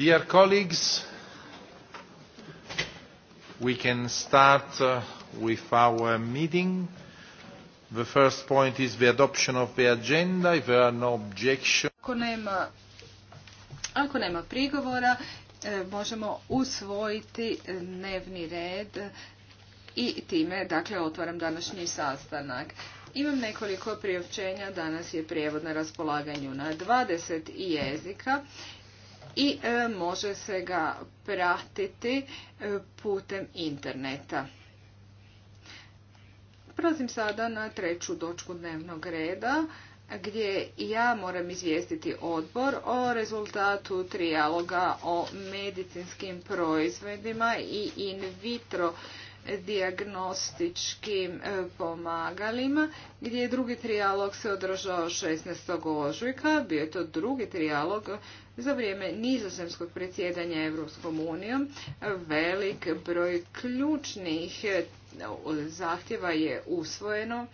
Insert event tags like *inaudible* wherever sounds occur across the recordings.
Dear colleagues, we can start uh, with our meeting. The first point is the adoption of the agenda. If there are no objections... Ako nema, ako nema prigovora, e, možemo usvojiti dnevni red i time, dakle, otvaram današnji sastanak. Imam nekoliko priopćenja, danas je prijevod na raspolaganju na 20 jezika i e, može se ga pratiti e, putem interneta. Prelazim sada na treću točku dnevnog reda gdje ja moram izvijestiti odbor o rezultatu trijaloga o medicinskim proizvodima i in vitro dijagnostičkim e, pomagalima, gdje je drugi trijalog se održao 16. ožujka, bio je to drugi trijalog za vrijeme nizozemskog predsjedanja Europskom unijom velik broj ključnih e, zahtjeva je usvojeno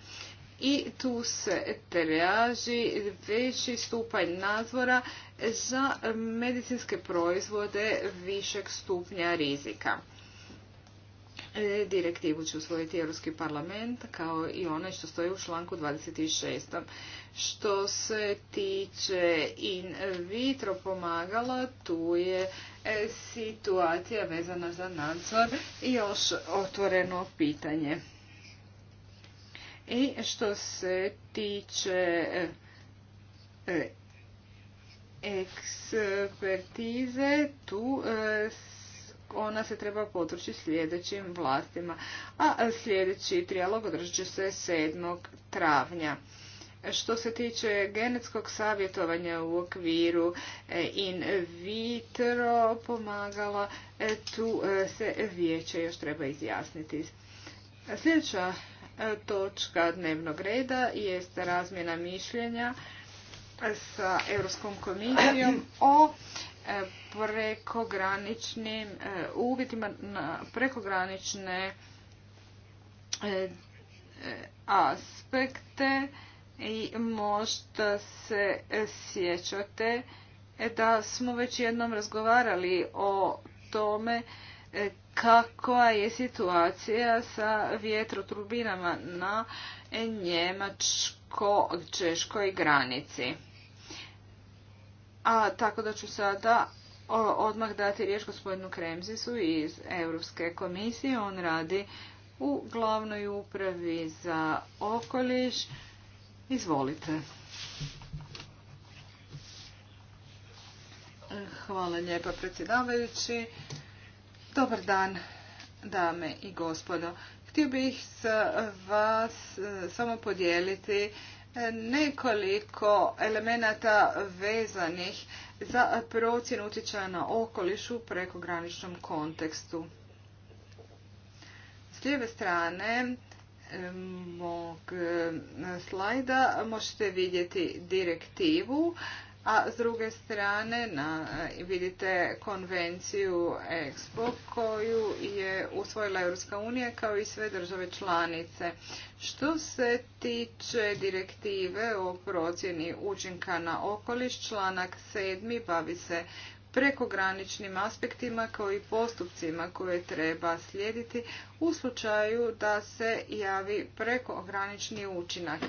i tu se traži veći stupanj nadzora za medicinske proizvode višeg stupnja rizika. E, direktivu će usvojiti Europski parlament kao i onaj što stoji u članku 26. Što se tiče in vitro pomagala, tu je e, situacija vezana za nadzor i još otvoreno pitanje. I što se tiče e, ekspertize, tu se ona se treba potroći sljedećim vlastima. A sljedeći trijalog održat će se 7. travnja. Što se tiče genetskog savjetovanja u okviru e, in vitro pomagala, e, tu e, se vijeće još treba izjasniti. Sljedeća točka dnevnog reda jest razmjena mišljenja sa Europskom komisijom o E, prekograničnim uvidima e, uvjetima na prekogranične e, aspekte i možda se sjećate da smo već jednom razgovarali o tome kakva je situacija sa vjetroturbinama na njemačko-češkoj granici. A tako da ću sada odmah dati riječ gospodinu Kremzisu iz Europske komisije. On radi u glavnoj upravi za okoliš. Izvolite. Hvala lijepa predsjedavajući. Dobar dan dame i gospodo. Htio bih s vas eh, samo podijeliti nekoliko elemenata vezanih za procjenu utjecaja na okoliš u prekograničnom kontekstu. S lijeve strane mog slajda možete vidjeti direktivu a s druge strane na, e, vidite konvenciju EXPO koju je usvojila Europska unija kao i sve države članice. Što se tiče direktive o procjeni učinka na okoliš, članak 7. bavi se prekograničnim aspektima kao i postupcima koje treba slijediti u slučaju da se javi prekogranični učinak.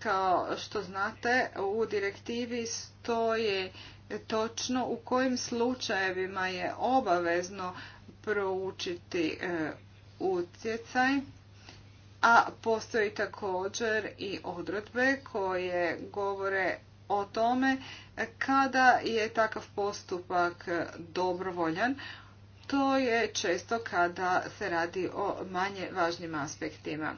Kao što znate, u direktivi stoje točno u kojim slučajevima je obavezno proučiti e, utjecaj, a postoji također i odredbe koje govore o tome kada je takav postupak dobrovoljan, to je često kada se radi o manje važnim aspektima.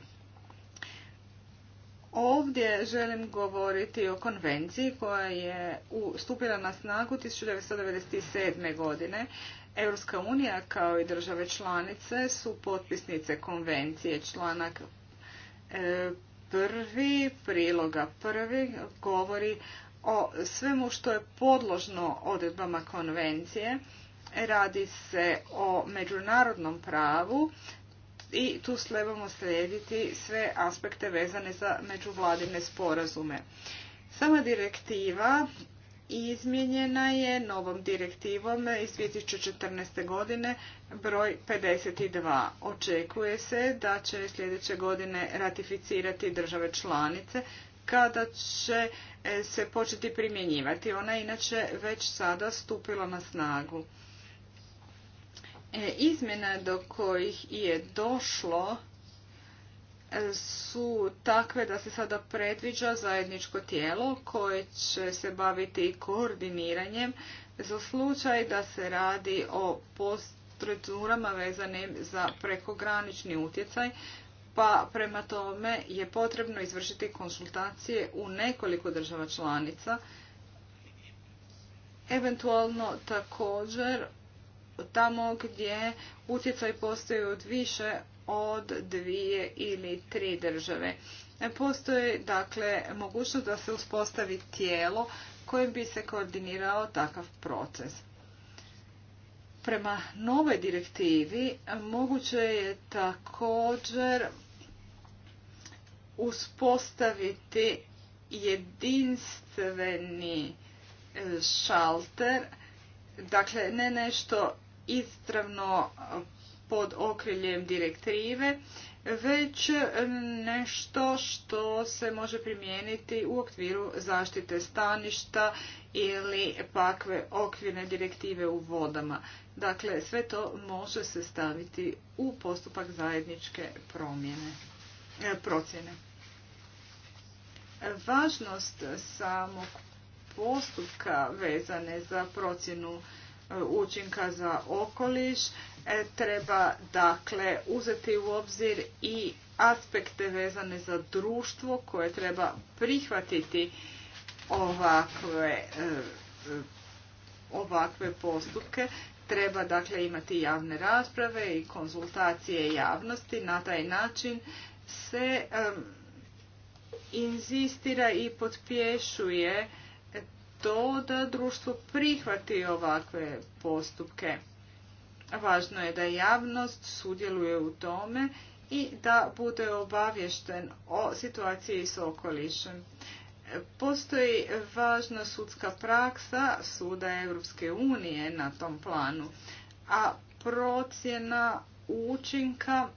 Ovdje želim govoriti o konvenciji koja je stupila na snagu 1997. godine. Europska unija kao i države članice su potpisnice konvencije. Članak e, prvi, priloga prvi, govori o svemu što je podložno odredbama konvencije. Radi se o međunarodnom pravu, i tu trebamo slijediti sve aspekte vezane za međuvladine sporazume. Sama direktiva izmijenjena je novom direktivom iz 2014. godine broj 52. Očekuje se da će sljedeće godine ratificirati države članice kada će e, se početi primjenjivati. Ona je inače već sada stupila na snagu. E, izmjene do kojih je došlo e, su takve da se sada predviđa zajedničko tijelo koje će se baviti koordiniranjem za slučaj da se radi o procedurama vezanim za prekogranični utjecaj, pa prema tome je potrebno izvršiti konsultacije u nekoliko država članica, eventualno također tamo gdje utjecaj postoji od više od dvije ili tri države. Postoji dakle mogućnost da se uspostavi tijelo kojim bi se koordinirao takav proces. Prema novoj direktivi moguće je također uspostaviti jedinstveni šalter, dakle ne nešto izravno pod okriljem direktive, već nešto što se može primijeniti u okviru zaštite staništa ili pakve okvirne direktive u vodama. Dakle, sve to može se staviti u postupak zajedničke promjene, e, procjene. Važnost samog postupka vezane za procjenu učinka za okoliš e, treba dakle uzeti u obzir i aspekte vezane za društvo koje treba prihvatiti ovakve e, ovakve postupke treba dakle imati javne rasprave i konzultacije javnosti na taj način se inzistira i potpješuje to da društvo prihvati ovakve postupke. Važno je da javnost sudjeluje u tome i da bude obavješten o situaciji s okolišem. Postoji važna sudska praksa Suda Europske unije na tom planu, a procjena učinka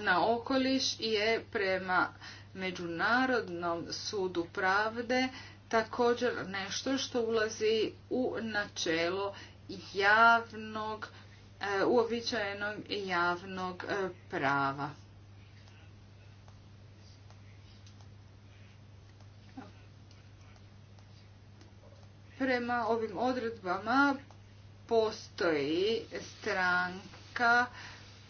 na okoliš je prema Međunarodnom sudu pravde također nešto što ulazi u načelo javnog, e, uobičajenog javnog e, prava. Prema ovim odredbama postoji stranka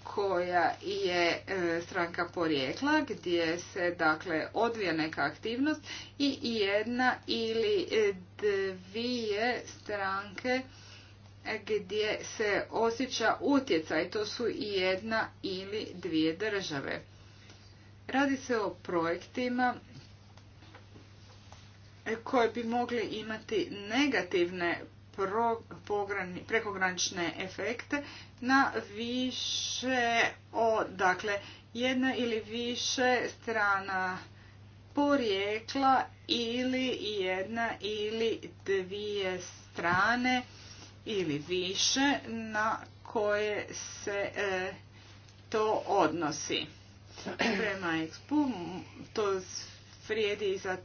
koja je e, stranka porijekla gdje se dakle odvija neka aktivnost i jedna ili e, dvije stranke e, gdje se osjeća utjecaj, to su i jedna ili dvije države. Radi se o projektima koje bi mogli imati negativne prekogranične efekte na više o, dakle, jedna ili više strana porijekla ili jedna ili dvije strane ili više na koje se e, to odnosi. Prema expu to vrijedi i za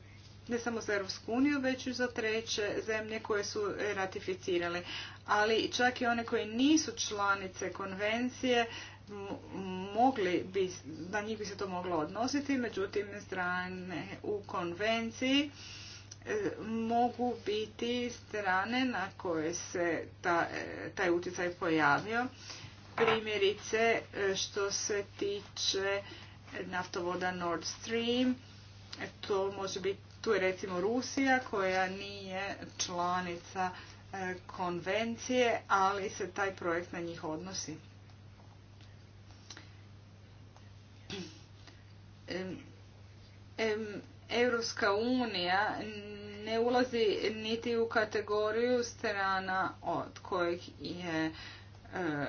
ne samo za Europsku uniju, već i za treće zemlje koje su ratificirale. Ali čak i one koje nisu članice konvencije, mogli bi, na njih bi se to moglo odnositi, međutim strane u konvenciji e, mogu biti strane na koje se ta, e, taj utjecaj pojavio. Primjerice e, što se tiče naftovoda Nord Stream, to može biti tu je recimo Rusija koja nije članica e, konvencije, ali se taj projekt na njih odnosi. Europska unija ne ulazi niti u kategoriju strana od kojih je e,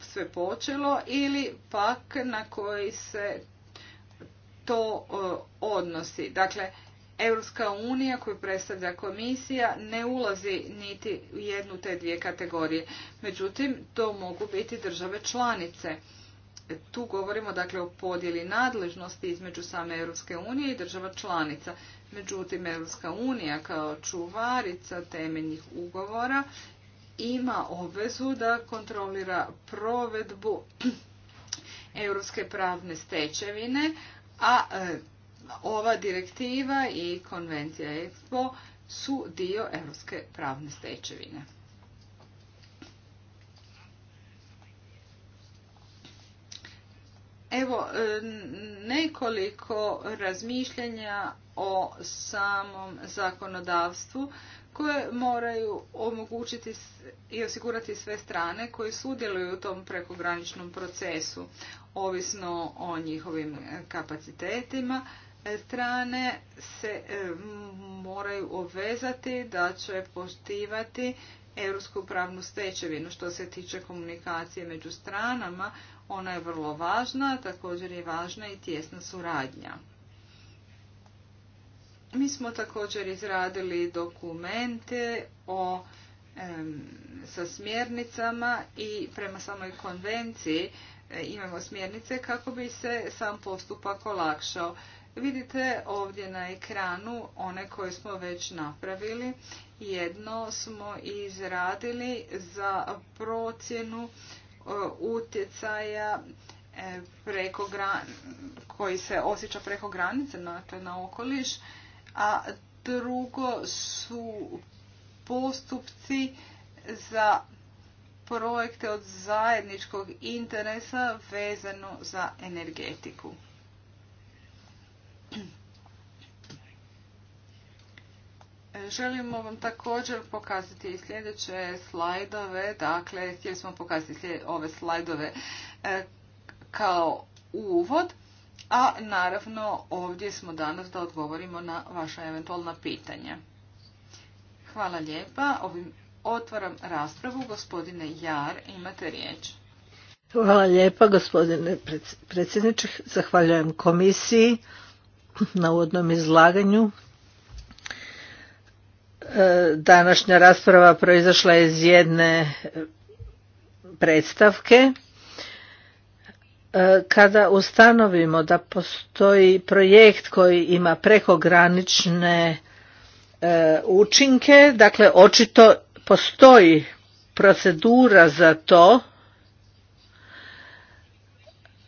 sve počelo ili pak na koji se to e, odnosi. Dakle, Europska unija koju predstavlja komisija ne ulazi niti u jednu te dvije kategorije. Međutim, to mogu biti države članice. Tu govorimo dakle o podjeli nadležnosti između same Europske unije i država članica. Međutim, Europska unija kao čuvarica temeljnih ugovora ima obvezu da kontrolira provedbu *clears throat* europske pravne stečevine, a e, ova direktiva i konvencija EXPO su dio europske pravne stečevine. Evo e, nekoliko razmišljanja o samom zakonodavstvu koje moraju omogućiti i osigurati sve strane koje sudjeluju u tom prekograničnom procesu ovisno o njihovim kapacitetima, e, strane se e, moraju obvezati da će poštivati europsku pravnu stečevinu. Što se tiče komunikacije među stranama, ona je vrlo važna, također je važna i tjesna suradnja. Mi smo također izradili dokumente o, sa smjernicama i prema samoj konvenciji E, imamo smjernice kako bi se sam postupak olakšao. Vidite ovdje na ekranu one koje smo već napravili. Jedno smo izradili za procjenu e, utjecaja e, koji se osjeća preko granice, na okoliš, a drugo su postupci za projekte od zajedničkog interesa vezano za energetiku. Želimo vam također pokazati i sljedeće slajdove. Dakle, htjeli smo pokazati ove slajdove e, kao uvod. A naravno ovdje smo danas da odgovorimo na vaša eventualna pitanja. Hvala lijepa. Otvaram raspravu. Gospodine Jar, imate riječ. Hvala lijepa gospodine predsjedniče. Zahvaljujem komisiji na uvodnom izlaganju. E, današnja rasprava proizašla je iz jedne e, predstavke. E, kada ustanovimo da postoji projekt koji ima prekogranične učinke, dakle očito postoji procedura za to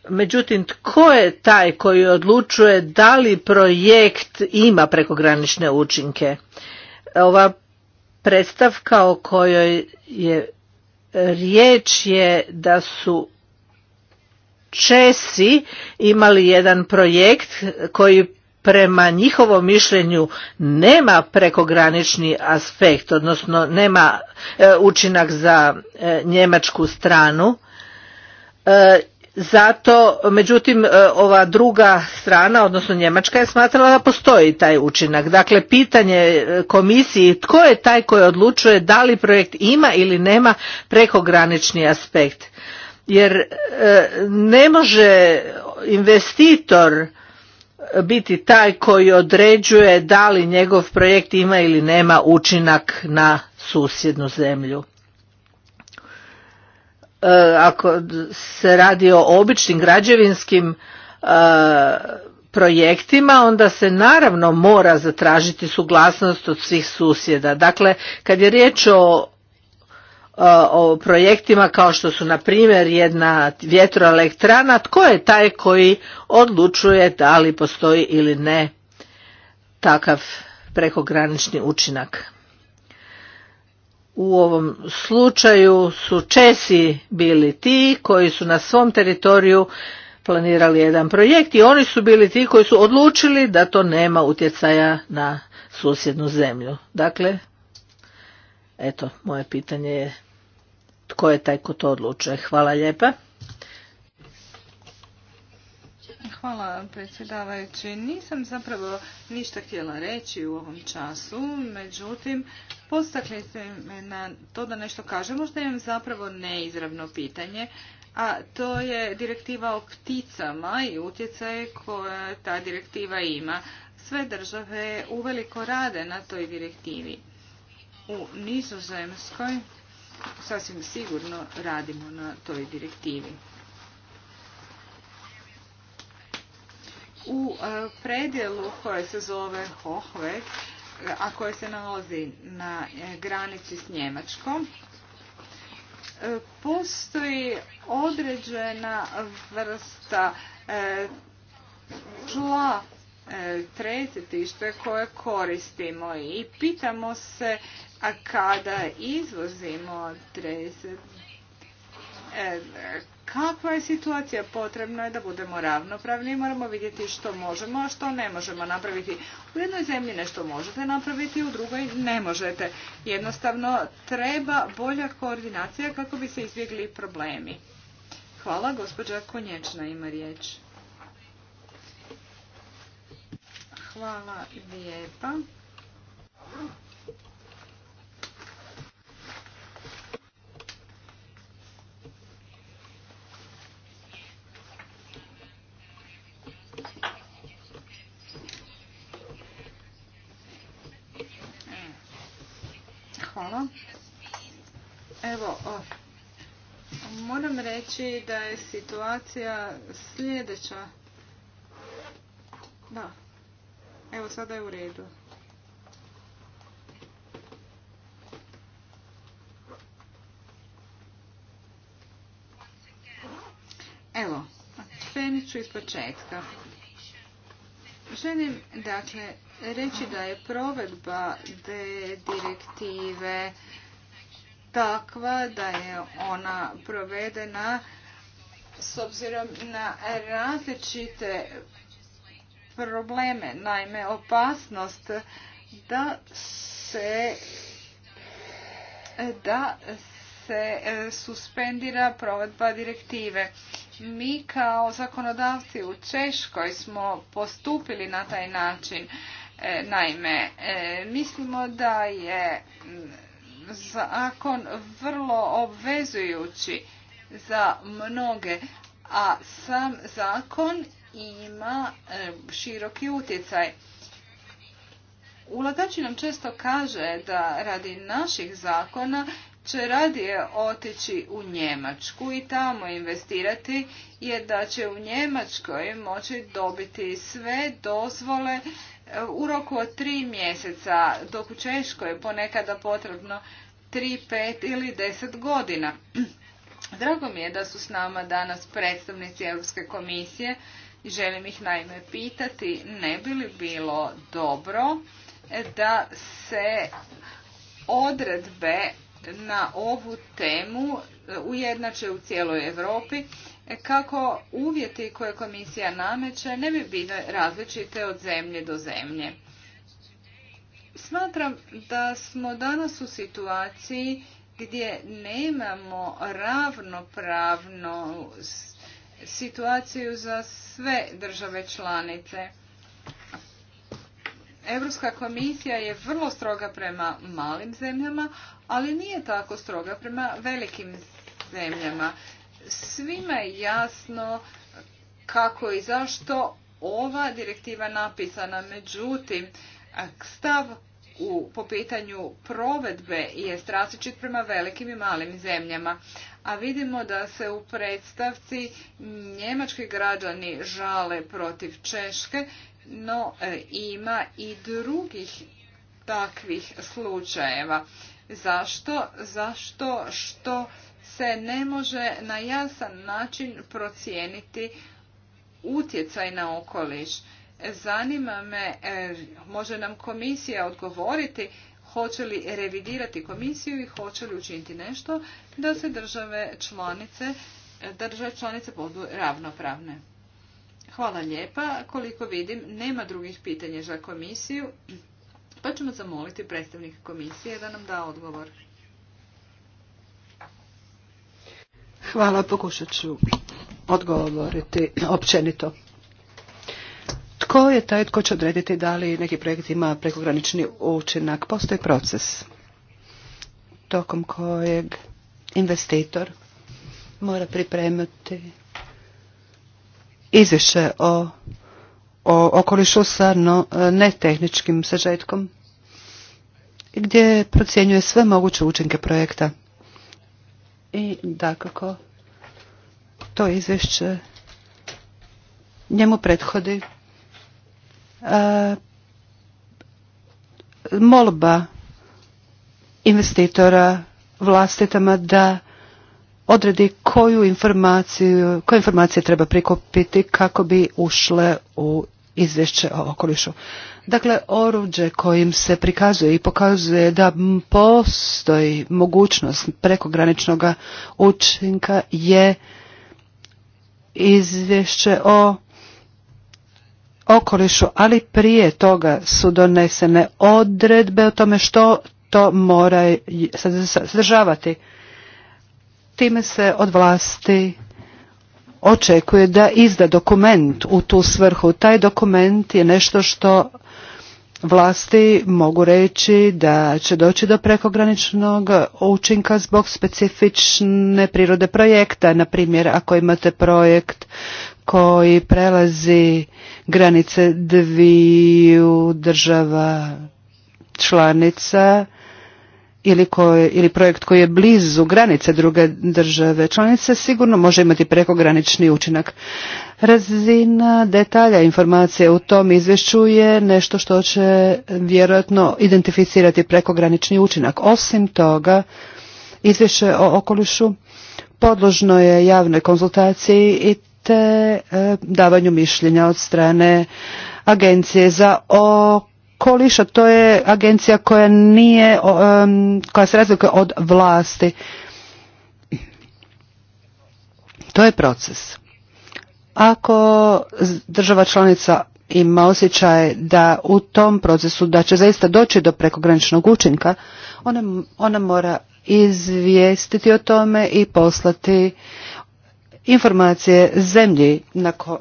međutim tko je taj koji odlučuje da li projekt ima prekogranične učinke ova predstavka o kojoj je riječ je da su Česi imali jedan projekt koji prema njihovom mišljenju nema prekogranični aspekt, odnosno nema e, učinak za e, njemačku stranu. E, zato, međutim, ova druga strana, odnosno Njemačka je smatrala da postoji taj učinak. Dakle, pitanje komisiji tko je taj koji odlučuje da li projekt ima ili nema prekogranični aspekt. Jer ne može investitor biti taj koji određuje da li njegov projekt ima ili nema učinak na susjednu zemlju. E, ako se radi o običnim građevinskim e, projektima onda se naravno mora zatražiti suglasnost od svih susjeda. Dakle, kad je riječ o E, o projektima kao što su na primjer jedna vjetroelektrana, tko je taj koji odlučuje da li postoji ili ne takav prekogranični učinak. U ovom slučaju su Česi bili ti koji su na svom teritoriju planirali jedan projekt i oni su bili ti koji su odlučili da to nema utjecaja na susjednu zemlju. Dakle, eto, moje pitanje je tko je taj ko to odlučuje. Hvala lijepa. Hvala predsjedavajući. Nisam zapravo ništa htjela reći u ovom času, međutim, postakli ste me na to da nešto kažem. Možda imam zapravo neizravno pitanje, a to je direktiva o pticama i utjecaje koje ta direktiva ima. Sve države uveliko rade na toj direktivi. U Nizozemskoj sasvim sigurno radimo na toj direktivi. U e, predjelu koje se zove Hohve, e, a koje se nalazi na e, granici s Njemačkom, postoji određena vrsta tla trecetište koje koristimo i pitamo se a kada izvozimo treze, kakva je situacija? Potrebno je da budemo ravnopravni moramo vidjeti što možemo, a što ne možemo napraviti. U jednoj zemlji nešto možete napraviti, u drugoj ne možete. Jednostavno treba bolja koordinacija kako bi se izbjegli problemi. Hvala, gospođa Konječna ima riječ. Hvala lijepa. Hvala. Evo, moram reći da je situacija sljedeća. Da. Evo, sada je u redu. Evo, krenit ću iz početka. Želim, dakle, reći da je provedba direktive takva da je ona provedena s obzirom na različite probleme, naime opasnost da se da se suspendira provedba direktive. Mi kao zakonodavci u Češkoj smo postupili na taj način. E, naime, e, mislimo da je zakon vrlo obvezujući za mnoge, a sam zakon ima e, široki utjecaj. Ulagači nam često kaže da radi naših zakona će radije otići u Njemačku i tamo investirati jer da će u Njemačkoj moći dobiti sve dozvole u roku od tri mjeseca, dok u Češkoj je ponekada potrebno tri, pet ili deset godina. *clears throat* Drago mi je da su s nama danas predstavnici Europske komisije i želim ih naime pitati ne bi li bilo dobro da se odredbe na ovu temu e, ujednače u cijeloj Europi kako uvjeti koje komisija nameće ne bi bile različite od zemlje do zemlje. Smatram da smo danas u situaciji gdje nemamo ravnopravnu situaciju za sve države članice. Europska komisija je vrlo stroga prema malim zemljama, ali nije tako stroga prema velikim zemljama svima je jasno kako i zašto ova direktiva napisana. Međutim, stav u, po pitanju provedbe je različit prema velikim i malim zemljama. A vidimo da se u predstavci njemački građani žale protiv Češke, no e, ima i drugih takvih slučajeva. Zašto? Zašto što se ne može na jasan način procijeniti utjecaj na okoliš. Zanima me, e, može nam komisija odgovoriti hoće li revidirati komisiju i hoće li učiniti nešto da se države članice, države članice budu ravnopravne. Hvala lijepa. Koliko vidim, nema drugih pitanja za komisiju, pa ćemo zamoliti predstavnika komisije da nam da odgovor. Hvala, pokušat ću odgovoriti općenito. Tko je taj tko će odrediti da li neki projekt ima prekogranični učinak? Postoji proces tokom kojeg investitor mora pripremiti izvješće o, o okolišu sa no, netehničkim sažetkom gdje procjenjuje sve moguće učinke projekta i dakako to izvješće njemu prethodi e, molba investitora vlastitama da odredi koju informaciju, koje informacije treba prikupiti kako bi ušle u izvješće o okolišu. Dakle, oruđe kojim se prikazuje i pokazuje da postoji mogućnost prekograničnog učinka je izvješće o okolišu, ali prije toga su donesene odredbe o tome što to mora sadržavati. Time se od vlasti očekuje da izda dokument u tu svrhu. Taj dokument je nešto što vlasti mogu reći da će doći do prekograničnog učinka zbog specifične prirode projekta. Na primjer, ako imate projekt koji prelazi granice dviju država članica, ili, ili projekt koji je blizu granice druge države članice sigurno može imati prekogranični učinak. Razina detalja informacije u tom izvješću je nešto što će vjerojatno identificirati prekogranični učinak. Osim toga, izvješće o okolišu podložno je javnoj konzultaciji i te e, davanju mišljenja od strane Agencije za o Koliša, to je agencija koja nije, koja se razlikuje od vlasti. To je proces. Ako država članica ima osjećaj da u tom procesu da će zaista doći do prekograničnog učinka, ona, ona mora izvijestiti o tome i poslati informacije zemlji na ko,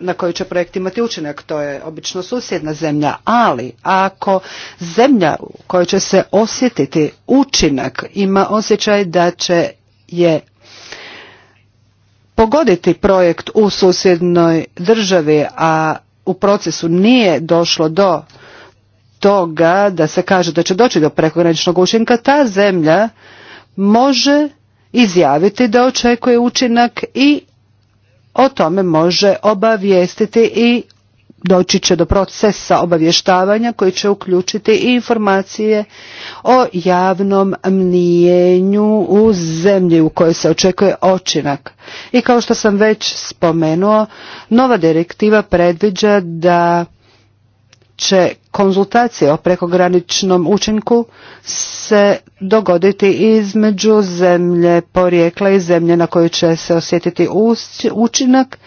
na koji će projekt imati učinak, to je obično susjedna zemlja, ali ako zemlja u kojoj će se osjetiti učinak ima osjećaj da će je pogoditi projekt u susjednoj državi, a u procesu nije došlo do toga da se kaže da će doći do prekograničnog učinka, ta zemlja može izjaviti da očekuje učinak i o tome može obavijestiti i doći će do procesa obavještavanja koji će uključiti i informacije o javnom mnijenju u zemlji u kojoj se očekuje očinak. I kao što sam već spomenuo, nova direktiva predviđa da će konzultacije o prekograničnom učinku se dogoditi između zemlje porijekla i zemlje na koju će se osjetiti učinak.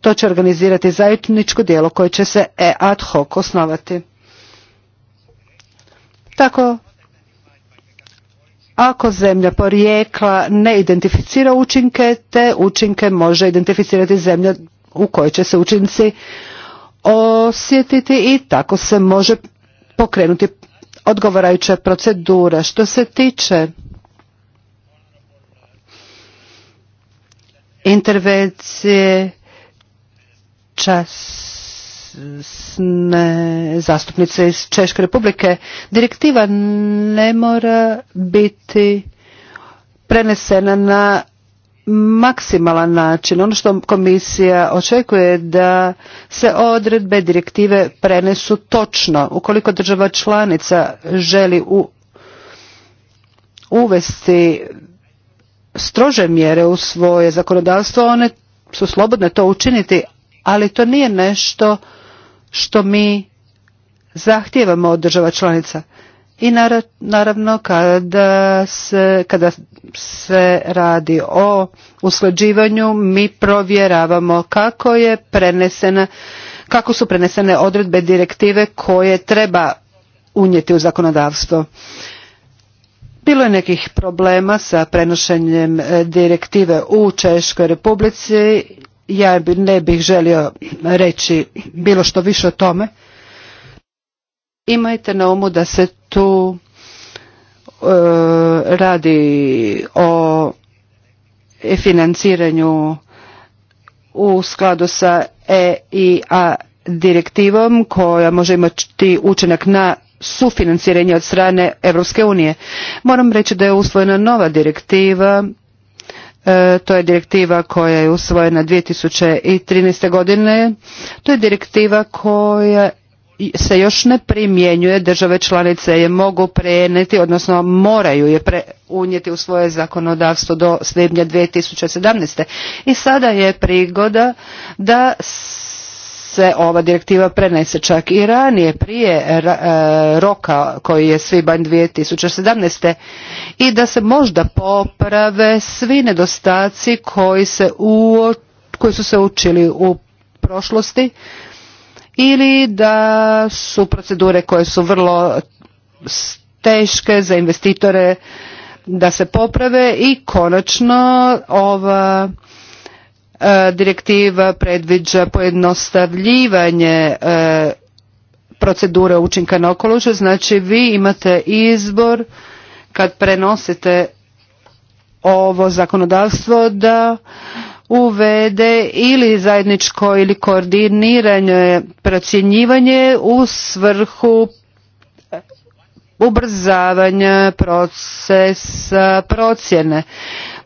To će organizirati zajedničko dijelo koje će se e ad hoc osnovati. Tako, ako zemlja porijekla ne identificira učinke, te učinke može identificirati zemlja u kojoj će se učinci osjetiti i tako se može pokrenuti odgovarajuća procedura. Što se tiče intervencije časne zastupnice iz Češke republike, direktiva ne mora biti prenesena na maksimalan način. Ono što komisija očekuje da se odredbe direktive prenesu točno. Ukoliko država članica želi u, uvesti strože mjere u svoje zakonodavstvo, one su slobodne to učiniti, ali to nije nešto što mi zahtijevamo od država članica i naravno kada se, kada se radi o usklađivanju mi provjeravamo kako je prenesena kako su prenesene odredbe direktive koje treba unijeti u zakonodavstvo. Bilo je nekih problema sa prenošenjem e, direktive u Češkoj republici. Ja ne bih želio reći bilo što više o tome. Imajte na umu da se tu e, radi o financiranju u skladu sa EIA direktivom koja može imati učinak na sufinanciranje od strane Europske unije. Moram reći da je usvojena nova direktiva, e, to je direktiva koja je usvojena 2013. godine, to je direktiva koja se još ne primjenjuje, države članice je mogu prenijeti, odnosno moraju je unijeti u svoje zakonodavstvo do svibnja 2017. I sada je prigoda da se ova direktiva prenese čak i ranije prije e, roka koji je svibanj 2017. i da se možda poprave svi nedostaci koji, se koji su se učili u prošlosti ili da su procedure koje su vrlo teške za investitore da se poprave i konačno ova e, direktiva predviđa pojednostavljivanje e, procedure učinka na okolužu, znači vi imate izbor kad prenosite ovo zakonodavstvo da uvede ili zajedničko ili koordiniranje procjenjivanje u svrhu ubrzavanja procesa procjene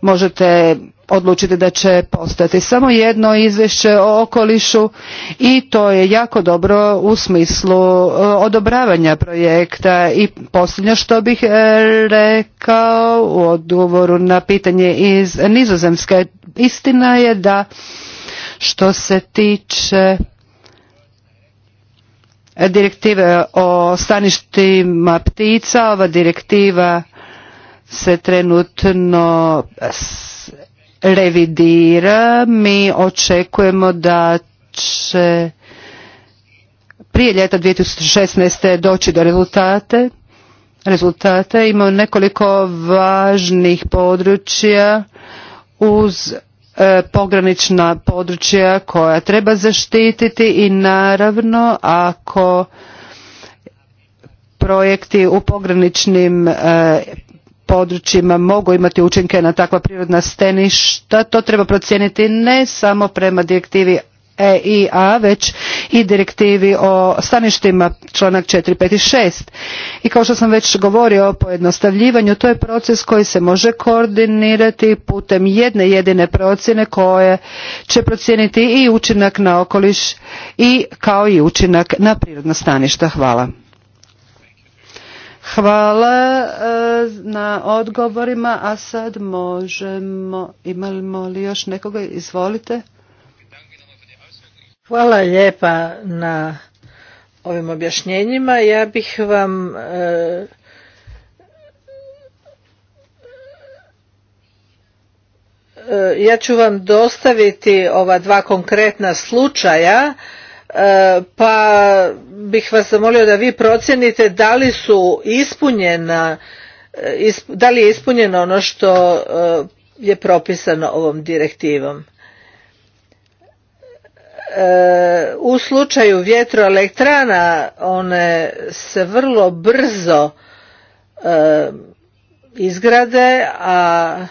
možete odlučiti da će postati samo jedno izvješće o okolišu i to je jako dobro u smislu e, odobravanja projekta i posljednje što bih e, rekao u odgovoru na pitanje iz nizozemske istina je da što se tiče direktive o staništima ptica ova direktiva se trenutno revidira. Mi očekujemo da će prije ljeta 2016. doći do rezultate. Rezultate ima nekoliko važnih područja uz e, pogranična područja koja treba zaštititi i naravno ako projekti u pograničnim e, područjima mogu imati učinke na takva prirodna staništa. to treba procijeniti ne samo prema direktivi EIA, već i direktivi o staništima članak 4, 5 i 6. I kao što sam već govorio o pojednostavljivanju, to je proces koji se može koordinirati putem jedne jedine procjene koje će procijeniti i učinak na okoliš i kao i učinak na prirodna staništa. Hvala. Hvala e, na odgovorima, a sad možemo, imamo li još nekoga, izvolite. Hvala lijepa na ovim objašnjenjima. Ja bih vam e, e, ja ću vam dostaviti ova dva konkretna slučaja E, pa bih vas zamolio da vi procijenite da li su ispunjena e, da li je ispunjeno ono što e, je propisano ovom direktivom. U slučaju vjetroelektrana one se vrlo brzo izgrade, a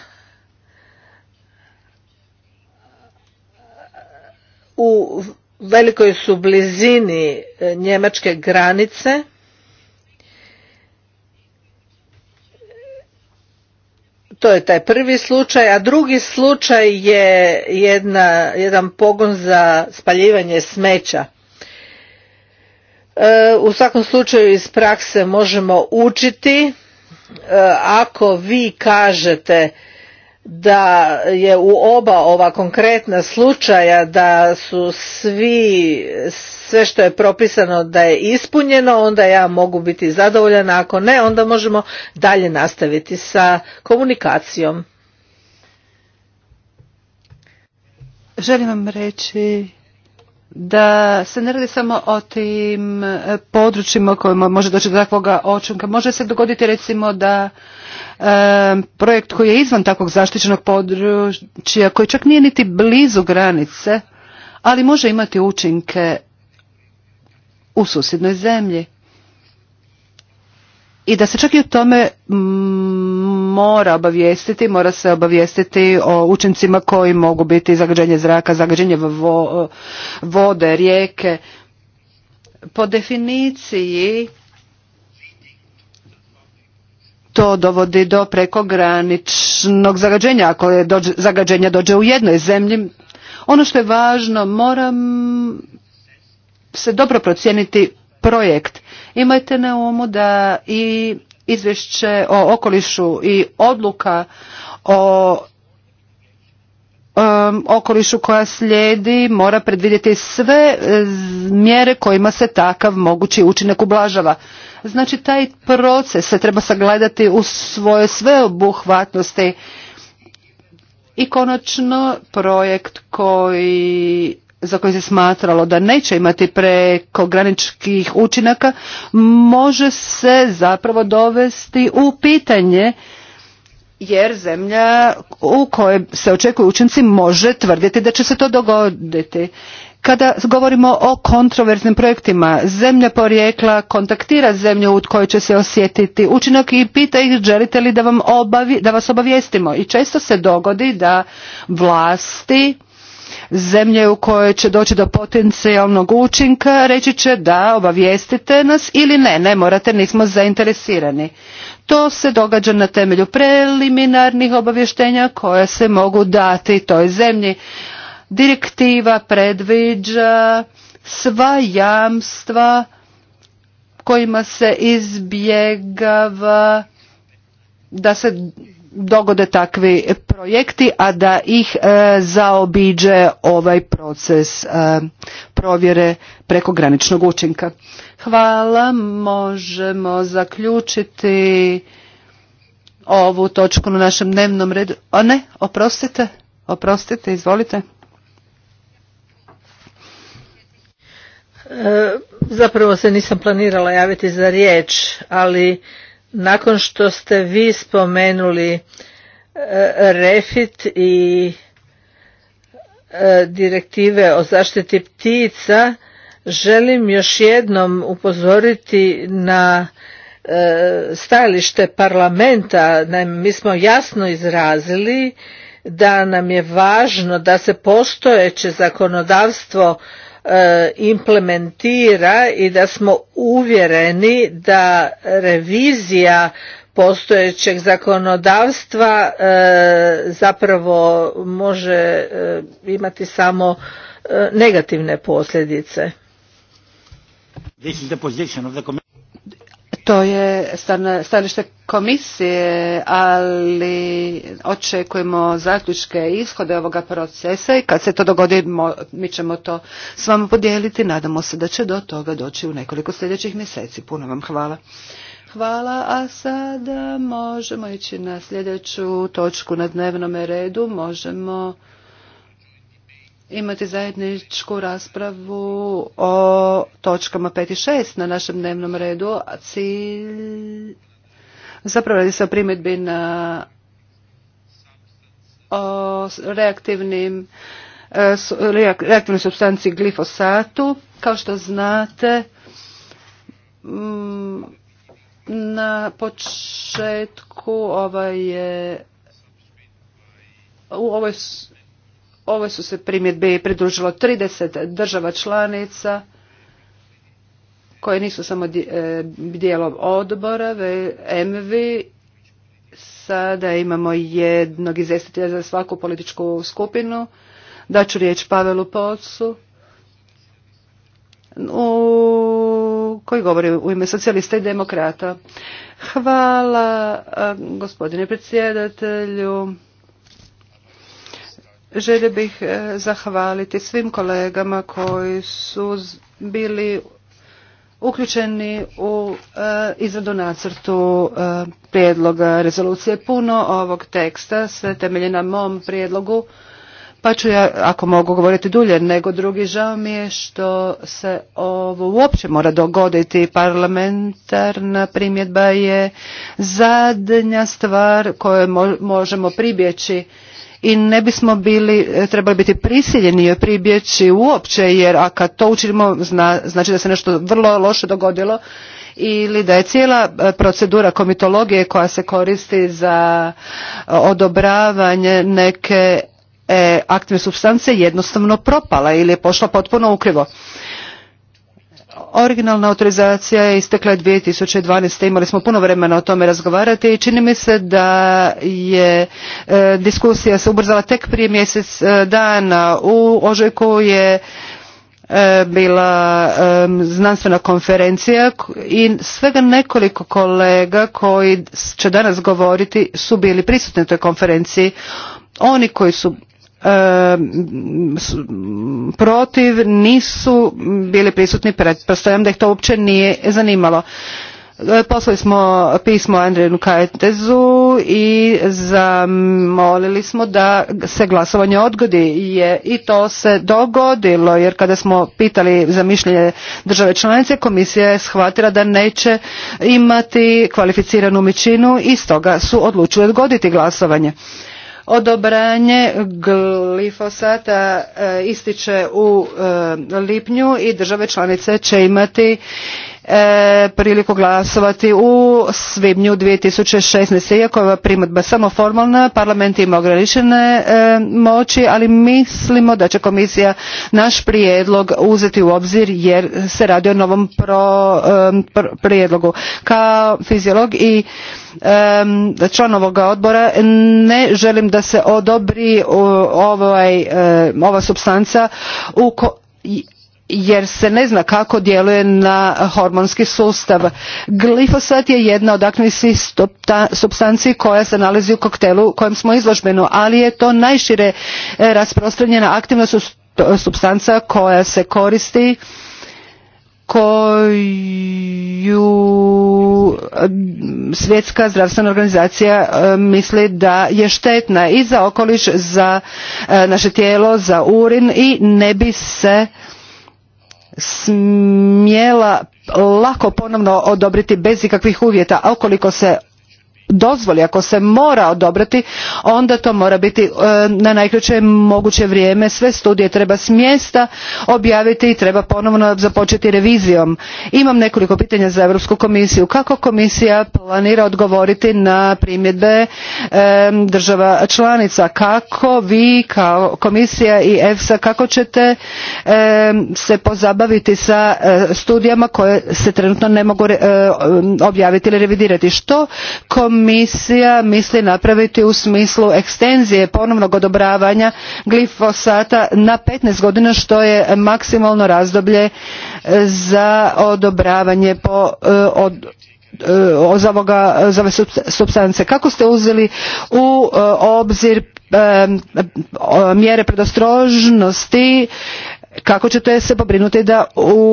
u velikoj su blizini e, njemačke granice to je taj prvi slučaj a drugi slučaj je jedna, jedan pogon za spaljivanje smeća e, u svakom slučaju iz prakse možemo učiti e, ako vi kažete da je u oba ova konkretna slučaja da su svi sve što je propisano da je ispunjeno onda ja mogu biti zadovoljan ako ne onda možemo dalje nastaviti sa komunikacijom želim vam reći da se ne radi samo o tim e, područjima kojima može doći do takvoga očunka. Može se dogoditi recimo da e, projekt koji je izvan takvog zaštićenog područja, koji čak nije niti blizu granice, ali može imati učinke u susjednoj zemlji i da se čak i o tome mm, mora obavijestiti, mora se obavijestiti o učincima koji mogu biti zagađenje zraka, zagađenje vode, rijeke. Po definiciji to dovodi do prekograničnog zagađenja. Ako je dođe, zagađenja dođe u jednoj zemlji, ono što je važno, moram se dobro procijeniti projekt Imajte na umu da i izvješće o okolišu i odluka o okolišu koja slijedi mora predvidjeti sve e, mjere kojima se takav mogući učinak ublažava. Znači taj proces se treba sagledati u svoje sveobuhvatnosti i konačno projekt koji za koje se smatralo da neće imati prekograničkih učinaka može se zapravo dovesti u pitanje jer zemlja u kojoj se očekuju učinci može tvrditi da će se to dogoditi. Kada govorimo o kontroverznim projektima, zemlja porijekla kontaktira zemlju u kojoj će se osjetiti učinak i pita ih želite li da, vam obavi, da vas obavijestimo. I često se dogodi da vlasti zemlje u kojoj će doći do potencijalnog učinka reći će da obavijestite nas ili ne, ne morate, nismo zainteresirani. To se događa na temelju preliminarnih obavještenja koja se mogu dati toj zemlji. Direktiva predviđa sva jamstva kojima se izbjegava da se dogode takvi projekti, a da ih e, zaobiđe ovaj proces e, provjere prekograničnog učinka. Hvala, možemo zaključiti ovu točku na našem dnevnom redu. A ne, oprostite, oprostite, izvolite. E, zapravo se nisam planirala javiti za riječ, ali nakon što ste vi spomenuli e, refit i e, direktive o zaštiti ptica želim još jednom upozoriti na e, stajalište parlamenta naime mi smo jasno izrazili da nam je važno da se postojeće zakonodavstvo E, implementira i da smo uvjereni da revizija postojećeg zakonodavstva e, zapravo može e, imati samo negativne posljedice. To je stajalište komisije, ali očekujemo zaključke i ishode ovoga procesa i kad se to dogodi mi ćemo to s vama podijeliti. Nadamo se da će do toga doći u nekoliko sljedećih mjeseci. Puno vam hvala. Hvala, a sada možemo ići na sljedeću točku na dnevnom redu. Možemo imati zajedničku raspravu o točkama 5 i 6 na našem dnevnom redu, a cilj zapravo radi se o primjedbi na o reaktivnim e, reaktivnoj substanci glifosatu. Kao što znate, na početku ovaj je u ovoj Ovoj su se primjedbi pridružilo 30 država članica koje nisu samo e, dijelom odbora, MV. Sada imamo jednog izvjestitelja za svaku političku skupinu. Daću riječ Pavelu Pocu u, koji govori u ime socijalista i demokrata. Hvala e, gospodine predsjedatelju. Želio bih e, zahvaliti svim kolegama koji su bili uključeni u e, izradu nacrtu e, prijedloga rezolucije. Puno ovog teksta se temelji na mom prijedlogu, pa ću ja, ako mogu govoriti dulje nego drugi, žao mi je što se ovo uopće mora dogoditi. Parlamentarna primjedba je zadnja stvar koju možemo pribjeći i ne bismo bili, e, trebali biti prisiljeni joj pribjeći uopće jer a kad to učinimo zna, znači da se nešto vrlo loše dogodilo ili da je cijela e, procedura komitologije koja se koristi za e, odobravanje neke aktivne substance jednostavno propala ili je pošla potpuno ukrivo. Originalna autorizacija je istekla 2012. Imali smo puno vremena o tome razgovarati i čini mi se da je e, diskusija se ubrzala tek prije mjesec e, dana. U Ožujku je e, bila znanstvena konferencija i svega nekoliko kolega koji će danas govoriti su bili prisutni na toj konferenciji. Oni koji su protiv nisu bili prisutni pretpostavljam da ih to uopće nije zanimalo e, poslali smo pismo Andreju Nukajtezu i zamolili smo da se glasovanje odgodi je i to se dogodilo jer kada smo pitali za mišljenje države članice komisija je shvatila da neće imati kvalificiranu većinu i stoga su odlučili odgoditi glasovanje Odobranje glifosata e, ističe u e, lipnju i države članice će imati E, priliku glasovati u svibnju 2016. Iako je ova primjedba samo formalna, parlament ima ograničene e, moći, ali mislimo da će komisija naš prijedlog uzeti u obzir jer se radi o novom pro, e, prijedlogu. Kao fiziolog i član ovoga odbora ne želim da se odobri ovaj, ova supstanca u kojoj jer se ne zna kako djeluje na hormonski sustav. Glifosat je jedna od aktivnih substanci koja se nalazi u koktelu kojem smo izložbeno, ali je to najšire e, rasprostranjena aktivna substanca koja se koristi koju e, svjetska zdravstvena organizacija e, misli da je štetna i za okoliš, za naše tijelo, za urin i ne bi se smjela lako ponovno odobriti bez ikakvih uvjeta, a ukoliko se dozvoli, ako se mora odobrati, onda to mora biti e, na najkraće moguće vrijeme. Sve studije treba s mjesta objaviti i treba ponovno započeti revizijom. Imam nekoliko pitanja za Europsku komisiju. Kako komisija planira odgovoriti na primjedbe e, država članica? Kako vi kao komisija i EFSA, kako ćete e, se pozabaviti sa studijama koje se trenutno ne mogu objaviti ili revidirati? Što komisija misli napraviti u smislu ekstenzije ponovnog odobravanja glifosata na 15 godina što je maksimalno razdoblje e, za odobravanje e, e, za, za ove substance. Kako ste uzeli u obzir mjere predostrožnosti kako ćete se pobrinuti da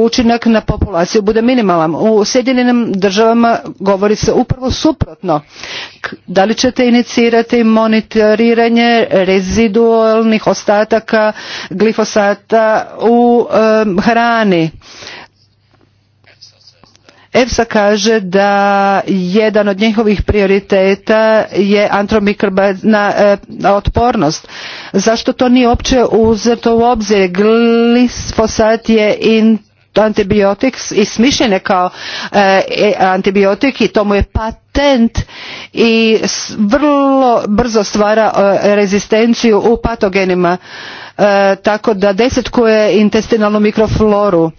učinak na populaciju bude minimalan? U Sjedinjenim državama govori se upravo suprotno. Da li ćete inicirati monitoriranje rezidualnih ostataka glifosata u hrani? EFSA kaže da jedan od njihovih prioriteta je e, otpornost. Zašto to nije opće uzeto u obzir? Glisfosat je in antibiotik i smišljene kao e, e, antibiotik i to mu je patent i vrlo brzo stvara e, rezistenciju u patogenima tako da desetkuje intestinalnu mikrofloru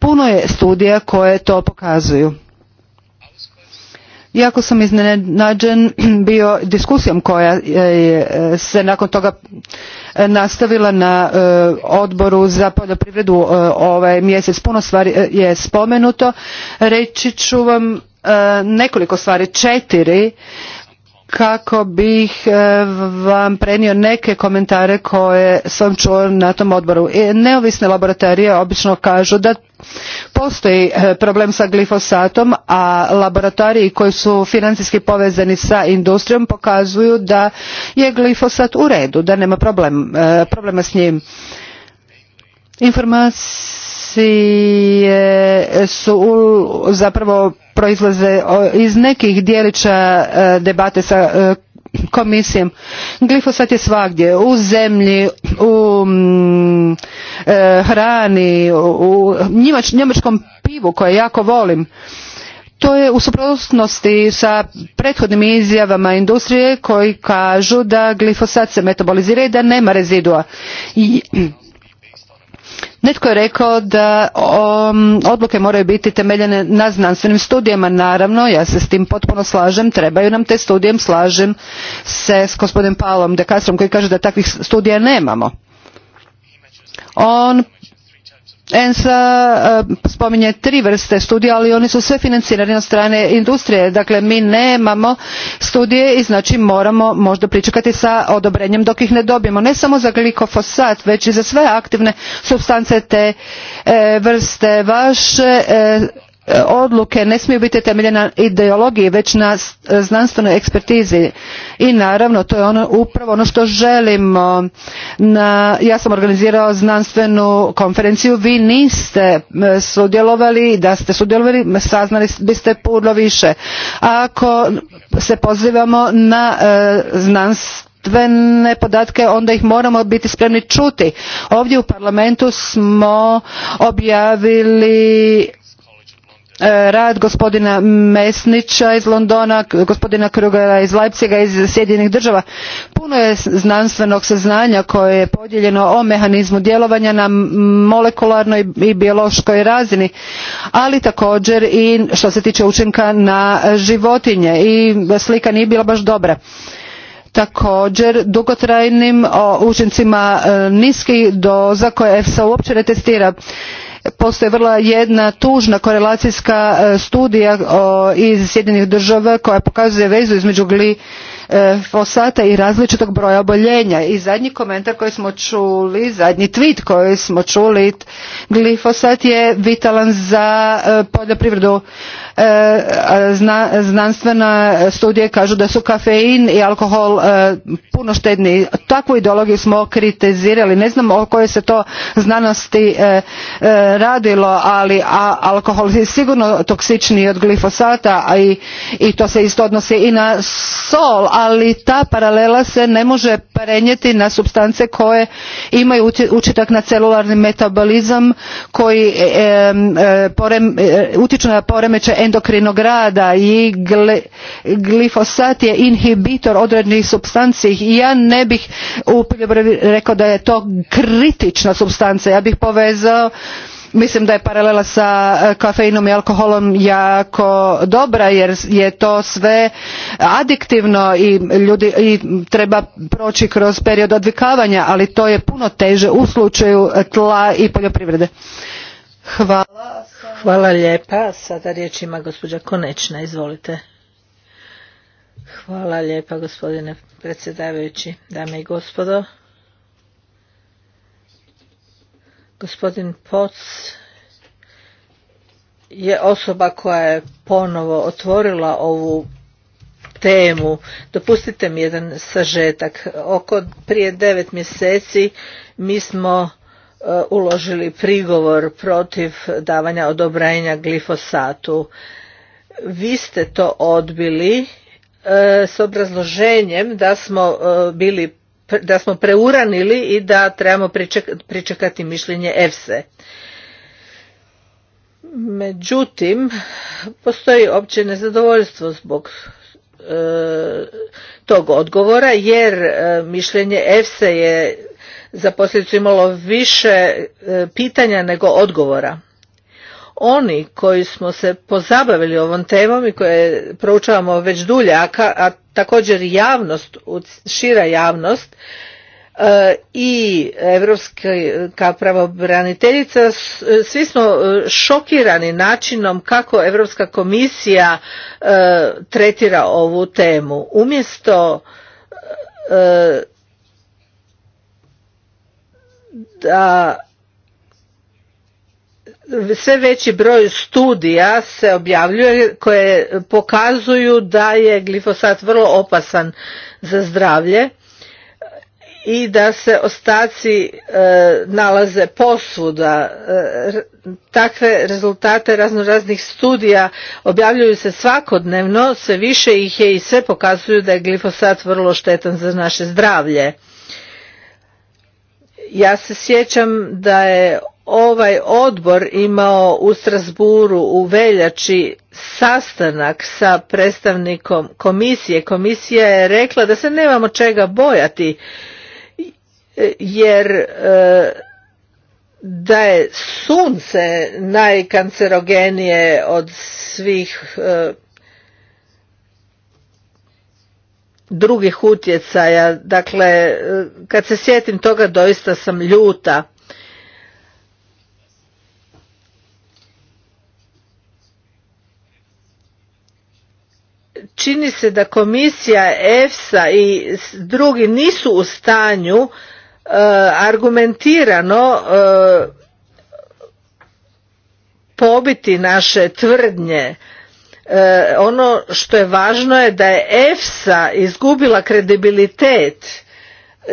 Puno je studija koje to pokazuju. Iako sam iznenađen bio diskusijom koja se nakon toga e, nastavila na e, odboru za poljoprivredu e, ovaj mjesec. Puno stvari je spomenuto. Reći ću vam nekoliko stvari, četiri kako bih e, vam prenio neke komentare koje sam čuo na tom odboru. E, neovisne laboratorije obično kažu da postoji e, problem sa glifosatom, a laboratoriji koji su financijski povezani sa industrijom pokazuju da je glifosat u redu, da nema problema s njim. Informacije emocije su zapravo proizlaze iz nekih dijelića e, debate sa e, komisijom. Glifosat je svagdje, u zemlji, u mm, e, hrani, u njemačkom pivu koje jako volim. To je u suprotnosti sa prethodnim izjavama industrije koji kažu da glifosat se metabolizira i da nema rezidua. I, Netko je rekao da um, odluke moraju biti temeljene na znanstvenim studijama. Naravno, ja se s tim potpuno slažem, trebaju nam te studije, slažem se s gospodinom Palom de Castrom koji kaže da takvih studija nemamo. On ENSA eh, spominje tri vrste studija, ali oni su sve financirani od strane industrije. Dakle, mi nemamo studije i znači moramo možda pričekati sa odobrenjem dok ih ne dobijemo. Ne samo za glikofosat, već i za sve aktivne substance te eh, vrste. Vaše eh, E, odluke ne smiju biti temeljene na ideologiji već na e, znanstvenoj ekspertizi i naravno to je ono upravo ono što želimo ja sam organizirao znanstvenu konferenciju vi niste e, sudjelovali da ste sudjelovali saznali biste puno više ako se pozivamo na znanstvene podatke onda ih moramo biti spremni čuti. Ovdje u parlamentu smo objavili Eh, rad gospodina Mesnića iz Londona, gospodina Krugera iz Leipziga, iz Sjedinjenih država. Puno je znanstvenog saznanja koje je podijeljeno o mehanizmu djelovanja na molekularnoj i biološkoj razini, ali također i što se tiče učinka na životinje i slika nije bila baš dobra također dugotrajnim o učincima eh, niskih doza koje EFSA uopće ne testira postoji vrlo jedna tužna korelacijska e, studija iz Sjedinjenih država koja pokazuje vezu između gli glifosata e, i različitog broja oboljenja. I zadnji komentar koji smo čuli, zadnji tweet koji smo čuli, glifosat je vitalan za e, poljoprivredu. E, znanstvena studije kažu da su kafein i alkohol puno štedniji. Takvu ideologiju smo kritizirali. Ne znam o kojoj se to znanosti radilo, ali a, alkohol je sigurno toksičniji od glifosata a i, i to se isto odnosi i na sol, ali ta paralela se ne može prenijeti na substance koje imaju učitak na celularni metabolizam koji e, e, e, e na poremeće endokrinog rada i glifosat je inhibitor odrednih substanci i ja ne bih u rekao da je to kritična substanca ja bih povezao mislim da je paralela sa e, kafeinom i alkoholom jako dobra jer je to sve adiktivno i ljudi i treba proći kroz period odvikavanja ali to je puno teže u slučaju tla i poljoprivrede hvala hvala lijepa sada riječ ima gospođa konečna izvolite hvala lijepa gospodine predsjedavajući dame i gospodo Gospodin Poc je osoba koja je ponovo otvorila ovu temu. Dopustite mi jedan sažetak. Oko prije devet mjeseci mi smo e, uložili prigovor protiv davanja odobrenja glifosatu. Vi ste to odbili e, s obrazloženjem da smo e, bili da smo preuranili i da trebamo pričekati mišljenje EFSE. Međutim, postoji opće nezadovoljstvo zbog e, tog odgovora jer e, mišljenje EFSE je za posljedicu imalo više e, pitanja nego odgovora. Oni koji smo se pozabavili ovom temom i koje proučavamo već duljaka, a također javnost, šira javnost e, i Evropska pravobraniteljica, svi smo e, šokirani načinom kako Evropska komisija e, tretira ovu temu. Umjesto da sve veći broj studija se objavljuje koje pokazuju da je glifosat vrlo opasan za zdravlje i da se ostaci e, nalaze posvuda e, takve rezultate razno raznih studija objavljuju se svakodnevno sve više ih je i sve pokazuju da je glifosat vrlo štetan za naše zdravlje ja se sjećam da je ovaj odbor imao u Strasburu u veljači sastanak sa predstavnikom komisije. Komisija je rekla da se nemamo čega bojati jer e, da je sunce najkancerogenije od svih e, drugih utjecaja. Dakle, e, kad se sjetim toga doista sam ljuta. čini se da komisija EFSA i drugi nisu u stanju e, argumentirano e, pobiti naše tvrdnje e, ono što je važno je da je EFSA izgubila kredibilitet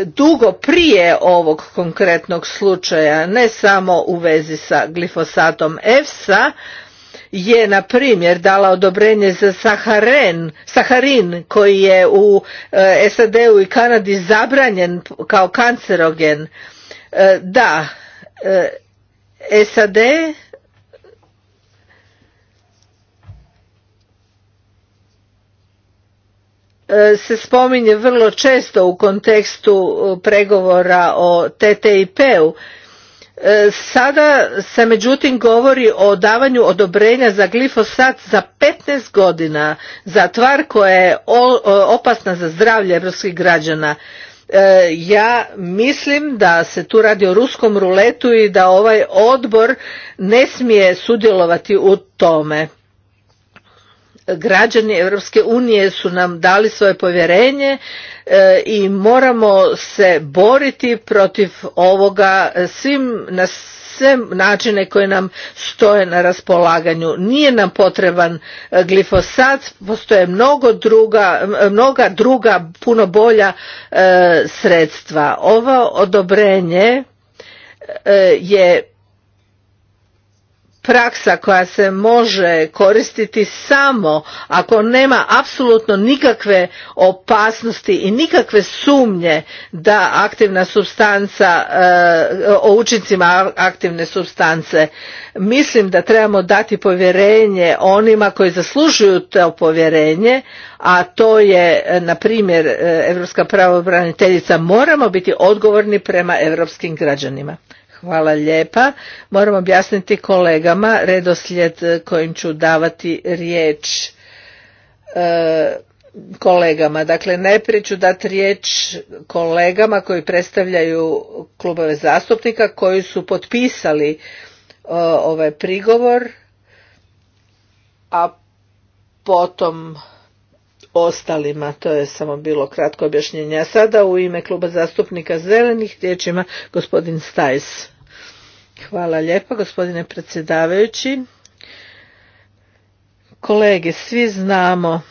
dugo prije ovog konkretnog slučaja ne samo u vezi sa glifosatom EFSA je na primjer dala odobrenje za Saharen, saharin koji je u e, SAD-u i Kanadi zabranjen kao kancerogen. E, da, e, SAD e, se spominje vrlo često u kontekstu e, pregovora o TTIP-u E, sada se međutim govori o davanju odobrenja za glifosat za 15 godina za tvar koja je opasna za zdravlje europskih građana. E, ja mislim da se tu radi o ruskom ruletu i da ovaj odbor ne smije sudjelovati u tome građani Europske unije su nam dali svoje povjerenje e, i moramo se boriti protiv ovoga e, svim na sve načine koje nam stoje na raspolaganju. Nije nam potreban e, glifosat, postoje mnogo druga, mnoga druga puno bolja sredstva. Ovo odobrenje je praksa koja se može koristiti samo ako nema apsolutno nikakve opasnosti i nikakve sumnje da aktivna substanca eh, o učincima aktivne substance mislim da trebamo dati povjerenje onima koji zaslužuju to povjerenje a to je eh, na primjer eh, europska pravobraniteljica moramo biti odgovorni prema europskim građanima Hvala lijepa. Moram objasniti kolegama redoslijed kojim ću davati riječ e, kolegama. Dakle, najprije ću dati riječ kolegama koji predstavljaju klubove zastupnika koji su potpisali e, ovaj prigovor, a potom ostalima. To je samo bilo kratko objašnjenje. A sada u ime kluba zastupnika zelenih ima gospodin Stajs. Hvala lijepa gospodine predsjedavajući. Kolege, svi znamo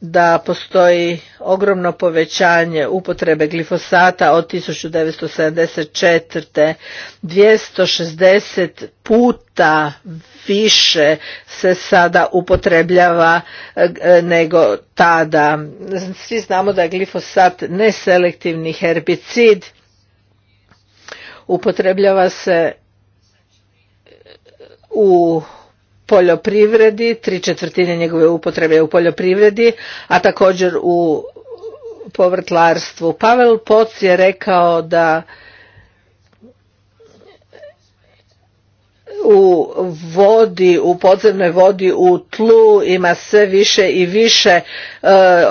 da postoji ogromno povećanje upotrebe glifosata od 1974. 260 puta više se sada upotrebljava e, nego tada. Svi znamo da je glifosat neselektivni herbicid. Upotrebljava se u poljoprivredi, tri četvrtine njegove upotrebe u poljoprivredi, a također u povrtlarstvu. Pavel Poc je rekao da u vodi, u podzemnoj vodi, u tlu ima sve više i više e,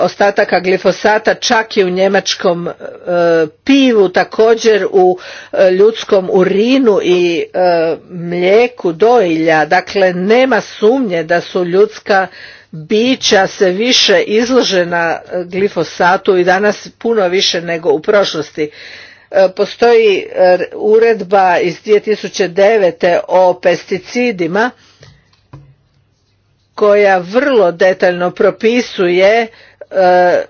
ostataka glifosata, čak i u njemačkom e, pivu, također u e, ljudskom urinu i mlijeku doilja. Dakle, nema sumnje da su ljudska bića se više izložena glifosatu i danas puno više nego u prošlosti. E, postoji e, uredba iz 2009. o pesticidima koja vrlo detaljno propisuje e,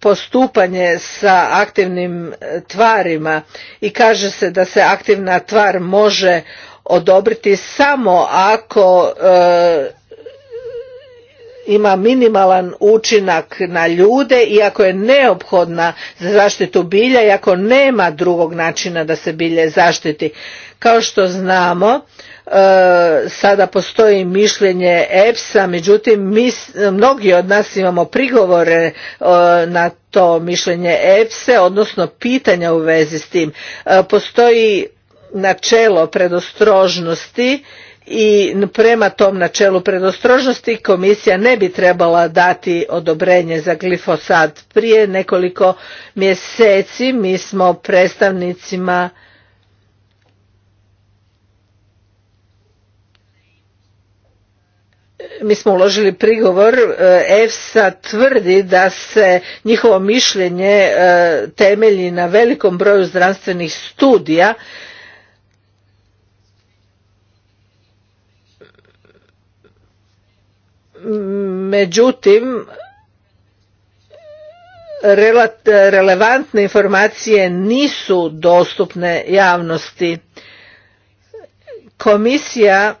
postupanje sa aktivnim tvarima i kaže se da se aktivna tvar može odobriti samo ako ima minimalan učinak na ljude iako je neophodna za zaštitu bilja i ako nema drugog načina da se bilje zaštiti. Kao što znamo, e, sada postoji mišljenje EPS-a, međutim mnogi od nas imamo prigovore e, na to mišljenje EPS-e, odnosno pitanja u vezi s tim. E, postoji načelo predostrožnosti i prema tom načelu predostrožnosti komisija ne bi trebala dati odobrenje za glifosat. Prije nekoliko mjeseci mi smo predstavnicima mi smo uložili prigovor, e, EFSA tvrdi da se njihovo mišljenje e, temelji na velikom broju zdravstvenih studija međutim relevantne informacije nisu dostupne javnosti komisija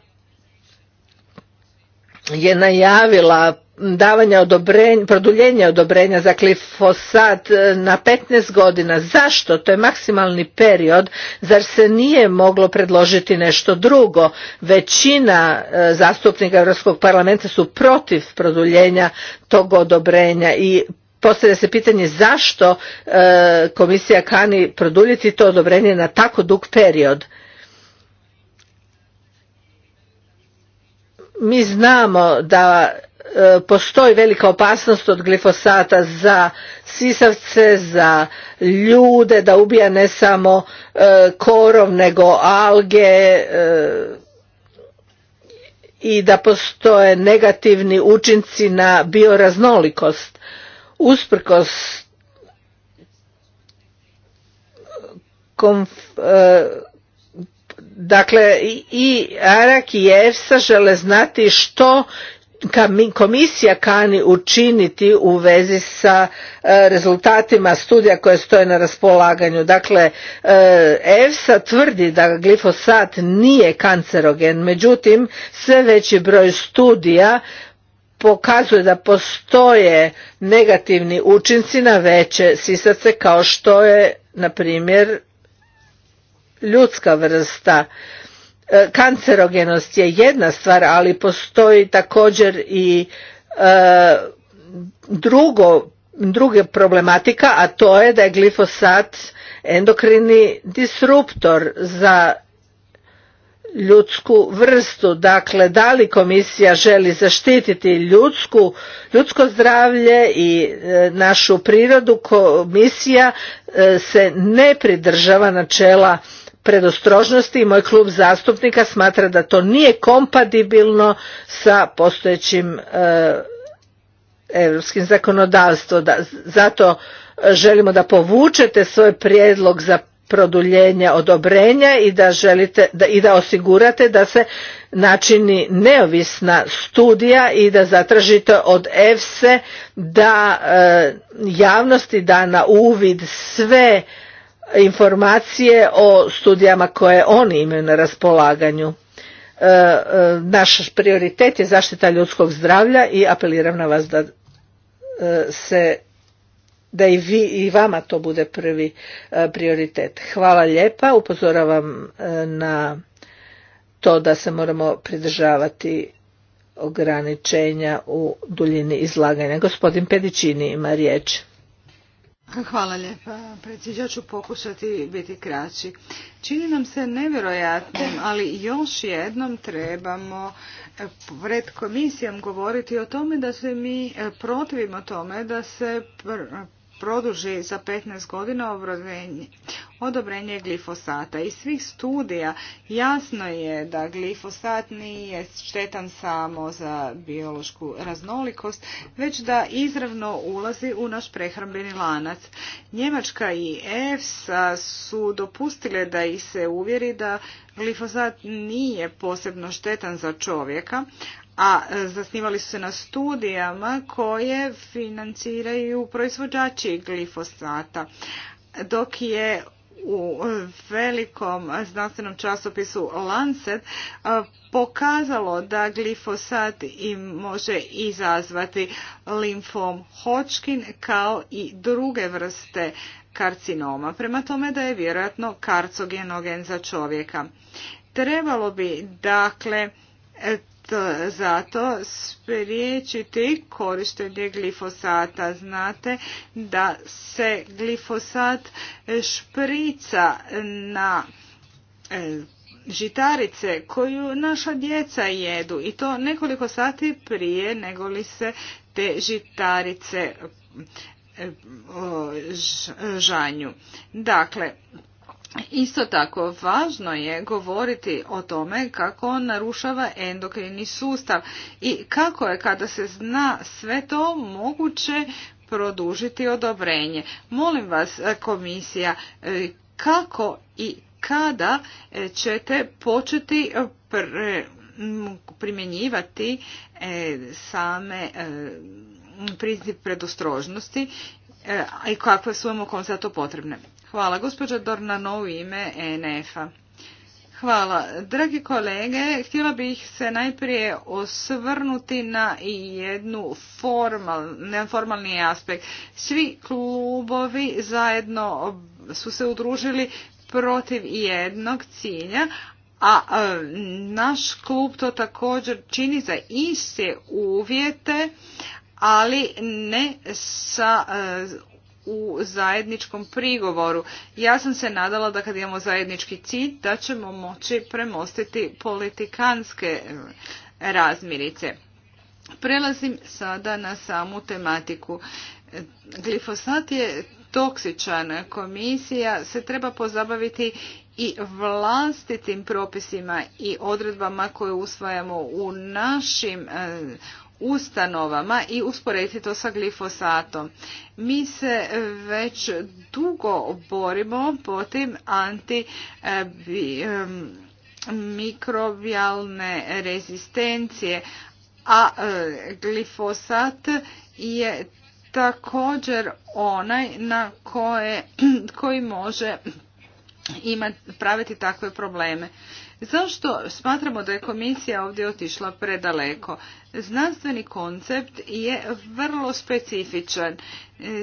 je najavila davanja produljenja odobrenja za klifosat e, na 15 godina. Zašto? To je maksimalni period. Zar se nije moglo predložiti nešto drugo? Većina e, zastupnika Europskog parlamenta su protiv produljenja tog odobrenja i postavlja se pitanje zašto e, komisija kani produljiti to odobrenje na tako dug period. Mi znamo da postoji velika opasnost od glifosata za sisavce, za ljude, da ubija ne samo e, korov nego alge e, i da postoje negativni učinci na bioraznolikost. Usprkos e, dakle i Arak i EFSA žele znati što komisija kani učiniti u vezi sa e, rezultatima studija koje stoje na raspolaganju. Dakle, e, EFSA tvrdi da glifosat nije kancerogen, međutim sve veći broj studija pokazuje da postoje negativni učinci na veće sisace kao što je, na primjer, ljudska vrsta. E, kancerogenost je jedna stvar, ali postoji također i e, drugo, druga problematika, a to je da je glifosat endokrini disruptor za ljudsku vrstu. Dakle, da li komisija želi zaštititi ljudsku, ljudsko zdravlje i e, našu prirodu, komisija se ne pridržava načela predostrožnosti i moj klub zastupnika smatra da to nije kompatibilno sa postojećim e, europskim zakonodavstvom. Zato e, želimo da povučete svoj prijedlog za produljenje odobrenja i da želite da, i da osigurate da se načini neovisna studija i da zatražite od EFSE da e, javnosti da na uvid sve informacije o studijama koje oni imaju na raspolaganju. E, e, naš prioritet je zaštita ljudskog zdravlja i apeliram na vas da e, se da i vi i vama to bude prvi prioritet. Hvala lijepa, upozoravam na to da se moramo pridržavati ograničenja u duljini izlaganja. Gospodin Pedičini ima riječ. Hvala lijepa, ću pokušati biti kraći. Čini nam se nevjerojatnim, ali još jednom trebamo eh, pred komisijom govoriti o tome da se mi eh, protivimo tome da se produži za 15 godina odobrenje glifosata. Iz svih studija jasno je da glifosat nije štetan samo za biološku raznolikost, već da izravno ulazi u naš prehrambeni lanac. Njemačka i EFSA su dopustile da ih se uvjeri da glifosat nije posebno štetan za čovjeka, a e, zasnivali su se na studijama koje financiraju proizvođači glifosata. Dok je u velikom znanstvenom časopisu Lancet e, pokazalo da glifosat im može izazvati limfom Hodgkin kao i druge vrste karcinoma. Prema tome da je vjerojatno karcogenogen za čovjeka. Trebalo bi dakle zato spriječiti korištenje glifosata. Znate da se glifosat šprica na e, žitarice koju naša djeca jedu i to nekoliko sati prije nego li se te žitarice e, žanju. Dakle, Isto tako, važno je govoriti o tome kako on narušava endokrini sustav i kako je kada se zna sve to moguće produžiti odobrenje. Molim vas, komisija, e, kako i kada e, ćete početi e, primjenjivati same princip predostrožnosti i kakve su vam u za to potrebne. Hvala. Gospođa Dornano u ime ENF-a. Hvala. Dragi kolege, htjela bih se najprije osvrnuti na jednu formal, formalni aspekt. Svi klubovi zajedno su se udružili protiv jednog cilja, a e, naš klub to također čini za iste uvjete, ali ne sa e, u zajedničkom prigovoru. Ja sam se nadala da kad imamo zajednički cilj da ćemo moći premostiti politikanske e, razmirice. Prelazim sada na samu tematiku. E, glifosat je toksičan. Komisija se treba pozabaviti i vlastitim propisima i odredbama koje usvajamo u našim e, ustanovama i usporediti to sa glifosatom. Mi se već dugo borimo protiv anti eh, mikrobijalne rezistencije, a eh, glifosat je također onaj na koje, *clears throat* koji može imati, praviti takve probleme. Zašto smatramo da je komisija ovdje otišla predaleko? Znanstveni koncept je vrlo specifičan.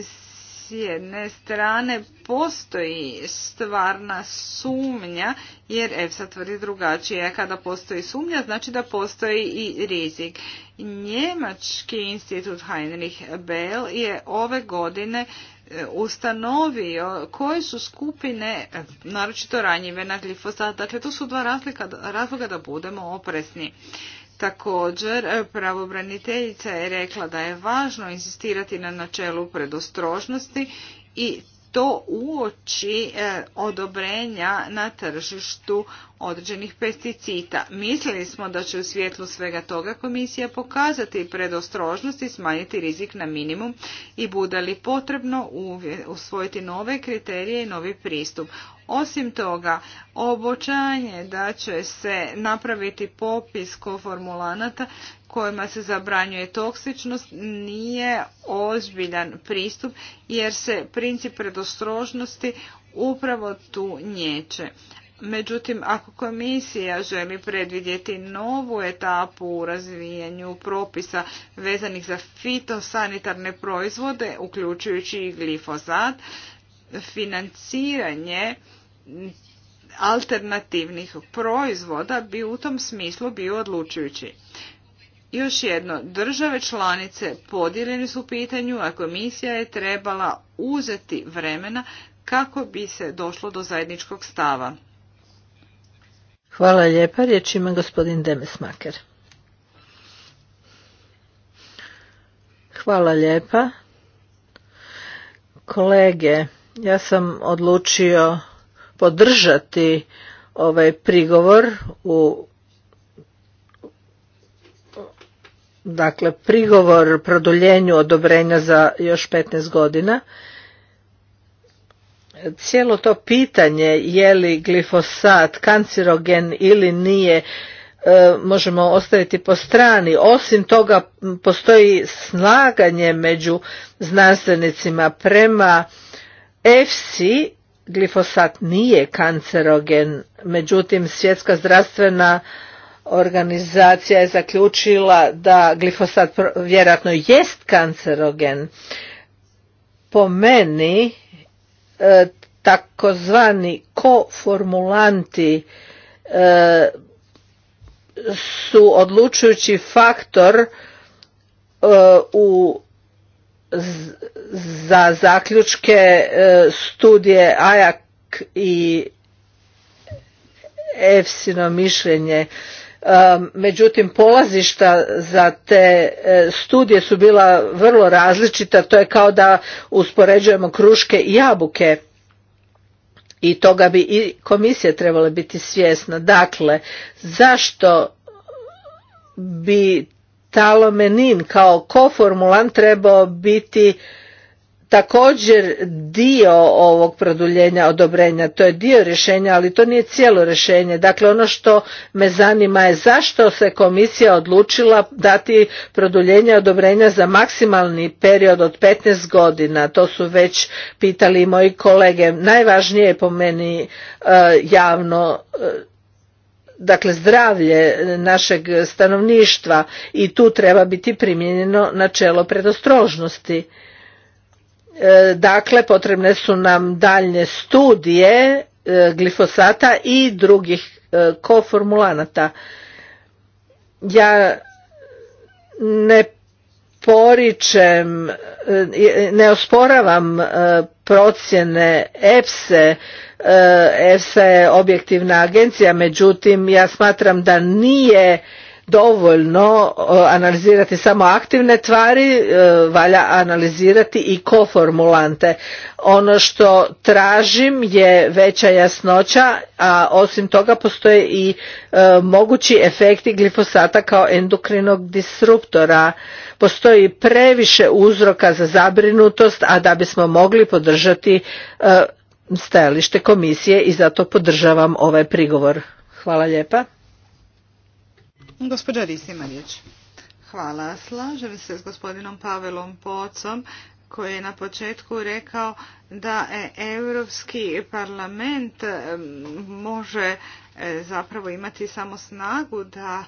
S jedne strane postoji stvarna sumnja, jer EFSA tvrdi drugačije. kada postoji sumnja, znači da postoji i rizik. Njemački institut Heinrich Bell je ove godine E, ustanovio koje su skupine e, naročito ranjive na glifosat. Dakle, to su dva razlika, razloga da budemo opresni. Također, e, pravobraniteljica je rekla da je važno insistirati na načelu predostrožnosti i to uoči e, odobrenja na tržištu određenih pesticida. Mislili smo da će u svjetlu svega toga komisija pokazati predostrožnost i smanjiti rizik na minimum i bude li potrebno usvojiti nove kriterije i novi pristup. Osim toga, obočanje da će se napraviti popis koformulanata kojima se zabranjuje toksičnost nije ozbiljan pristup jer se princip predostrožnosti upravo tu njeće. Međutim, ako komisija želi predvidjeti novu etapu u razvijanju propisa vezanih za fitosanitarne proizvode, uključujući i glifozat, financiranje alternativnih proizvoda bi u tom smislu bio odlučujući. Još jedno, države članice podijeljene su u pitanju, a komisija je trebala uzeti vremena kako bi se došlo do zajedničkog stava. Hvala lijepa, riječ ima gospodin Demesmaker. Hvala lijepa. Kolege, ja sam odlučio podržati ovaj prigovor u dakle prigovor produljenju odobrenja za još 15 godina. Cijelo to pitanje je li glifosat kancerogen ili nije e, možemo ostaviti po strani. Osim toga postoji slaganje među znanstvenicima prema EFSI glifosat nije kancerogen, međutim svjetska zdravstvena organizacija je zaključila da glifosat vjerojatno jest kancerogen. Po meni e, takozvani koformulanti e, su odlučujući faktor e, u za zaključke studije ajak i efsino mišljenje međutim polazišta za te e, studije su bila vrlo različita, to je kao da uspoređujemo kruške i jabuke i toga bi i komisija trebala biti svjesna. Dakle, zašto bi talomenin kao koformulan trebao biti također dio ovog produljenja odobrenja, to je dio rješenja, ali to nije cijelo rješenje. Dakle, ono što me zanima je zašto se komisija odlučila dati produljenje odobrenja za maksimalni period od 15 godina. To su već pitali i moji kolege. Najvažnije je po meni e, javno e, dakle zdravlje našeg stanovništva i tu treba biti primijenjeno načelo predostrožnosti. E, dakle, potrebne su nam daljne studije e, glifosata i drugih e, koformulanata. Ja ne poričem, ne osporavam procjene epse EFSA je objektivna agencija, međutim ja smatram da nije dovoljno analizirati samo aktivne tvari, e, valja analizirati i koformulante. Ono što tražim je veća jasnoća, a osim toga postoje i e, mogući efekti glifosata kao endokrinog disruptora. Postoji previše uzroka za zabrinutost, a da bismo mogli podržati e, stajalište komisije i zato podržavam ovaj prigovor. Hvala lijepa. Gospođa Ris riječ. Hvala. Slažem se s gospodinom Pavelom Pocom koji je na početku rekao da e, Europski parlament e, može e, zapravo imati samo snagu da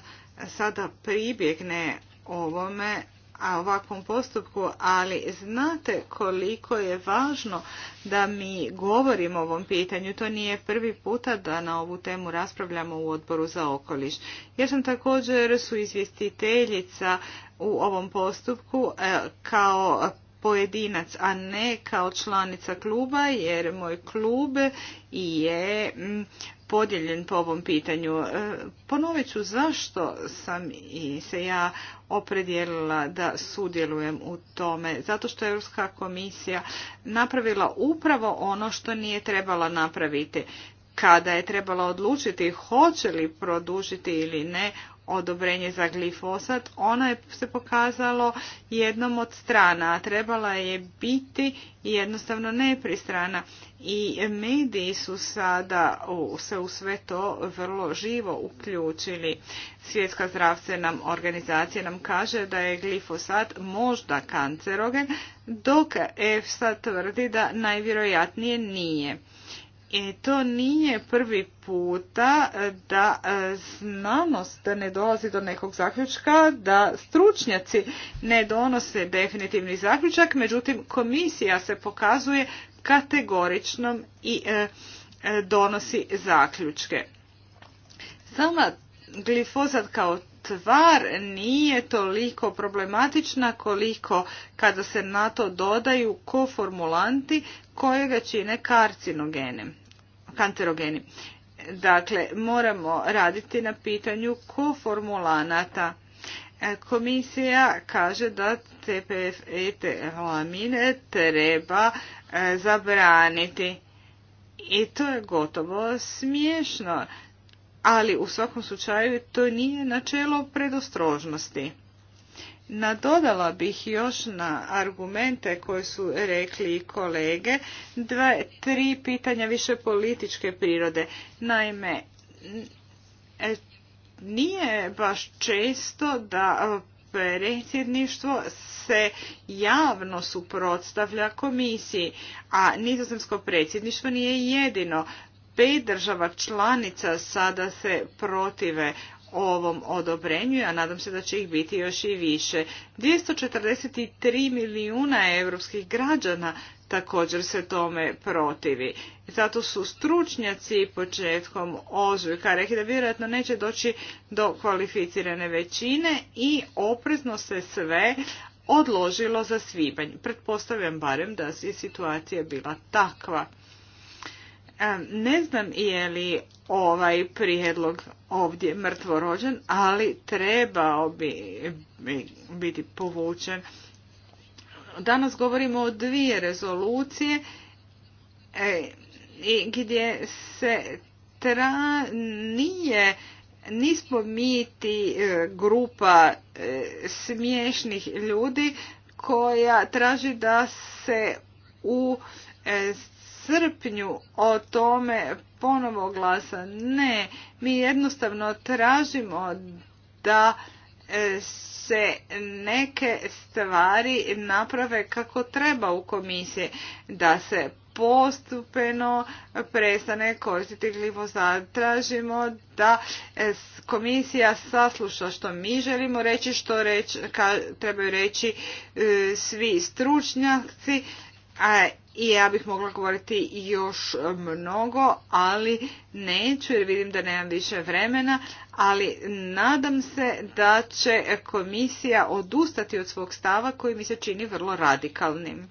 sada pribjegne ovome ovakvom postupku, ali znate koliko je važno da mi govorimo o ovom pitanju. To nije prvi puta da na ovu temu raspravljamo u odboru za okoliš. Ja sam također su izvjestiteljica u ovom postupku e, kao pojedinac, a ne kao članica kluba, jer moj klub je podijeljen po ovom pitanju. E, ponovit ću zašto sam i se ja opredijelila da sudjelujem u tome. Zato što je Europska komisija napravila upravo ono što nije trebala napraviti. Kada je trebala odlučiti hoće li produžiti ili ne odobrenje za glifosat, ono je se pokazalo jednom od strana, a trebala je biti jednostavno nepristrana. I mediji su sada se u sve to vrlo živo uključili. Svjetska zdravstvena organizacija nam kaže da je glifosat možda kancerogen, dok EFSA tvrdi da najvjerojatnije nije. I to nije prvi puta da e, znanost ne dolazi do nekog zaključka, da stručnjaci ne donose definitivni zaključak, međutim komisija se pokazuje kategoričnom i e, e, donosi zaključke. Sama glifozat kao tvar nije toliko problematična koliko kada se na to dodaju koformulanti kojega čine karcinogenem kancerogeni. Dakle, moramo raditi na pitanju koformulanata. E, komisija kaže da CPF etilamine treba e, zabraniti. I to je gotovo smiješno, ali u svakom slučaju to nije načelo predostrožnosti. Nadodala bih još na argumente koje su rekli kolege, dva, tri pitanja više političke prirode. Naime, nije baš često da predsjedništvo se javno suprotstavlja komisiji, a nizozemsko predsjedništvo nije jedino. Pet država članica sada se protive ovom odobrenju, a nadam se da će ih biti još i više. 243 milijuna europskih građana također se tome protivi. Zato su stručnjaci početkom ožujka rekli da vjerojatno neće doći do kvalificirane većine i oprezno se sve odložilo za svibanj. Pretpostavljam barem da je situacija bila takva. Ne znam je li ovaj prijedlog ovdje mrtvorođen, ali trebao bi biti povučen. Danas govorimo o dvije rezolucije e, gdje se tra nije nismo mi ti e, grupa e, smiješnih ljudi koja traži da se u srpnju o tome ponovo glasa. Ne, mi jednostavno tražimo da e, se neke stvari naprave kako treba u komisiji, da se postupeno prestane koristiti glifosat. Tražimo da e, komisija sasluša što mi želimo reći, što reći, trebaju reći e, svi stručnjaci, a i ja bih mogla govoriti još mnogo, ali neću jer vidim da nemam više vremena, ali nadam se da će komisija odustati od svog stava koji mi se čini vrlo radikalnim.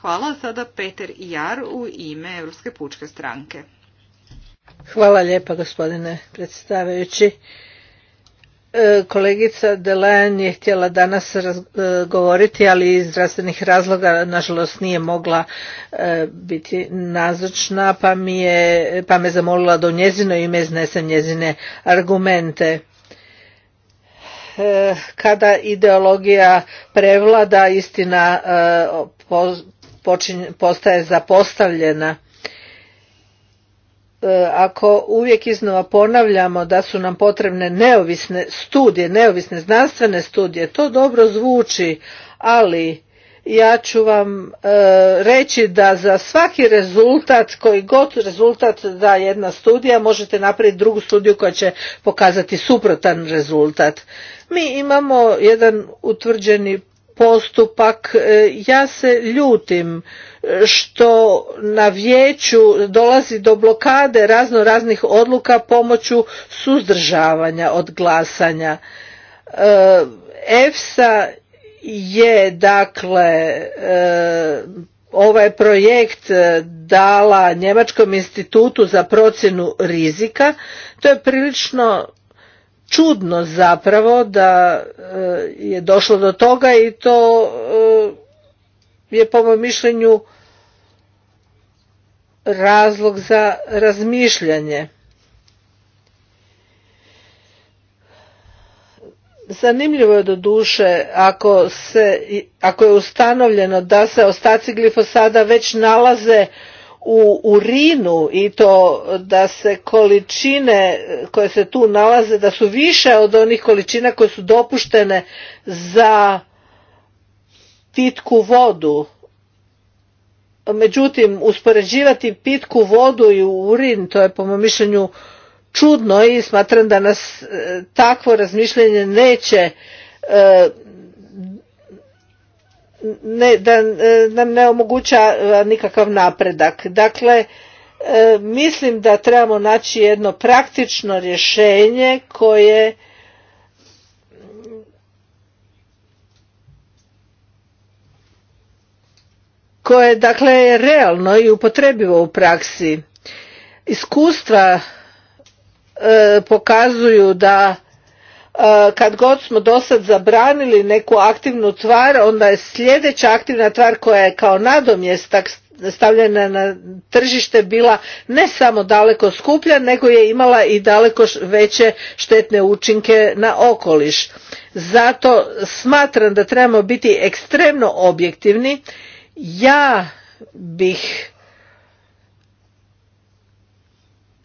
Hvala sada Peter i Jar u ime Europske pučke stranke. Hvala lijepa gospodine predstavajući. E, kolegica Delajan je htjela danas e, govoriti, ali iz zdravstvenih razloga nažalost nije mogla e, biti nazočna, pa, mi je, pa me zamolila da u njezino ime iznesem njezine argumente kada ideologija prevlada istina postaje zapostavljena E, ako uvijek iznova ponavljamo da su nam potrebne neovisne studije, neovisne znanstvene studije, to dobro zvuči, ali ja ću vam e, reći da za svaki rezultat koji god rezultat da jedna studija možete napraviti drugu studiju koja će pokazati suprotan rezultat mi imamo jedan utvrđeni postupak e, ja se ljutim što na vijeću dolazi do blokade razno raznih odluka pomoću suzdržavanja od glasanja. E, EFSA je dakle e, ovaj projekt dala Njemačkom institutu za procjenu rizika. To je prilično čudno zapravo da e, je došlo do toga i to je po mom mišljenju razlog za razmišljanje. Zanimljivo je do duše ako, se, ako je ustanovljeno da se ostaci glifosada već nalaze u urinu i to da se količine koje se tu nalaze da su više od onih količina koje su dopuštene za pitku vodu. Međutim, uspoređivati pitku vodu i urin, to je po mom mišljenju čudno i smatram da nas e, takvo razmišljanje neće e, da e, nam ne omoguća nikakav napredak. Dakle, mislim da trebamo naći jedno praktično rješenje koje koje dakle je realno i upotrebivo u praksi. Iskustva e, pokazuju da e, kad god smo dosad zabranili neku aktivnu tvar, onda je sljedeća aktivna tvar koja je kao nadomjestak stavljena na tržište bila ne samo daleko skuplja, nego je imala i daleko veće štetne učinke na okoliš. Zato smatram da trebamo biti ekstremno objektivni ja bih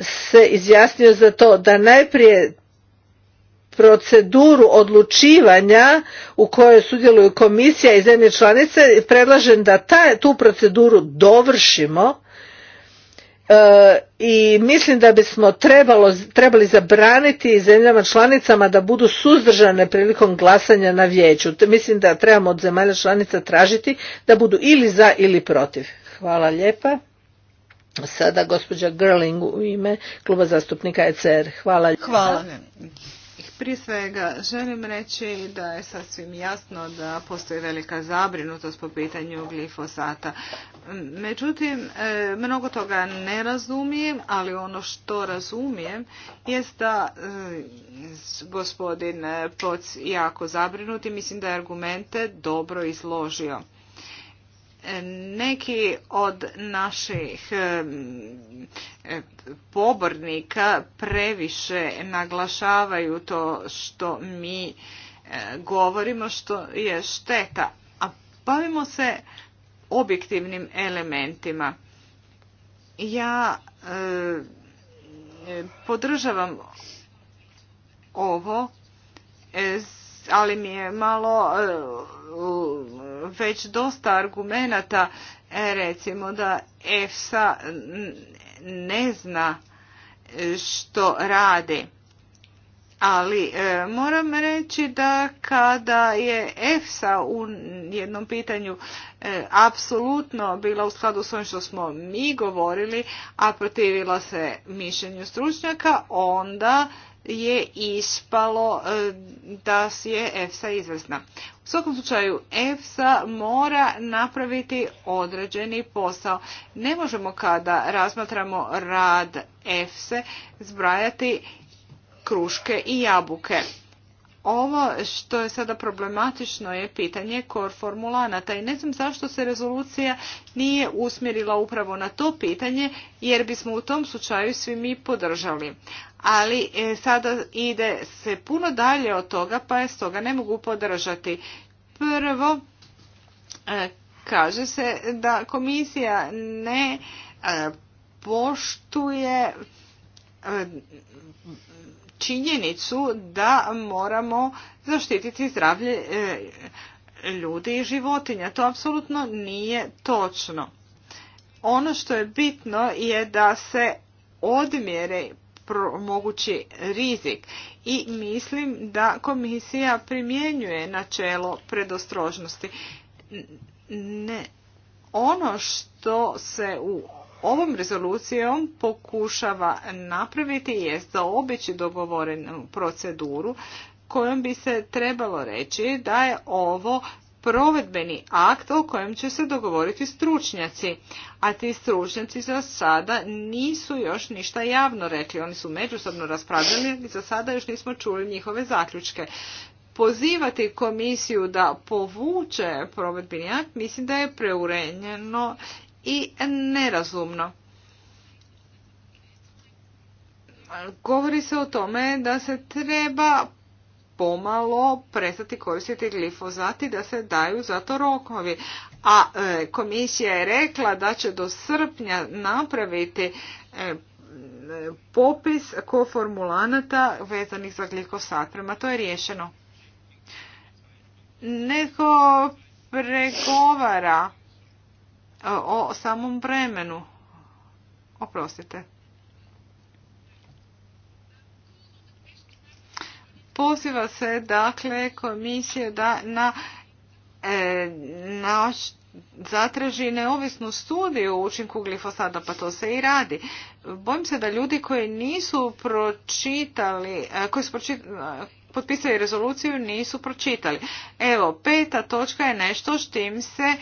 se izjasnio za to da najprije proceduru odlučivanja u kojoj sudjeluju komisija i zemlje članice predlažem da tu proceduru dovršimo E, i mislim da bismo trebali zabraniti zemljama članicama da budu suzdržane prilikom glasanja na vijeću. Mislim da trebamo od zemalja članica tražiti da budu ili za ili protiv. Hvala lijepa. Sada gospođa Grling u ime kluba zastupnika ECR. Hvala prije svega želim reći da je sasvim jasno da postoji velika zabrinutost po pitanju glifosata. Međutim, e, mnogo toga ne razumijem, ali ono što razumijem jest da e, gospodin Poc jako zabrinuti mislim da je argumente dobro izložio. Neki od naših pobornika previše naglašavaju to što mi govorimo, što je šteta. A bavimo se objektivnim elementima. Ja podržavam ovo ali mi je malo e, već dosta argumenata e, recimo da EFSA ne zna što radi. Ali e, moram reći da kada je EFSA u jednom pitanju apsolutno bila u skladu s onim što smo mi govorili, a protivila se mišljenju stručnjaka, onda je ispalo e, da je EFSA izvrsna. U svakom slučaju EFSA mora napraviti određeni posao. Ne možemo kada razmatramo rad EFSA zbrajati kruške i jabuke. Ovo što je sada problematično je pitanje kor formulanata i ne znam zašto se rezolucija nije usmjerila upravo na to pitanje jer bismo u tom slučaju svi mi podržali. Ali e, sada ide se puno dalje od toga pa je stoga ne mogu podržati. Prvo e, kaže se da komisija ne e, poštuje činjenicu da moramo zaštititi zdravlje e, ljudi i životinja. To apsolutno nije točno. Ono što je bitno je da se odmjere mogući rizik i mislim da komisija primjenjuje načelo predostrožnosti. Ne, ono što se u ovom rezolucijom pokušava napraviti je zaobići dogovorenu proceduru kojom bi se trebalo reći da je ovo provedbeni akt o kojem će se dogovoriti stručnjaci, a ti stručnjaci za sada nisu još ništa javno rekli. Oni su međusobno raspravljali i za sada još nismo čuli njihove zaključke. Pozivati komisiju da povuče provedbeni akt mislim da je preurenjeno i nerazumno. Govori se o tome da se treba pomalo prestati koristiti glifozati da se daju za to rokovi. A e, komisija je rekla da će do srpnja napraviti e, popis koformulanata vezanih za glifosat. Prema to je riješeno. Neko pregovara o samom vremenu. Oprostite. Poziva se dakle komisije da na, e, na zatraži neovisnu studiju u učinku glifosata, pa to se i radi. Bojim se da ljudi koji nisu pročitali, e, koji su pročitali, potpisali rezoluciju nisu pročitali. Evo, peta točka je nešto s tim se e,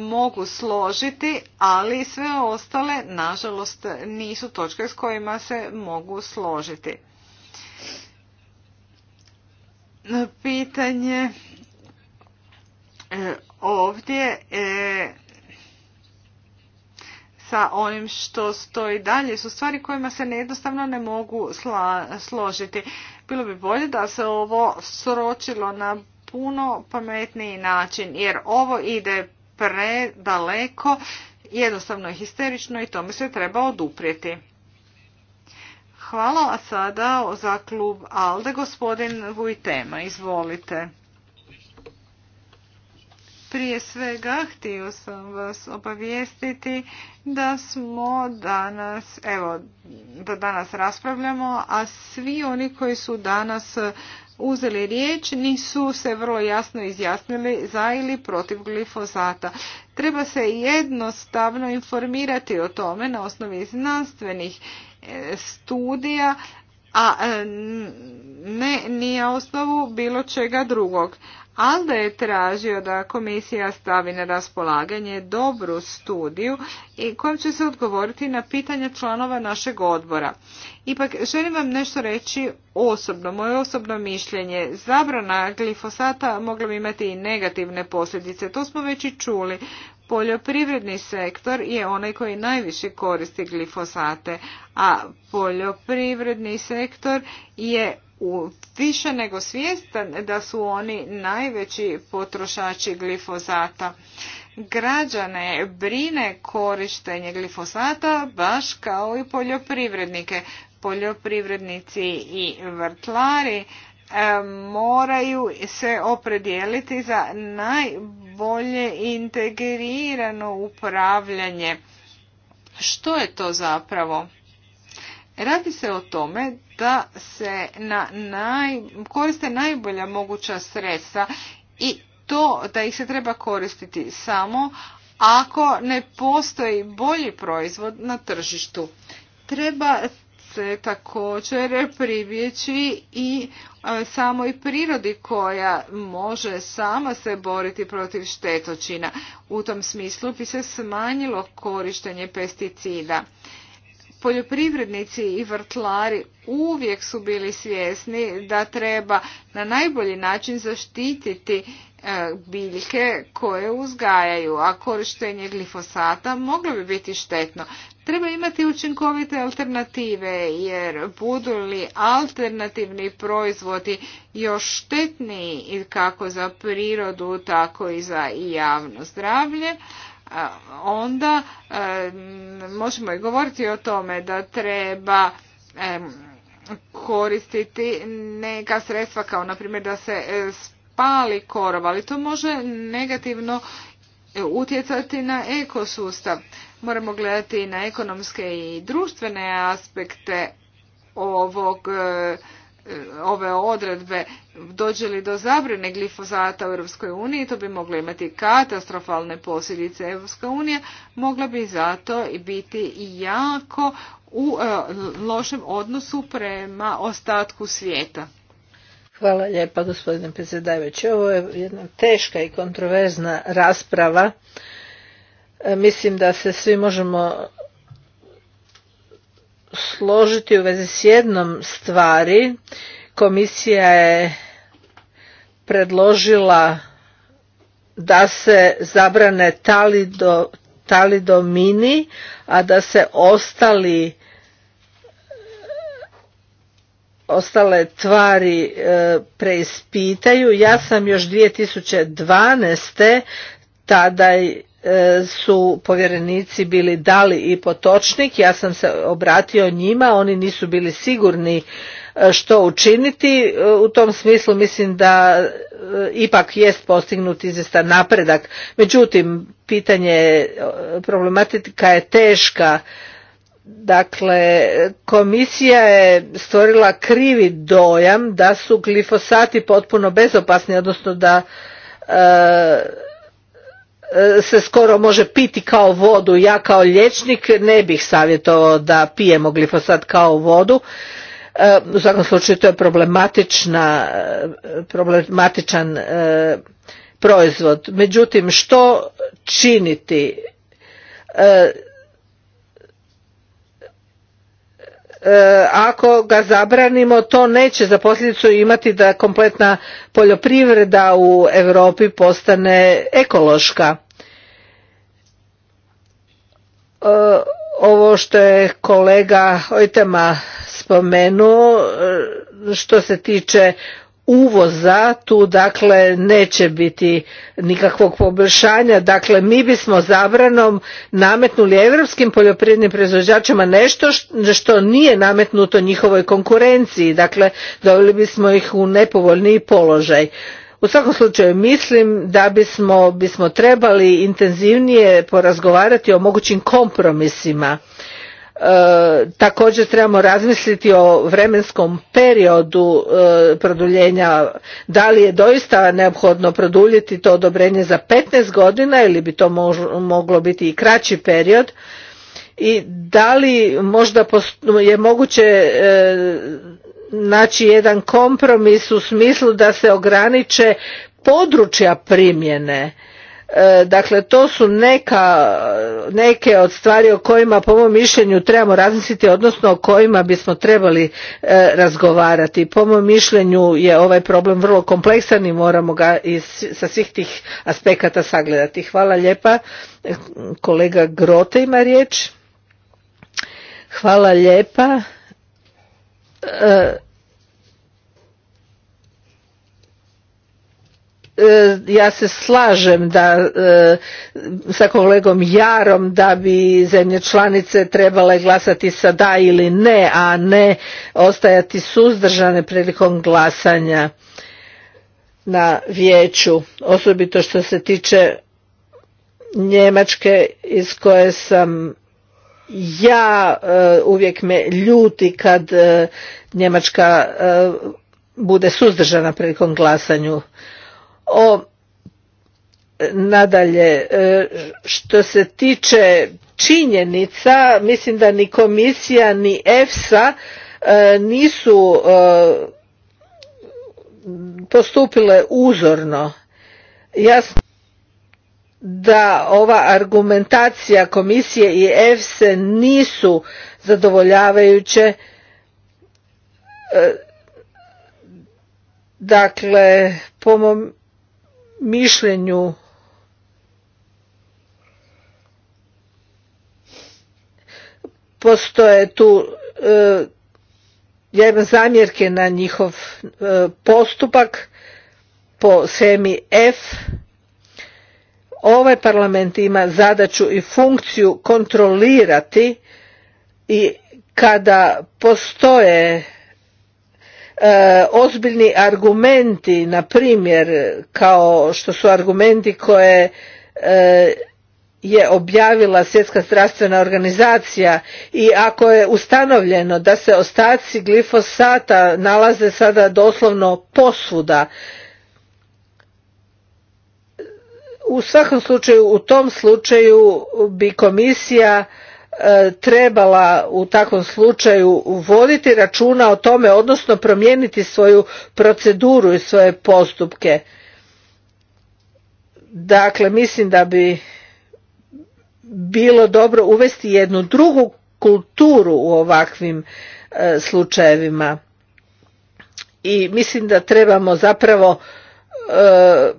mogu složiti, ali sve ostale, nažalost, nisu točke s kojima se mogu složiti. Pitanje e, ovdje e, sa onim što stoji dalje su stvari kojima se jednostavno ne mogu složiti. Bilo bi bolje da se ovo sročilo na puno pametniji način jer ovo ide predaleko, jednostavno je histerično i tome se treba oduprijeti. Hvala, a sada za klub ALDE gospodin Vujtema. Izvolite. Prije svega htio sam vas obavijestiti da smo danas, evo, da danas raspravljamo, a svi oni koji su danas uzeli riječ nisu se vrlo jasno izjasnili za ili protiv glifosata. Treba se jednostavno informirati o tome na osnovi znanstvenih e, studija, a ne ni osnovu bilo čega drugog. Alda je tražio da komisija stavi na raspolaganje dobru studiju i kojom će se odgovoriti na pitanja članova našeg odbora. Ipak želim vam nešto reći osobno, moje osobno mišljenje. Zabrana glifosata mogla bi imati i negativne posljedice, to smo već i čuli. Poljoprivredni sektor je onaj koji najviše koristi glifosate, a poljoprivredni sektor je više nego svjestan da su oni najveći potrošači glifozata. Građane brine korištenje glifosata baš kao i poljoprivrednike. Poljoprivrednici i vrtlari e, moraju se opredijeliti za najbolje integrirano upravljanje. Što je to zapravo? Radi se o tome da se na naj, koriste najbolja moguća sredstva i to da ih se treba koristiti samo ako ne postoji bolji proizvod na tržištu. Treba se također pribjeći i e, samoj prirodi koja može sama se boriti protiv štetočina. U tom smislu bi se smanjilo korištenje pesticida poljoprivrednici i vrtlari uvijek su bili svjesni da treba na najbolji način zaštititi e, biljke koje uzgajaju, a korištenje glifosata moglo bi biti štetno. Treba imati učinkovite alternative jer budu li alternativni proizvodi još štetniji kako za prirodu tako i za javno zdravlje, onda e, možemo i govoriti o tome da treba e, koristiti neka sredstva kao na primjer da se e, spali korov, ali to može negativno utjecati na ekosustav. Moramo gledati i na ekonomske i društvene aspekte ovog ove odredbe dođe li do zabrane glifozata u Europskoj uniji, to bi moglo imati katastrofalne posljedice. Europska unija mogla bi zato i biti jako u e, lošem odnosu prema ostatku svijeta. Hvala lijepa gospodine predsjedavajući. Ovo je jedna teška i kontroverzna rasprava. E, mislim da se svi možemo složiti u vezi s jednom stvari. Komisija je predložila da se zabrane talido, talidomini, a da se ostali ostale tvari e, preispitaju. Ja sam još 2012. tada E, su povjerenici bili dali i potočnik, ja sam se obratio njima, oni nisu bili sigurni e, što učiniti. E, u tom smislu mislim da ipak jest postignut izvjestan napredak. Međutim, pitanje problematika je teška. Dakle, komisija je stvorila krivi dojam da su glifosati potpuno bezopasni, odnosno da E, se skoro može piti kao vodu. Ja kao liječnik ne bih savjetovao da pijemo glifosat kao vodu. E, u svakom slučaju to je problematična, e, problematičan proizvod. Međutim, što činiti? E, ako ga zabranimo to neće za posljedicu imati da kompletna poljoprivreda u Europi postane ekološka. E, ovo što je kolega Ojtema spomenuo e, što se tiče uvoza tu dakle neće biti nikakvog poboljšanja dakle mi bismo zabranom nametnuli europskim poljoprivrednim proizvođačima nešto što nije nametnuto njihovoj konkurenciji dakle doveli bismo ih u nepovoljniji položaj u svakom slučaju mislim da bismo, bismo trebali intenzivnije porazgovarati o mogućim kompromisima E, također trebamo razmisliti o vremenskom periodu e, produljenja da li je doista neophodno produljiti to odobrenje za 15 godina ili bi to moglo biti i kraći period i da li možda je moguće e, naći jedan kompromis u smislu da se ograniče područja primjene E, dakle, to su neke od stvari o kojima po mom mišljenju trebamo razmisliti, odnosno o kojima bismo trebali e, razgovarati. Po mom mišljenju je ovaj problem vrlo kompleksan i moramo ga sa svih tih aspekata sagledati. Hvala lijepa. Kolega Grote ima riječ. Hvala lijepa. E, E, ja se slažem da e, sa kolegom Jarom da bi zemlje članice trebale glasati sa da ili ne, a ne ostajati suzdržane prilikom glasanja na vijeću, osobito što se tiče Njemačke iz koje sam ja e, uvijek me ljuti kad Njemačka bude suzdržana prilikom glasanju o nadalje e, što se tiče činjenica mislim da ni komisija ni EFSA e, nisu e, postupile uzorno jasno da ova argumentacija komisije i EFSA nisu zadovoljavajuće dakle po mom mišljenju postoje tu e, jedne zamjerke na njihov e, postupak po semi F. Ovaj parlament ima zadaću i funkciju kontrolirati i kada postoje E, ozbiljni argumenti na primjer kao što su argumenti koje e, je objavila svjetska zdravstvena organizacija i ako je ustanovljeno da se ostaci glifosata nalaze sada doslovno posvuda u svakom slučaju u tom slučaju bi komisija E, trebala u takvom slučaju voditi računa o tome odnosno promijeniti svoju proceduru i svoje postupke dakle mislim da bi bilo dobro uvesti jednu drugu kulturu u ovakvim e, slučajevima i mislim da trebamo zapravo e,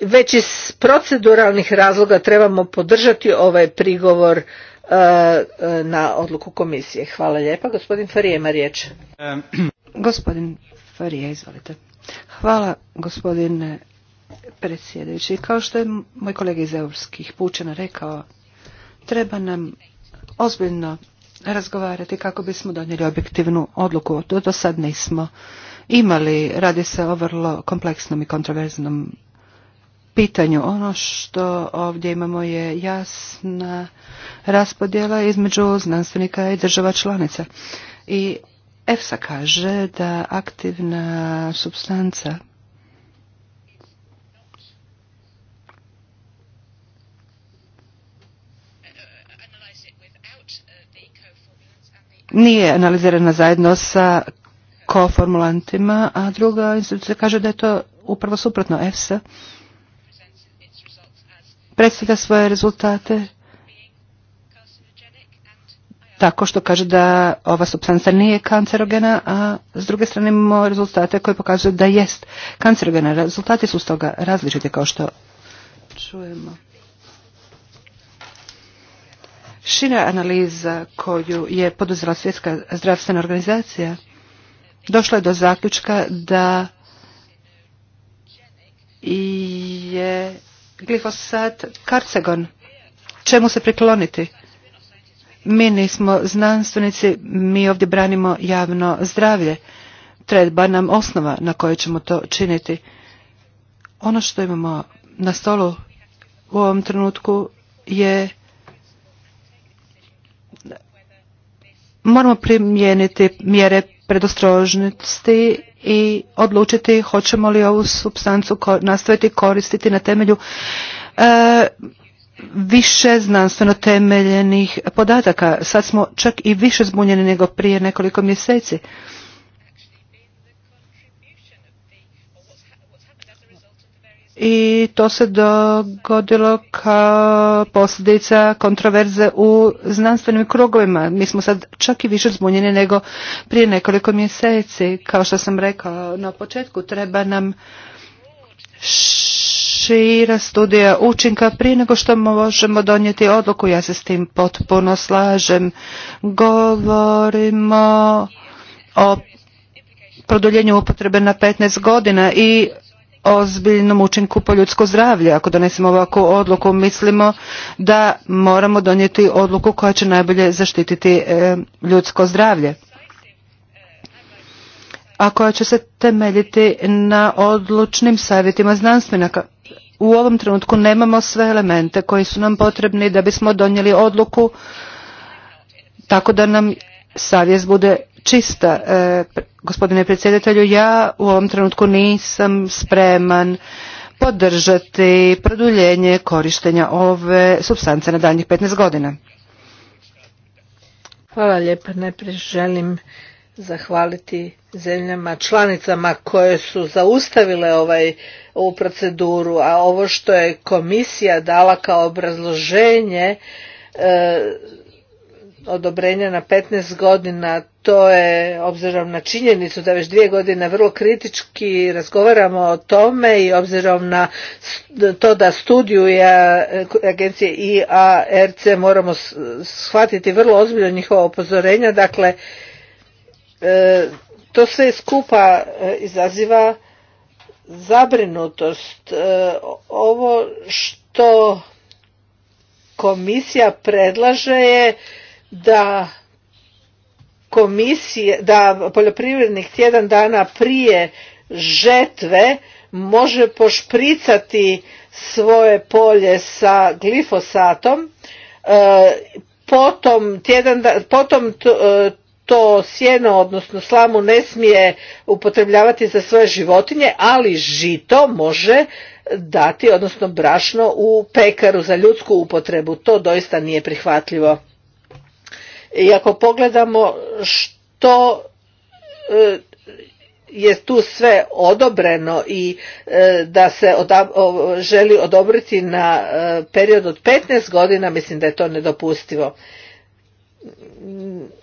već iz proceduralnih razloga trebamo podržati ovaj prigovor e, e, na odluku komisije. Hvala lijepa. Gospodin Farije ima riječ. *clears throat* Gospodin Farije, izvolite. Hvala gospodine predsjedajući. Kao što je moj kolega iz Europskih pučena rekao, treba nam ozbiljno razgovarati kako bismo donijeli objektivnu odluku. Do, do sad nismo imali. Radi se o vrlo kompleksnom i kontroverznom pitanju. Ono što ovdje imamo je jasna raspodjela između znanstvenika i država članica. I EFSA kaže da aktivna substanca nije analizirana zajedno sa koformulantima, a druga institucija kaže da je to upravo suprotno EFSA predstavlja svoje rezultate tako što kaže da ova substanca nije kancerogena, a s druge strane imamo rezultate koji pokazuju da jest kancerogena. Rezultati su stoga različiti kao što čujemo. Šira analiza koju je poduzela Svjetska zdravstvena organizacija došla je do zaključka da je glifosat karcegon. Čemu se prikloniti? Mi nismo znanstvenici, mi ovdje branimo javno zdravlje. Treba nam osnova na kojoj ćemo to činiti. Ono što imamo na stolu u ovom trenutku je moramo primijeniti mjere predostrožnosti i odlučiti hoćemo li ovu substancu nastaviti koristiti na temelju e, više znanstveno temeljenih podataka. Sad smo čak i više zbunjeni nego prije nekoliko mjeseci. i to se dogodilo kao posljedica kontroverze u znanstvenim krugovima. Mi smo sad čak i više zbunjeni nego prije nekoliko mjeseci. Kao što sam rekao na početku, treba nam šira studija učinka prije nego što možemo donijeti odluku. Ja se s tim potpuno slažem. Govorimo o produljenju upotrebe na 15 godina i ozbiljnom učinku po ljudsko zdravlje. Ako donesemo ovakvu odluku, mislimo da moramo donijeti odluku koja će najbolje zaštititi e, ljudsko zdravlje a koja će se temeljiti na odlučnim savjetima znanstvenaka. U ovom trenutku nemamo sve elemente koji su nam potrebni da bismo donijeli odluku tako da nam savjest bude čista. E, gospodine predsjedatelju, ja u ovom trenutku nisam spreman podržati produljenje korištenja ove substance na daljnjih 15 godina. Hvala lijepa. Najprije želim zahvaliti zemljama članicama koje su zaustavile ovaj, ovu proceduru, a ovo što je komisija dala kao obrazloženje e, odobrenja na 15 godina, to je obzirom na činjenicu da već dvije godine vrlo kritički razgovaramo o tome i obzirom na to da studiju e, agencije IARC moramo shvatiti vrlo ozbiljno njihova upozorenja. Dakle, e, to sve skupa e, izaziva zabrinutost. Ovo što komisija predlaže je da komisije, da poljoprivrednik tjedan dana prije žetve može pošpricati svoje polje sa glifosatom, e, potom, tjedan, potom e, to sjeno, odnosno slamu ne smije upotrebljavati za svoje životinje, ali žito može dati, odnosno brašno u pekaru za ljudsku upotrebu. To doista nije prihvatljivo. I ako pogledamo što e, je tu sve odobreno i e, da se želi odobriti na e, period od 15 godina, mislim da je to nedopustivo.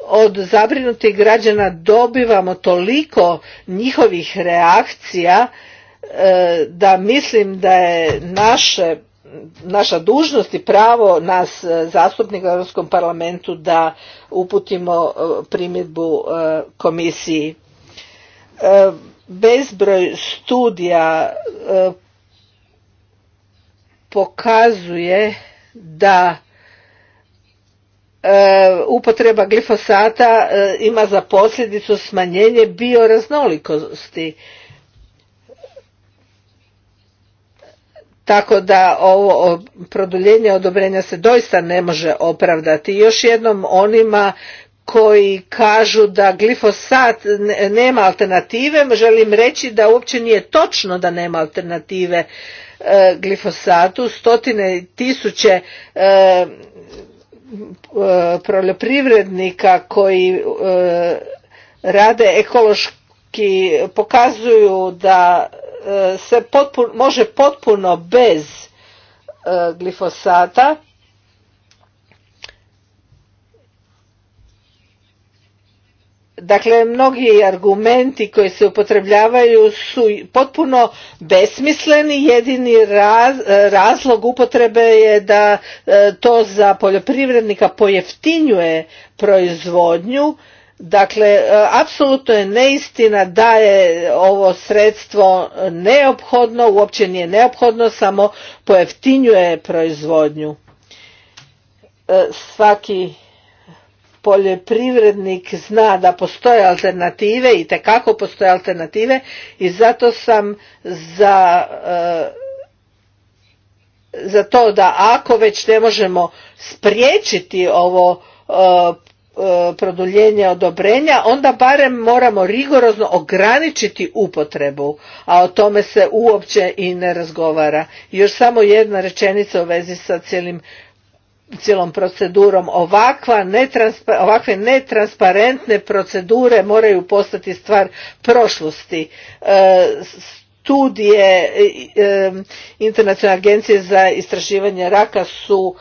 Od zabrinutih građana dobivamo toliko njihovih reakcija da mislim da je naše naša dužnost i pravo nas e, zastupnika u Europskom parlamentu da uputimo e, primjedbu e, komisiji. Bezbroj studija pokazuje da upotreba glifosata ima za posljedicu smanjenje bioraznolikosti tako da ovo produljenje odobrenja se doista ne može opravdati. Još jednom onima koji kažu da glifosat nema alternative, želim reći da uopće nije točno da nema alternative e, glifosatu. Stotine tisuće e, e, proljoprivrednika koji rade ekološki pokazuju da se potpun, može potpuno bez e, glifosata Dakle, mnogi argumenti koji se upotrebljavaju su potpuno besmisleni. Jedini e, razlog upotrebe je da e, to za poljoprivrednika pojeftinjuje proizvodnju Dakle, e, apsolutno je neistina da je ovo sredstvo neophodno, uopće nije neophodno, samo pojeftinjuje proizvodnju. E, svaki poljoprivrednik zna da postoje alternative i tekako postoje alternative i zato sam za, e, za to da ako već ne možemo spriječiti ovo E, produljenja, odobrenja, onda barem moramo rigorozno ograničiti upotrebu, a o tome se uopće i ne razgovara. Još samo jedna rečenica u vezi sa cijelom procedurom. Ovakva ovakve netransparentne procedure moraju postati stvar prošlosti. E, studije e, Internacionalne agencije za istraživanje raka su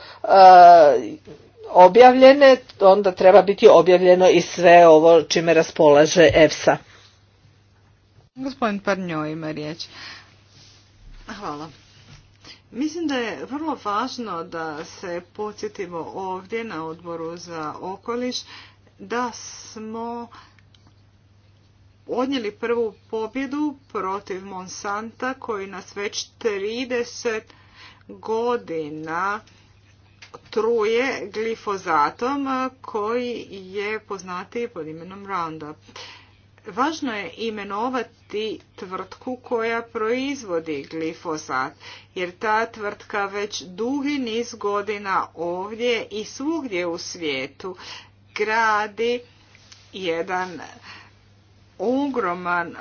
objavljene, onda treba biti objavljeno i sve ovo čime raspolaže EFSA. Gospodin Parnjo ima riječ. Hvala. Mislim da je vrlo važno da se podsjetimo ovdje na odboru za okoliš da smo odnijeli prvu pobjedu protiv Monsanta koji nas već 30 godina truje glifozatom koji je poznatiji pod imenom Roundup. Važno je imenovati tvrtku koja proizvodi glifosat, jer ta tvrtka već dugi niz godina ovdje i svugdje u svijetu gradi jedan ogroman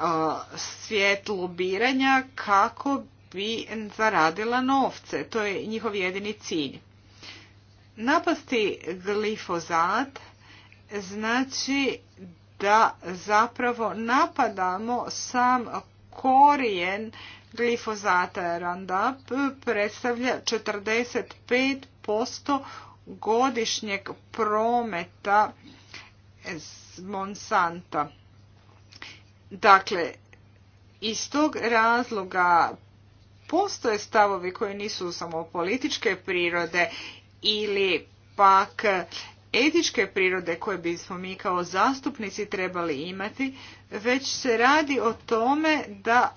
svijet lobiranja kako bi zaradila novce. To je njihov jedini cilj. Napasti glifozat znači da zapravo napadamo sam korijen glifozata Roundup predstavlja 45% godišnjeg prometa Monsanta. Dakle, iz tog razloga postoje stavovi koji nisu samo političke prirode ili pak etičke prirode koje bismo mi kao zastupnici trebali imati, već se radi o tome da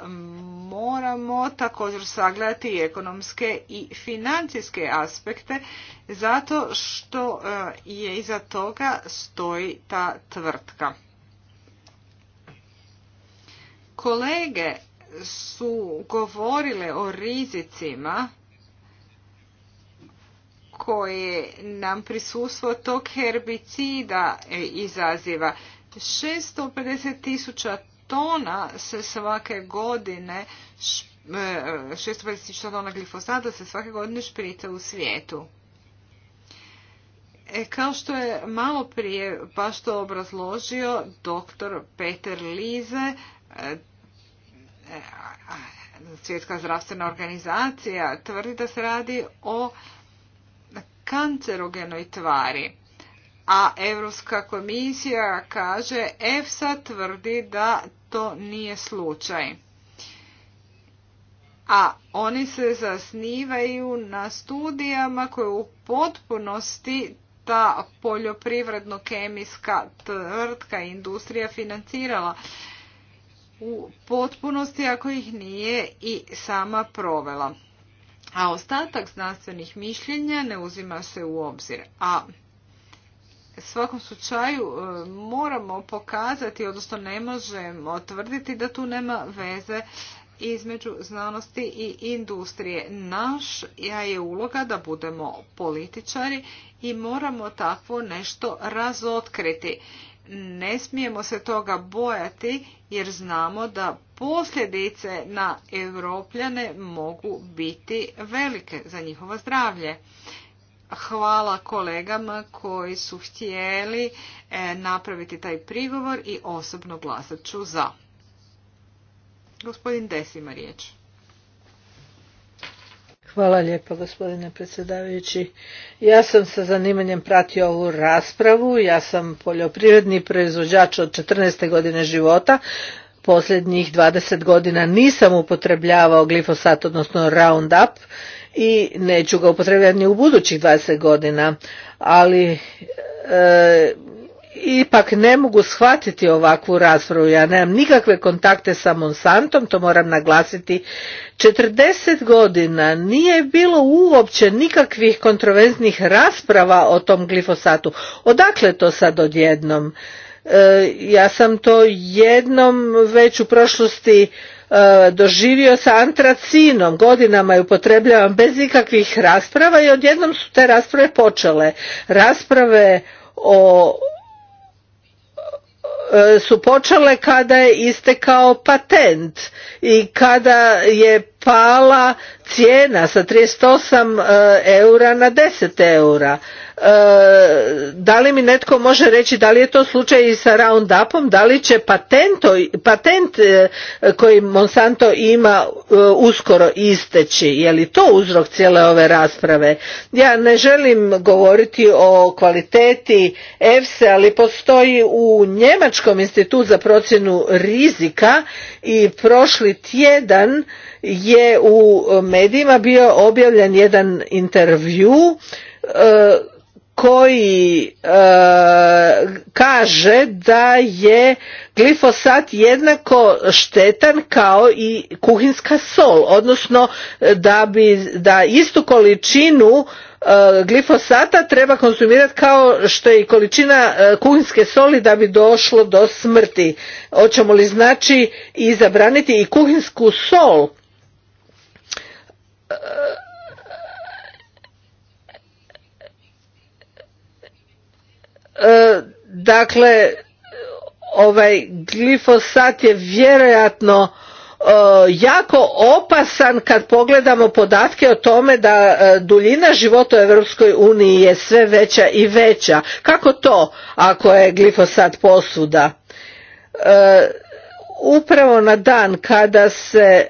moramo također sagledati i ekonomske i financijske aspekte zato što e, je iza toga stoji ta tvrtka. Kolege su govorile o rizicima koje nam prisustvo tog herbicida e, izaziva. 650 tisuća tona se svake godine 650 e, tona glifosata se svake godine šprita u svijetu. E, kao što je malo prije baš to obrazložio doktor Peter Lize, Svjetska zdravstvena organizacija tvrdi da se radi o kancerogenoj tvari. A Europska komisija kaže, EFSA tvrdi da to nije slučaj. A oni se zasnivaju na studijama koje u potpunosti ta poljoprivredno-kemijska tvrtka industrija financirala u potpunosti ako ih nije i sama provela a ostatak znanstvenih mišljenja ne uzima se u obzir. A u svakom slučaju e, moramo pokazati, odnosno ne možemo tvrditi da tu nema veze između znanosti i industrije. Naš ja je uloga da budemo političari i moramo takvo nešto razotkriti ne smijemo se toga bojati jer znamo da posljedice na europljane mogu biti velike za njihovo zdravlje. Hvala kolegama koji su htjeli e, napraviti taj prigovor i osobno glasat ću za. Gospodin Desima riječ. Hvala lijepo gospodine predsjedavajući. Ja sam sa zanimanjem pratio ovu raspravu. Ja sam poljoprivredni proizvođač od 14. godine života. Posljednjih 20 godina nisam upotrebljavao glifosat, odnosno Roundup i neću ga upotrebljavati ni u budućih 20 godina. Ali e, ipak ne mogu shvatiti ovakvu raspravu. Ja nemam nikakve kontakte sa Monsantom, to moram naglasiti. Četrdeset godina nije bilo uopće nikakvih kontroverznih rasprava o tom glifosatu. Odakle to sad odjednom? E, ja sam to jednom već u prošlosti e, doživio sa antracinom. Godinama je upotrebljavam bez ikakvih rasprava i odjednom su te rasprave počele. Rasprave o E, su počele kada je istekao patent i kada je pala cijena sa 38 e, eura na 10 eura Eh, da li mi netko može reći da li je to slučaj i sa Roundupom, da li će patent eh, koji Monsanto ima eh, uskoro isteći, je li to uzrok cijele ove rasprave? Ja ne želim govoriti o kvaliteti EFSE, ali postoji u Njemačkom institutu za procjenu rizika i prošli tjedan je u medijima bio objavljen jedan intervju koji e, kaže da je glifosat jednako štetan kao i kuhinska sol odnosno da bi da istu količinu e, glifosata treba konzumirati kao što je i količina e, kuhinske soli da bi došlo do smrti hoćemo li znači i zabraniti i kuhinsku sol e, E, dakle ovaj glifosat je vjerojatno e, jako opasan kad pogledamo podatke o tome da e, duljina života u Europskoj uniji je sve veća i veća. Kako to ako je glifosat posuda? Upravo na dan kada se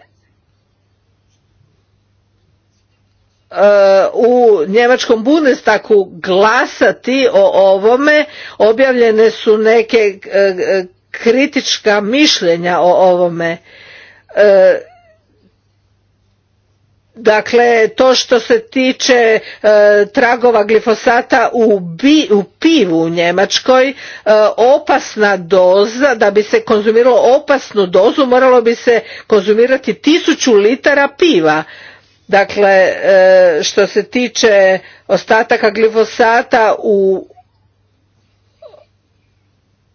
u njemačkom Bundestagu glasati o ovome objavljene su neke e, kritička mišljenja o ovome e, dakle to što se tiče e, tragova glifosata u, pivu u njemačkoj opasna doza da bi se konzumiralo opasnu dozu moralo bi se konzumirati tisuću litara piva Dakle, e, što se tiče ostataka glifosata u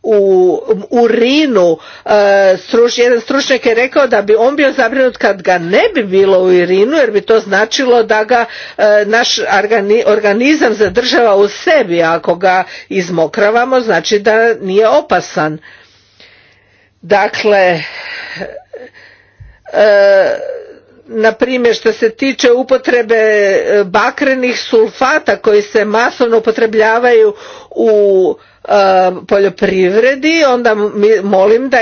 u urinu e, jedan stručnjak je rekao da bi on bio zabrinut kad ga ne bi bilo u urinu jer bi to značilo da ga e, naš organizam zadržava u sebi ako ga izmokravamo znači da nije opasan dakle na primjer što se tiče upotrebe e, bakrenih sulfata koji se masovno upotrebljavaju u e, poljoprivredi onda molim e,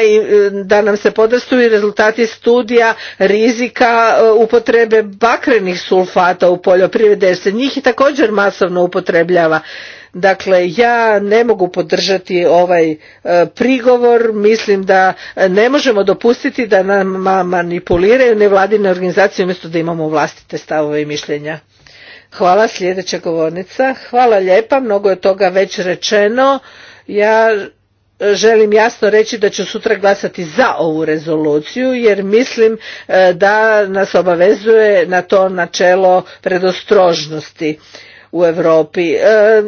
da, nam se podrstuju i rezultati studija rizika upotrebe bakrenih sulfata u poljoprivredi jer se njih također masovno upotrebljava Dakle, ja ne mogu podržati ovaj e, prigovor, mislim da ne možemo dopustiti da nam manipuliraju nevladine organizacije umjesto da imamo vlastite stavove i mišljenja. Hvala, sljedeća govornica. Hvala lijepa, mnogo je toga već rečeno. Ja želim jasno reći da ću sutra glasati za ovu rezoluciju jer mislim e, da nas obavezuje na to načelo predostrožnosti u Europi. E,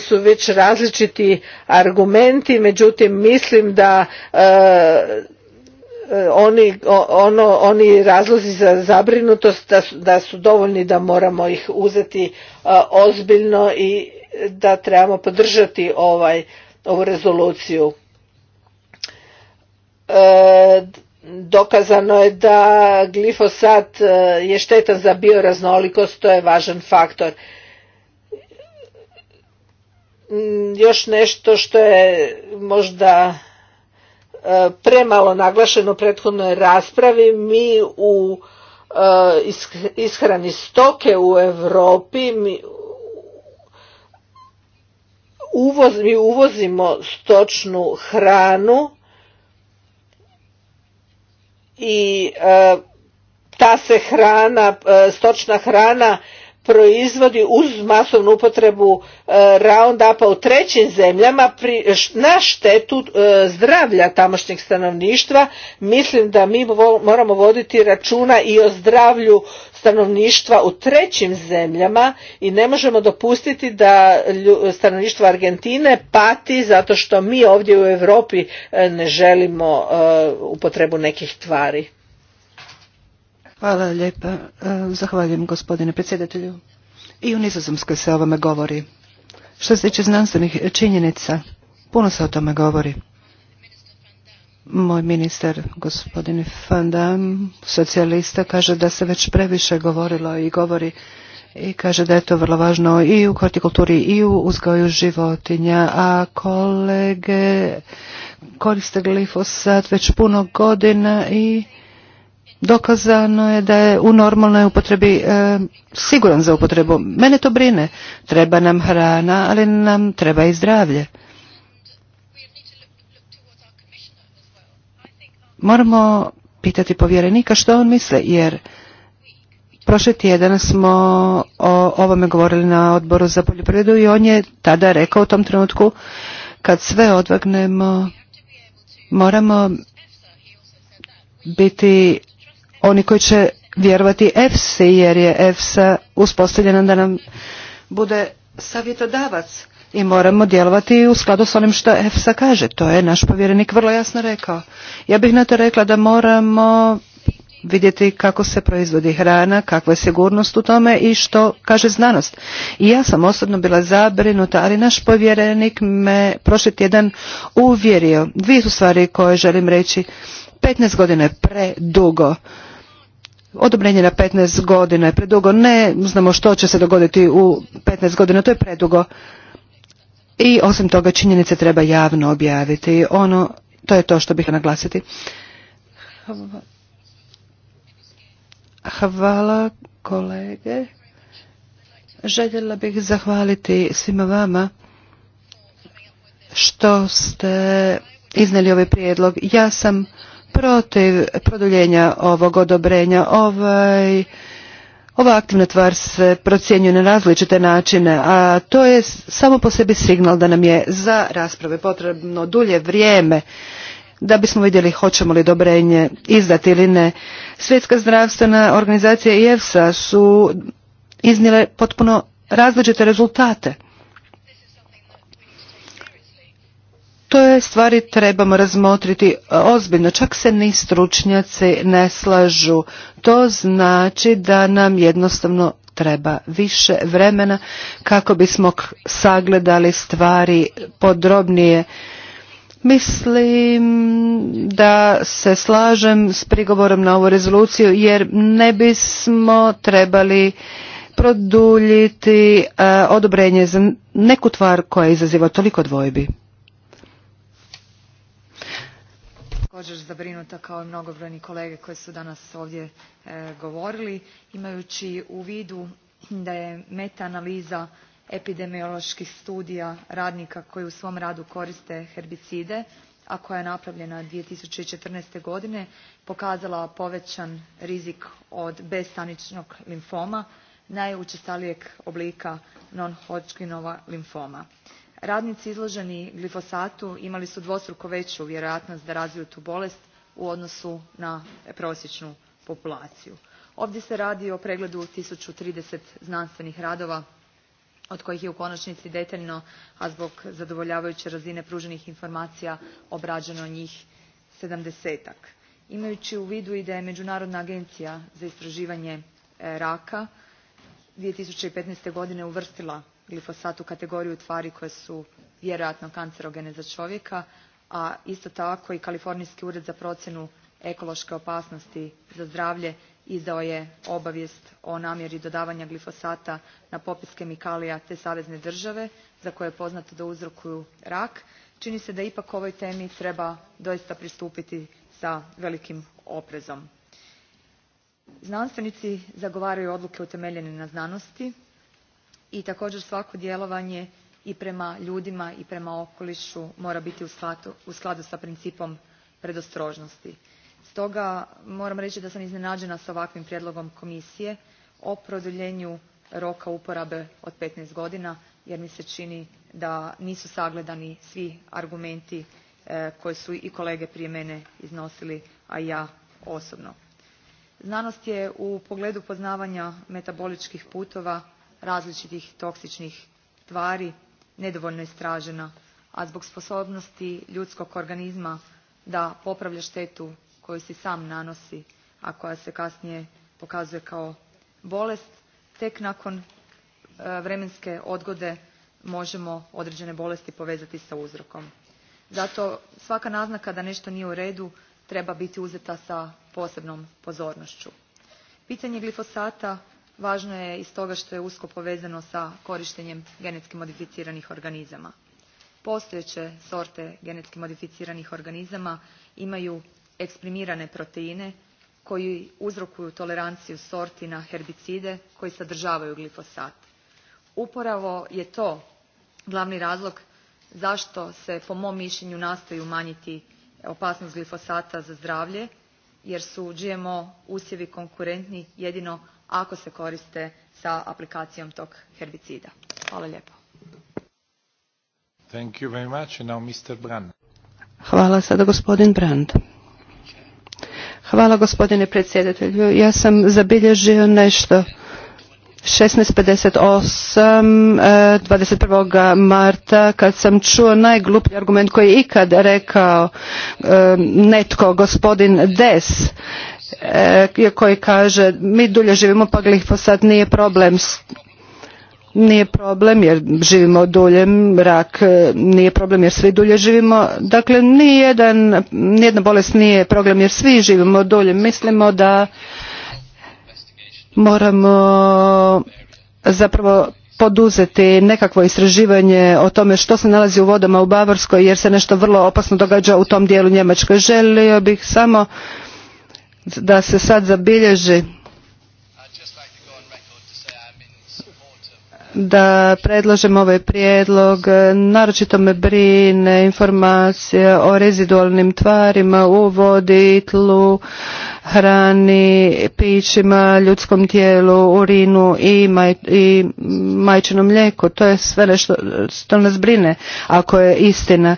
su već različiti argumenti, međutim mislim da e, e, oni, ono, oni razlozi za zabrinutost da su, dovoljni da moramo ih uzeti e, ozbiljno i da trebamo podržati ovaj, ovu rezoluciju dokazano je da glifosat e, je štetan za bioraznolikost, to je važan faktor. Mm, još nešto što je možda e, premalo naglašeno u prethodnoj raspravi, mi u e, ishrani stoke u Europi mi uvozimo stočnu hranu i e, ta se hrana, e, stočna hrana proizvodi uz masovnu upotrebu e, Roundupa u trećim zemljama na štetu e, zdravlja tamošnjeg stanovništva. Mislim da mi moramo voditi računa i o zdravlju stanovništva u trećim zemljama i ne možemo dopustiti da stanovništvo Argentine pati zato što mi ovdje u Europi e, ne želimo upotrebu nekih tvari. Hvala lijepa. E, zahvaljujem gospodine predsjedatelju. I u Nizozemskoj se o ovome govori. Što se tiče znanstvenih činjenica, puno se o tome govori. Moj ministar, gospodin Van Dam, socijalista, kaže da se već previše govorilo i govori i kaže da je to vrlo važno i u hortikulturi i u uzgoju životinja, a kolege koriste glifosat već puno godina i dokazano je da je u normalnoj upotrebi e, siguran za upotrebu. Mene to brine. Treba nam hrana, ali nam treba i zdravlje. Moramo pitati povjerenika što on misle, jer prošli tjedan smo o ovome govorili na odboru za poljoprivredu i on je tada rekao u tom trenutku kad sve odvagnemo moramo biti oni koji će vjerovati EFSI jer je EFSA uspostavljena da nam bude savjetodavac i moramo djelovati u skladu s onim što EFSA kaže. To je naš povjerenik vrlo jasno rekao. Ja bih na to rekla da moramo vidjeti kako se proizvodi hrana, kakva je sigurnost u tome i što kaže znanost. I ja sam osobno bila zabrinuta, ali naš povjerenik me prošli tjedan uvjerio. Dvije su stvari koje želim reći. 15 godina je predugo odobrenje na 15 godina je predugo. Ne znamo što će se dogoditi u 15 godina, to je predugo. I osim toga činjenice treba javno objaviti. Ono, to je to što bih naglasiti. Hvala kolege. Željela bih zahvaliti svima vama što ste iznijeli ovaj prijedlog. Ja sam protiv produljenja ovog odobrenja. Ovaj, ova aktivna tvar se procjenjuje na različite načine, a to je samo po sebi signal da nam je za rasprave potrebno dulje vrijeme da bismo vidjeli hoćemo li odobrenje izdati ili ne. Svjetska zdravstvena organizacija i EFSA su iznijele potpuno različite rezultate. to je stvari trebamo razmotriti e, ozbiljno. Čak se ni stručnjaci ne slažu. To znači da nam jednostavno treba više vremena kako bismo sagledali stvari podrobnije. Mislim da se slažem s prigovorom na ovu rezoluciju jer ne bismo trebali produljiti e, odobrenje za neku tvar koja izaziva toliko dvojbi. također zabrinuta kao i mnogobrojni kolege koji su danas ovdje e, govorili imajući u vidu da je meta analiza epidemioloških studija radnika koji u svom radu koriste herbicide a koja je napravljena. two thousand and godine pokazala povećan rizik od bestaničnog limfoma najučestalijeg oblika non hodgkinova limfoma radnici izloženi glifosatu imali su dvostruko veću vjerojatnost da razviju tu bolest u odnosu na prosječnu populaciju. ovdje se radi o pregledu tisuća trideset znanstvenih radova od kojih je u konačnici detaljno a zbog zadovoljavajuće razine pruženih informacija obrađeno njih sedamdesetak. imajući u vidu i da je međunarodna agencija za istraživanje eh, raka. two thousand and fifteen godine uvrstila glifosat u kategoriju tvari koje su vjerojatno kancerogene za čovjeka, a isto tako i Kalifornijski ured za procjenu ekološke opasnosti za zdravlje izdao je obavijest o namjeri dodavanja glifosata na popis kemikalija te savezne države za koje je poznato da uzrokuju rak čini se da ipak ovoj temi treba doista pristupiti sa velikim oprezom. znanstvenici zagovaraju odluke utemeljene na znanosti i također svako djelovanje i prema ljudima i prema okolišu mora biti u skladu s principom predostrožnosti. stoga moram reći da sam iznenađena s ovakvim prijedlogom komisije o produljenju roka uporabe od petnaest godina jer mi se čini da nisu sagledani svi argumenti e, koje su i kolege prije mene iznosili a i ja osobno. znanost je u pogledu poznavanja metaboličkih putova različitih toksičnih tvari nedovoljno istražena, a zbog sposobnosti ljudskog organizma da popravlja štetu koju si sam nanosi, a koja se kasnije pokazuje kao bolest, tek nakon e, vremenske odgode možemo određene bolesti povezati sa uzrokom. Zato svaka naznaka da nešto nije u redu treba biti uzeta sa posebnom pozornošću. Pitanje glifosata važno je i stoga što je usko povezano sa korištenjem genetski modificiranih organizama. Postojeće sorte genetski modificiranih organizama imaju eksprimirane proteine koji uzrokuju toleranciju sorti na herbicide koji sadržavaju glifosat. Upravo je to glavni razlog zašto se po mom mišljenju nastoji umanjiti opasnost glifosata za zdravlje jer su GMO usjevi konkurentni jedino ako se koriste sa aplikacijom tog herbicida. Hvala lijepo. Thank you very much. And now Mr. Brand. Hvala sada gospodin Brand. Hvala gospodine predsjedatelju. Ja sam zabilježio nešto. 16.58. 21. E, marta kad sam čuo najgluplji argument koji je ikad rekao e, netko, gospodin Des E, koji kaže mi dulje živimo pa glifosat nije problem nije problem jer živimo dulje, rak e, nije problem jer svi dulje živimo. Dakle, nijedan, nijedna bolest nije problem jer svi živimo dulje. Mislimo da moramo zapravo poduzeti nekakvo istraživanje o tome što se nalazi u vodama u Bavarskoj jer se nešto vrlo opasno događa u tom dijelu Njemačkoj. Želio bih samo da se sad zabilježi da predlažem ovaj prijedlog. Naročito me brine informacija o rezidualnim tvarima u vodi, tlu, hrani, pićima, ljudskom tijelu, urinu i, maj, i majčinom mlijeku. To je sve nešto što nas brine, ako je istina.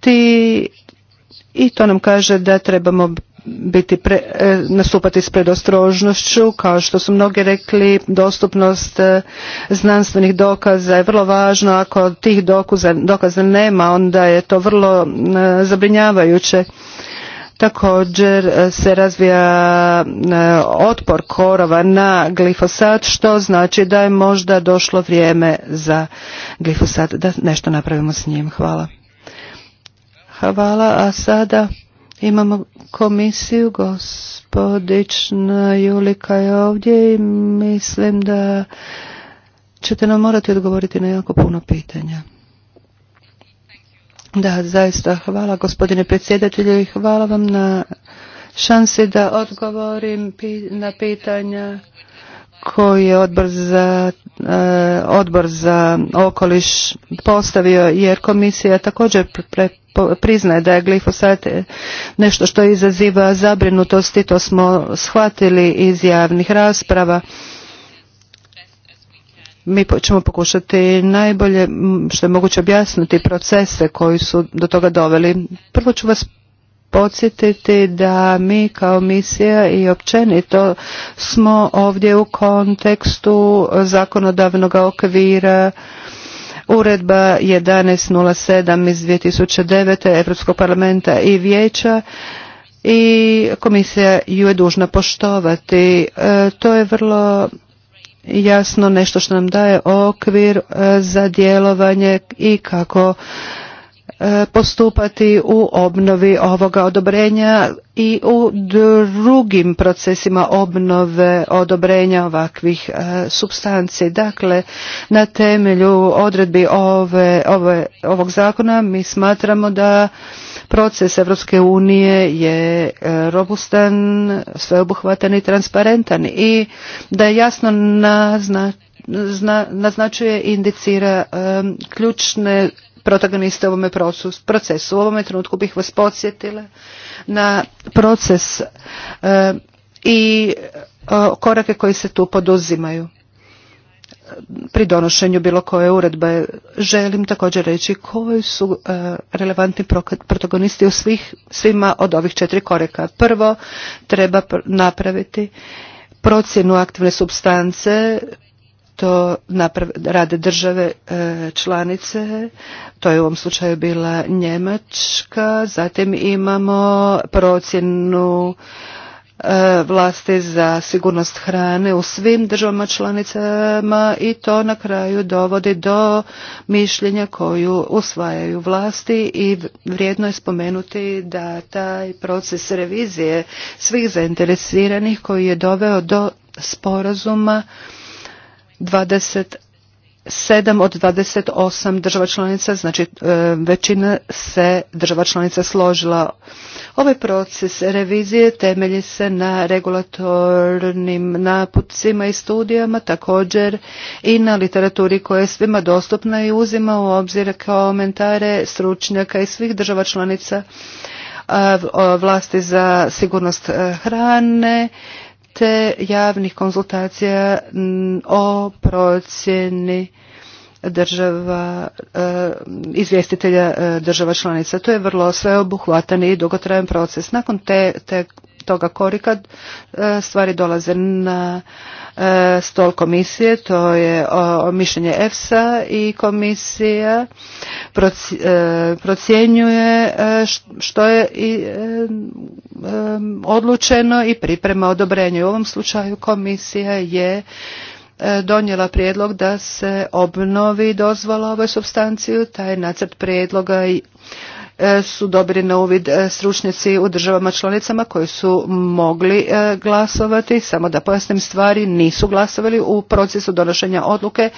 Ti, I to nam kaže da trebamo biti pre, e, nastupati s predostrožnošću, kao što su mnogi rekli, dostupnost e, znanstvenih dokaza je vrlo važna, ako tih dokaza, dokaza nema, onda je to vrlo e, zabrinjavajuće. Također se razvija otpor korova na glifosat, što znači da je možda došlo vrijeme za glifosat, da nešto napravimo s njim. Hvala. Hvala, a sada Imamo komisiju, gospodična Julika je ovdje i mislim da ćete nam morati odgovoriti na jako puno pitanja. Da, zaista hvala gospodine predsjedatelju i hvala vam na šansi da odgovorim na pitanja koji je odbor za, e, odbor za okoliš postavio jer komisija također priznaje da je glifosat nešto što izaziva zabrinutost i to smo shvatili iz javnih rasprava. Mi ćemo pokušati najbolje što je moguće objasniti procese koji su do toga doveli. Prvo ću vas podsjetiti da mi kao misija i općenito smo ovdje u kontekstu zakonodavnog okvira Uredba 1107 iz 2009. Europskog parlamenta i vijeća i komisija ju je dužna poštovati. E, to je vrlo jasno nešto što nam daje okvir e, za djelovanje i kako E, postupati u obnovi ovoga odobrenja i u drugim procesima obnove odobrenja ovakvih e, substanci. Dakle, na temelju odredbi ove, ovog zakona mi smatramo da proces Evropske unije je e, robustan, sveobuhvatan i transparentan i da jasno naznačuje i indicira ključne protagoniste u ovome procesu. U ovome trenutku bih vas podsjetila na proces e, i e, korake koji se tu poduzimaju pri donošenju bilo koje uredbe. Želim također reći koji su e, relevantni protagonisti u svima od ovih četiri koreka. Prvo treba napraviti procjenu aktivne substance to rade države e, članice, to je u ovom slučaju bila Njemačka, zatim imamo procjenu e, vlasti za sigurnost hrane u svim državama članicama i to na kraju dovodi do mišljenja koju usvajaju vlasti i vrijedno je spomenuti da taj proces revizije svih zainteresiranih koji je doveo do sporazuma 27 od 28 država članica, znači e, većina se država članica složila. Ovaj proces revizije temelji se na regulatornim naputcima i studijama, također i na literaturi koja je svima dostupna i uzima u obzir komentare stručnjaka i svih država članica vlasti za sigurnost e, hrane te javnih konzultacija o procjeni država, e, izvjestitelja e, država članica. To je vrlo sveobuhvatan i dugotrajan proces. Nakon te, te toga korika e, stvari dolaze na E, stol komisije, to je mišljenje EFSA i komisija e, procjenjuje e, što je odlučeno i priprema odobrenje. U ovom slučaju komisija je donijela prijedlog da se obnovi dozvola ovoj substanciju. Taj nacrt prijedloga E, su dobili na uvid e, stručnjaci u državama članicama koji su mogli e, glasovati. Samo da pojasnim stvari, nisu glasovali u procesu donošenja odluke.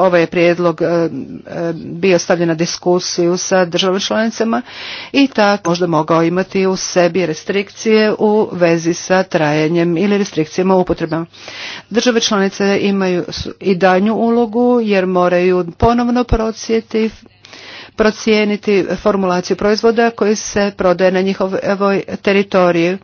Ovaj je prijedlog bio stavljen na diskusiju sa državama članicama i tako možda mogao imati u sebi restrikcije u vezi sa trajanjem ili restrikcijama upotrebama. Države članice imaju i danju ulogu jer moraju ponovno procijeti procijeniti formulaciju proizvoda koji se prodaje na njihovoj teritoriji.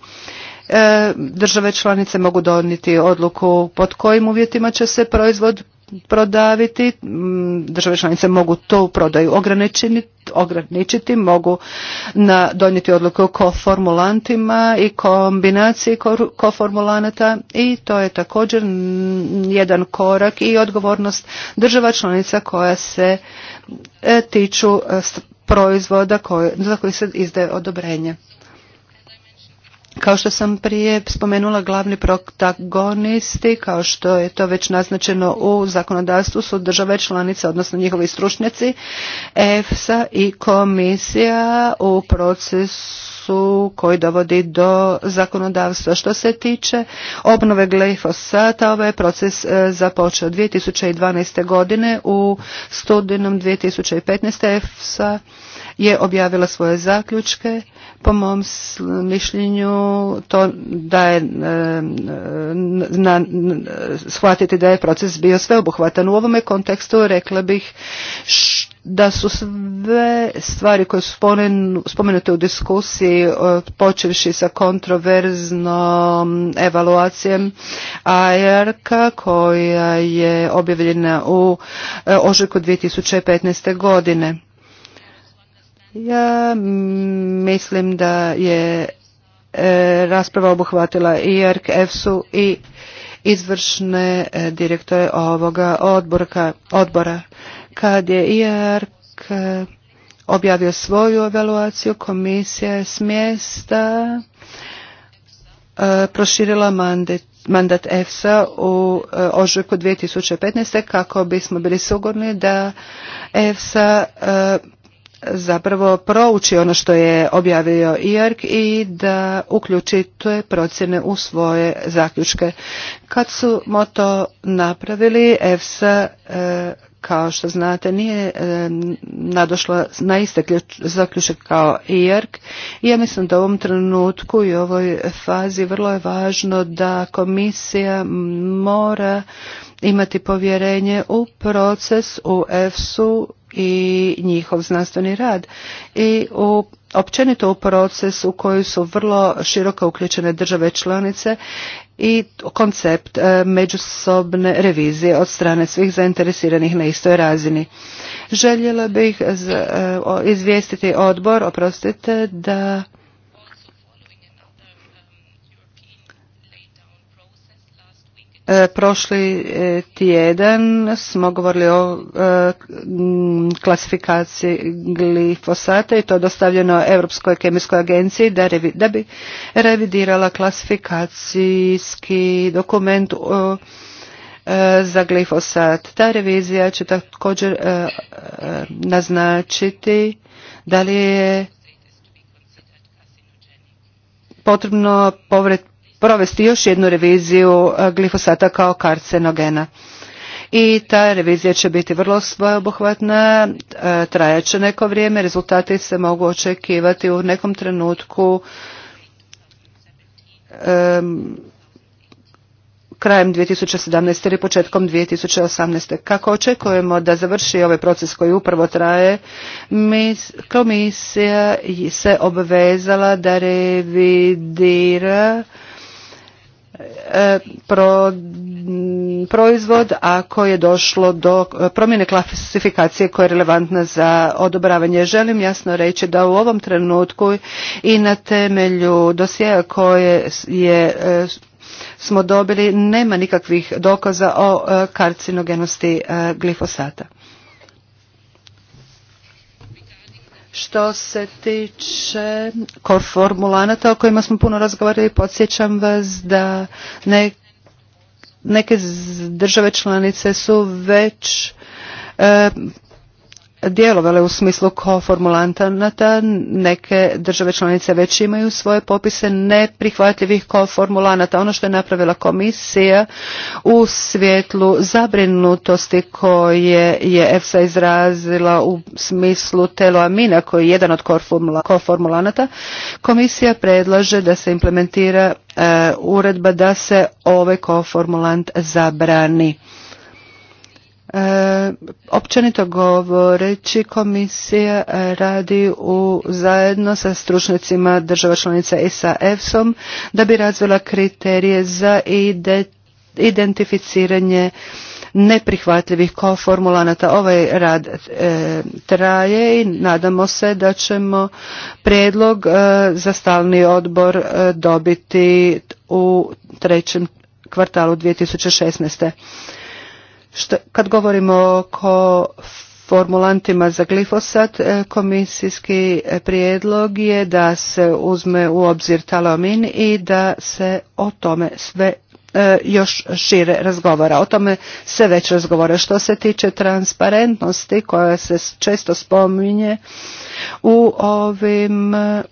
E, države članice mogu donijeti odluku pod kojim uvjetima će se proizvod prodaviti, mm, države članice mogu to u prodaju ograničiti, mogu na, donijeti odluku o koformulantima i kombinaciji koformulanata i to je također jedan korak i odgovornost država članica koja se e, tiču e, proizvoda za koji se izdaje odobrenje. Kao što sam prije spomenula, glavni protagonisti, kao što je to već naznačeno u zakonodavstvu, su države članice, odnosno njihovi stručnjaci, EFSA i komisija u procesu koji dovodi do zakonodavstva. Što se tiče obnove glifosata, ovaj proces e, započeo 2012. godine u tisuće 2015. EFSA je objavila svoje zaključke po mom mišljenju to da je e, na, shvatiti da je proces bio sveobuhvatan. U ovome kontekstu rekla bih da su sve stvari koje su spomenute u diskusiji e, počevši sa kontroverznom evaluacijom ark e koja je objavljena u ožujku 2015. godine ja mislim da je e, rasprava obuhvatila i ERK, EFSU i izvršne e, direktore ovoga odbora. Kad je IARC objavio svoju evaluaciju, komisija je s mjesta e, proširila mandat mandat EFSA u ožujku 2015. kako bismo bili sigurni da EFSA zapravo prouči ono što je objavio IARC i da uključi te procjene u svoje zaključke. Kad su to napravili, EFSA kao što znate nije e, nadošla na iste zaključak kao IARC i ja mislim da u ovom trenutku i ovoj fazi vrlo je važno da komisija mora imati povjerenje u proces u EFSA-u i njihov znanstveni rad. I u općenito u proces u koji su vrlo široko uključene države članice i koncept e, međusobne revizije od strane svih zainteresiranih na istoj razini. Željela bih e, izvijestiti odbor, oprostite, da E, prošli e, tjedan smo govorili o e, klasifikaciji glifosata i to je dostavljeno Europskoj kemijskoj agenciji da bi revidirala klasifikacijski dokument za glifosat. Ta revizija će također naznačiti da li je potrebno povred provesti još jednu reviziju e, glifosata kao karcenogena. I ta revizija će biti vrlo e, trajat će neko vrijeme, rezultati se mogu očekivati u nekom trenutku dvije krajem 2017. ili početkom 2018. Kako očekujemo da završi ovaj proces koji upravo traje, komisija se obvezala da revidira E, pro, proizvod ako je došlo do e, promjene klasifikacije koja je relevantna za odobravanje. Želim jasno reći da u ovom trenutku i na temelju dosjeja koje je e, smo dobili nema nikakvih dokaza o karcinogenosti glifosata. Što se tiče kor formulanata o kojima smo puno razgovarali, podsjećam vas da neke države članice su već e, djelovale u smislu koformulantanata. Neke države članice već imaju svoje popise neprihvatljivih koformulanata. Ono što je napravila komisija u svjetlu zabrinutosti koje je EFSA izrazila u smislu teloamina koji je jedan od koformulanata, komisija predlaže da se implementira e, uredba da se ovaj koformulant zabrani. E, općenito govoreći, komisija radi u, zajedno sa stručnicima država članica i sa EFSOM da bi razvila kriterije za identificiranje neprihvatljivih koformulanata. Ovaj rad e, traje i nadamo se da ćemo prijedlog e, za stalni odbor dobiti u trećem kvartalu 2016. Što, kad govorimo o formulantima za glifosat, e, komisijski prijedlog je da se uzme u obzir talomin i da se o tome sve e, još šire razgovara. O tome se već razgovara. Što se tiče transparentnosti koja se često spominje u ovim e,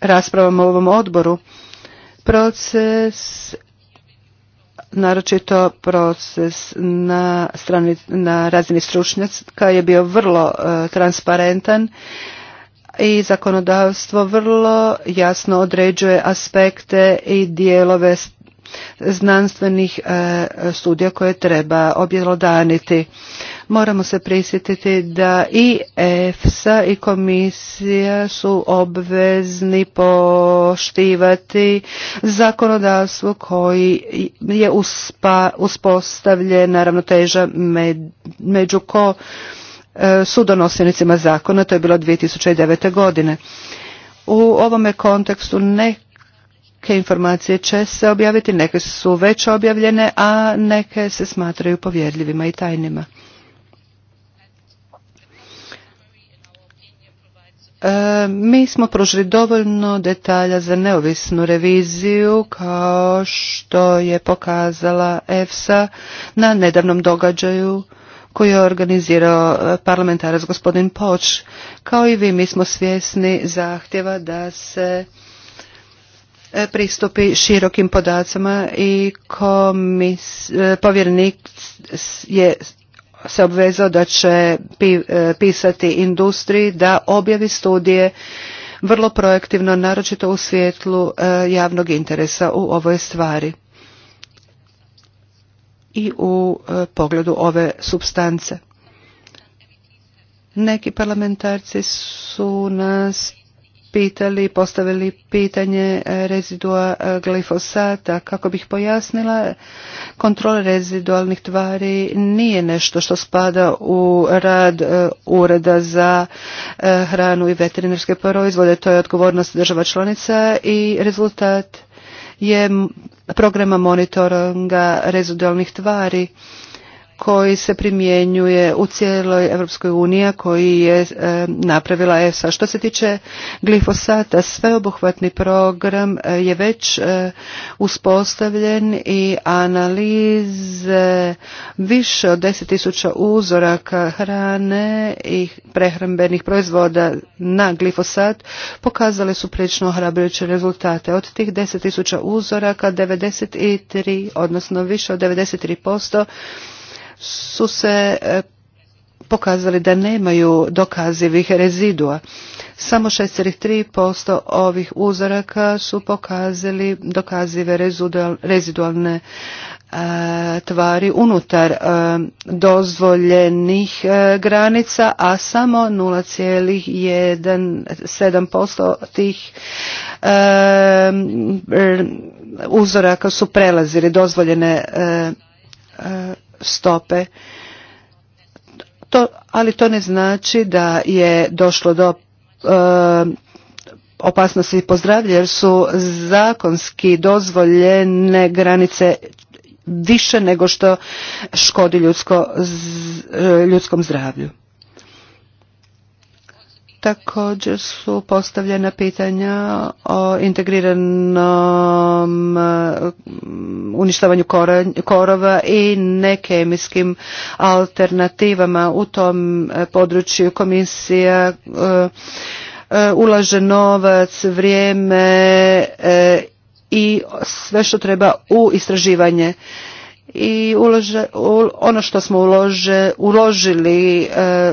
raspravama u ovom odboru, proces naročito proces na, strani, na razini stručnjaka je bio vrlo e, transparentan i zakonodavstvo vrlo jasno određuje aspekte i dijelove znanstvenih e, studija koje treba objelodaniti moramo se prisjetiti da i EFSA i komisija su obvezni poštivati zakonodavstvo koji je uspostavljen, uspostavljena ravnoteža među ko e, su donosjenicima zakona, to je bilo 2009. godine. U ovome kontekstu neke informacije će se objaviti, neke su već objavljene, a neke se smatraju povjerljivima i tajnima. E, mi smo pružili dovoljno detalja za neovisnu reviziju kao što je pokazala EFSA na nedavnom događaju koji je organizirao e, parlamentarac gospodin Poč. Kao i vi mi smo svjesni zahtjeva da se e, pristupi širokim podacima i komis, povjernik je se obvezao da će e, pisati industriji da objavi studije vrlo projektivno, naročito u svjetlu e, javnog interesa u ovoj stvari i u e, pogledu ove substance. Neki parlamentarci su nas pitali, postavili pitanje e, rezidua e, glifosata. Kako bih pojasnila, kontrola rezidualnih tvari nije nešto što spada u rad e, Ureda za hranu i veterinarske proizvode. To je odgovornost država članica i rezultat je programa monitoringa rezidualnih tvari koji se primjenjuje u cijeloj Europskoj uniji koji je e, napravila EFSA. Što se tiče glifosata, sveobuhvatni program e, je već e, uspostavljen i analize više od 10.000 uzoraka hrane i prehrambenih proizvoda na glifosat pokazale su prilično ohrabrujuće rezultate. Od tih 10.000 uzoraka 93, odnosno više od 93% su se e, pokazali da nemaju dokazivih rezidua. Samo 6,3% ovih uzoraka su pokazali dokazive rezidualne e, tvari unutar e, dozvoljenih granica, a samo 0,17% tih uzoraka su prelazili dozvoljene stope, to, ali to ne znači da je došlo do e, opasnosti po zdravlje jer su zakonski dozvoljene granice više nego što škodi ljudsko, eh, ljudskom zdravlju. Također su postavljena pitanja o integriranom mm, uništavanju korova i nekemijskim alternativama u tom e, području komisija e, e, ulaže novac, vrijeme i sve što treba u istraživanje i ulože, ono što smo ulože, uložili e,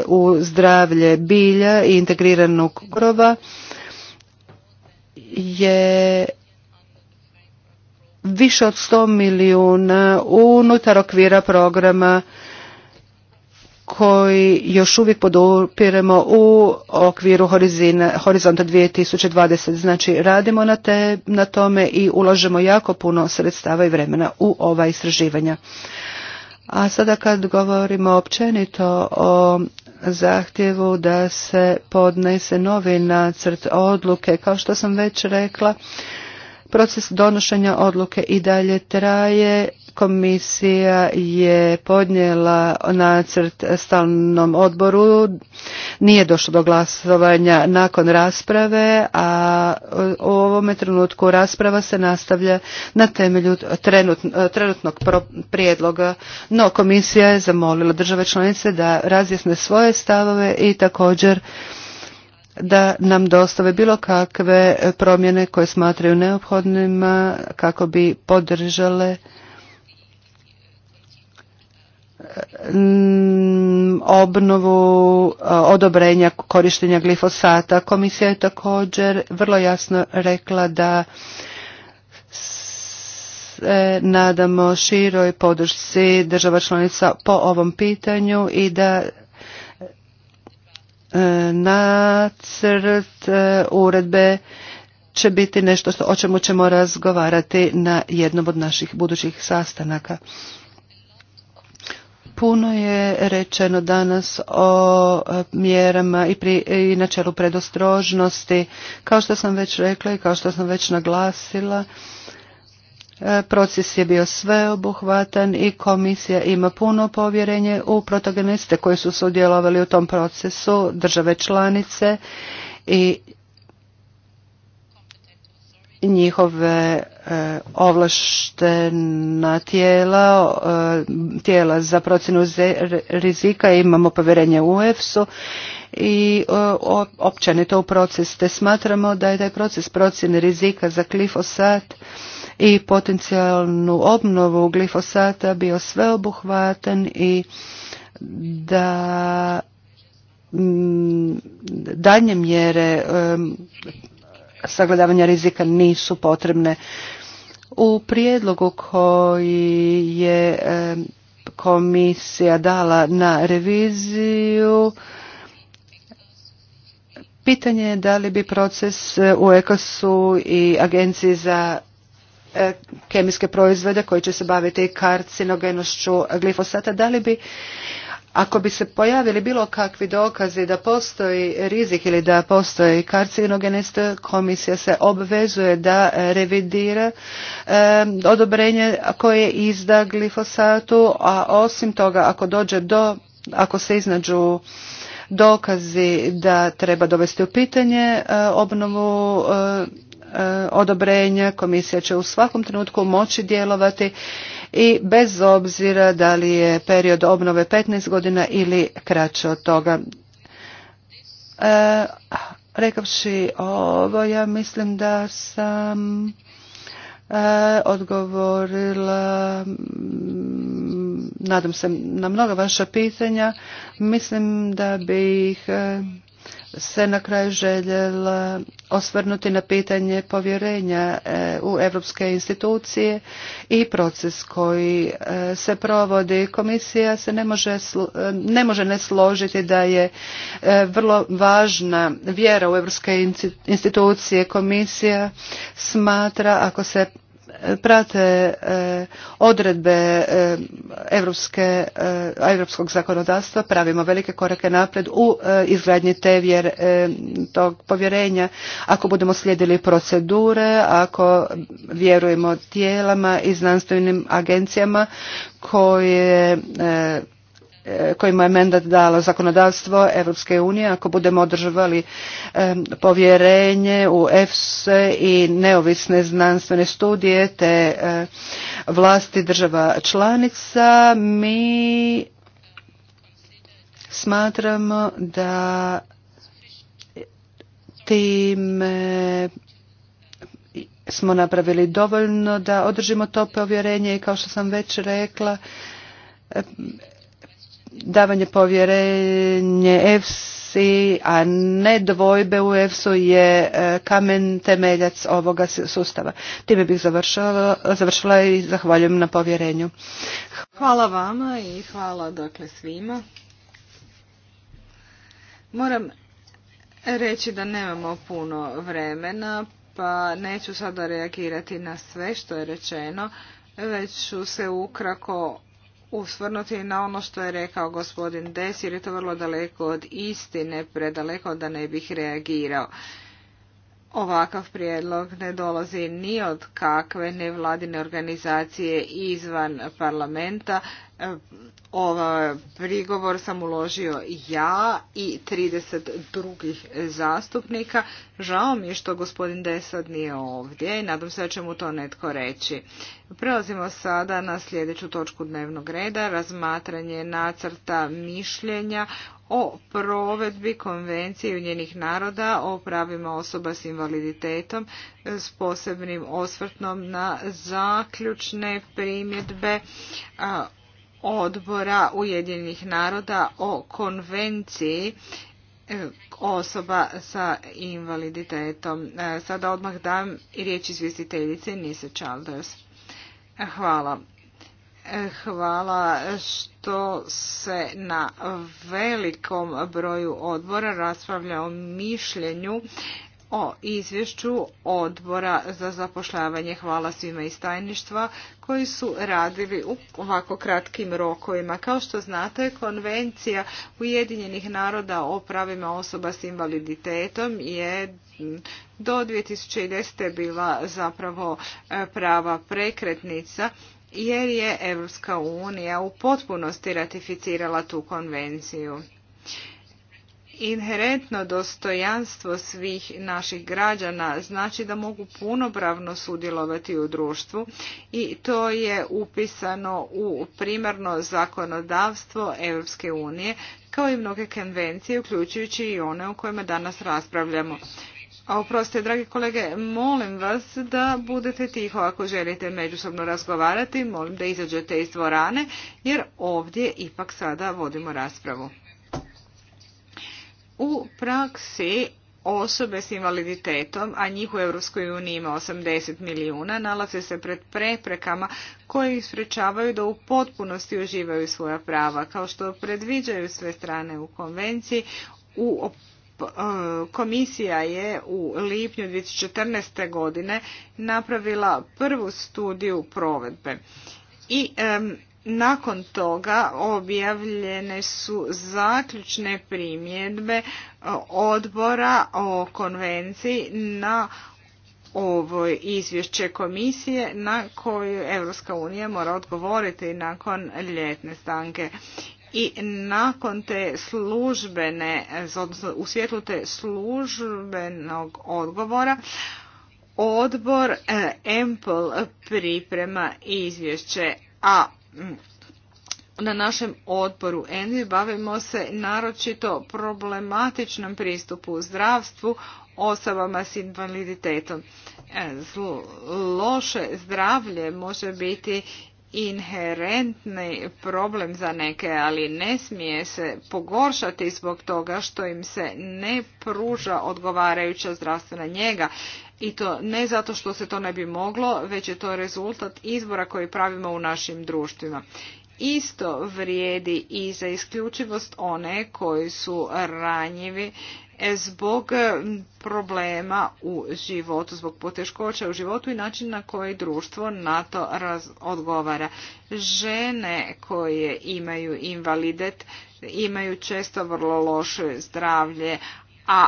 u zdravlje bilja i integriranog groba je više od 100 milijuna unutar okvira programa koji još uvijek podupiremo u okviru horizonta 2020. Znači radimo na, te, na tome i ulažemo jako puno sredstava i vremena u ova istraživanja. A sada kad govorimo općenito o zahtjevu da se podnese novi nacrt odluke, kao što sam već rekla, proces donošenja odluke i dalje traje komisija je podnijela nacrt stalnom odboru. Nije došlo do glasovanja nakon rasprave, a u ovome trenutku rasprava se nastavlja na temelju trenutnog prijedloga, no komisija je zamolila države članice da razjasne svoje stavove i također da nam dostave bilo kakve promjene koje smatraju neophodnima kako bi podržale Mm, obnovu e, odobrenja korištenja glifosata. Komisija je također vrlo jasno rekla da se nadamo široj podršci država članica po ovom pitanju i da e, nacrt e, uredbe će biti nešto o čemu ćemo razgovarati na jednom od naših budućih sastanaka. Puno je rečeno danas o e, mjerama i, pri, e, i načelu predostrožnosti. Kao što sam već rekla i kao što sam već naglasila, e, Proces je bio sveobuhvatan i komisija ima puno povjerenje u protagoniste koji su sudjelovali u tom procesu, države članice i njihove e, ovlaštena tijela, e, tijela za procjenu rizika, imamo povjerenje u EFSU i općenito u proces. Te smatramo da je taj proces procjene rizika za glifosat i potencijalnu obnovu glifosata bio sveobuhvatan i da dalje mjere sagledavanja rizika nisu potrebne. U prijedlogu koji je komisija dala na reviziju pitanje je da li bi proces u EKOS-u i agenciji za e, kemijske proizvode koji će se baviti karcinogenošću glifosata, da li bi ako bi se pojavili bilo kakvi dokazi da postoji rizik ili da postoji karcinogenist, komisija se obvezuje da revidira odobrenje koje izda glifosatu, a osim toga ako dođe do, ako se iznađu dokazi da treba dovesti u pitanje e, obnovu e, e, odobrenja, komisija će u svakom trenutku moći djelovati i bez obzira da li je period obnove 15 godina ili kraće od toga. E, rekavši ovo, ja mislim da sam e, odgovorila, nadam se, na mnoga vaša pitanja. Mislim da bih... E, se na kraju željela osvrnuti na pitanje povjerenja e, u europske institucije i proces koji e, se provodi. Komisija se ne može, e, ne može ne složiti da je vrlo važna vjera u europske institucije. Komisija smatra ako se prate e, odredbe europskog e, zakonodavstva, pravimo velike korake napred u e, izgradnji te vjer tog povjerenja. Ako budemo slijedili procedure, ako vjerujemo tijelama i znanstvenim agencijama koje kojima je mandat dalo zakonodavstvo Europske unije, ako budemo održavali povjerenje u EFSE i neovisne znanstvene studije te vlasti država članica, mi smatramo da tim smo napravili dovoljno da održimo to povjerenje i kao što sam već rekla davanje povjerenje EFSI, a ne dvojbe u EFSU je e, kamen temeljac ovoga sustava. Time bih završila i zahvaljujem na povjerenju. Hvala vama i hvala dakle svima. Moram reći da nemamo puno vremena, pa neću sada reagirati na sve što je rečeno, već ću se ukrako usvrnuti na ono što je rekao gospodin Des, jer je to vrlo daleko od istine, predaleko da ne bih reagirao. Ovakav prijedlog ne dolazi ni od kakve nevladine organizacije izvan parlamenta, ova prigovor sam uložio ja i 30 drugih zastupnika. Žao mi je što gospodin Desad nije ovdje i nadam se da će mu to netko reći. Prelazimo sada na sljedeću točku dnevnog reda, razmatranje nacrta mišljenja o provedbi Konvencije unijenih naroda o pravima osoba s invaliditetom s posebnim osvrtnom na zaključne primjedbe odbora Ujedinjenih naroda o konvenciji e, osoba sa invaliditetom. E, sada odmah dam riječ izvjestiteljice Nise Childers. Hvala. E, hvala što se na velikom broju odbora raspravlja o mišljenju o izvješću odbora za zapošljavanje. Hvala svima iz tajništva koji su radili u ovako kratkim rokovima. Kao što znate, konvencija Ujedinjenih naroda o pravima osoba s invaliditetom je do 2010. bila zapravo e, prava prekretnica jer je Europska unija u potpunosti ratificirala tu konvenciju inherentno dostojanstvo svih naših građana znači da mogu punopravno sudjelovati u društvu i to je upisano u primarno zakonodavstvo Europske unije kao i mnoge konvencije uključujući i one o kojima danas raspravljamo. A oprostite, dragi kolege, molim vas da budete tiho ako želite međusobno razgovarati, molim da izađete iz dvorane jer ovdje ipak sada vodimo raspravu. U praksi osobe s invaliditetom, a njih u EU ima 80 milijuna, nalaze se pred preprekama koje ih sprečavaju da u potpunosti uživaju svoja prava, kao što predviđaju sve strane u konvenciji. U e, Komisija je u lipnju 2014. godine napravila prvu studiju provedbe i nakon toga objavljene su zaključne primjedbe e, odbora o konvenciji na ovo izvješće komisije na koju Europska unija mora odgovoriti nakon ljetne stanke. I nakon te službene, odnosno u svjetlu te službenog odgovora, odbor EMPL priprema izvješće, a Mm. na našem odboru ENVI bavimo se naročito problematičnom pristupu u zdravstvu osobama s invaliditetom. E, loše zdravlje može biti inherentni problem za neke, ali ne smije se pogoršati zbog toga što im se ne pruža odgovarajuća zdravstvena njega i to ne zato što se to ne bi moglo, već je to rezultat izbora koji pravimo u našim društvima. Isto vrijedi i za isključivost one koji su ranjivi e, zbog problema u životu, zbog poteškoća u životu i način na koji društvo na to odgovara. Žene koje imaju invalidet imaju često vrlo loše zdravlje, a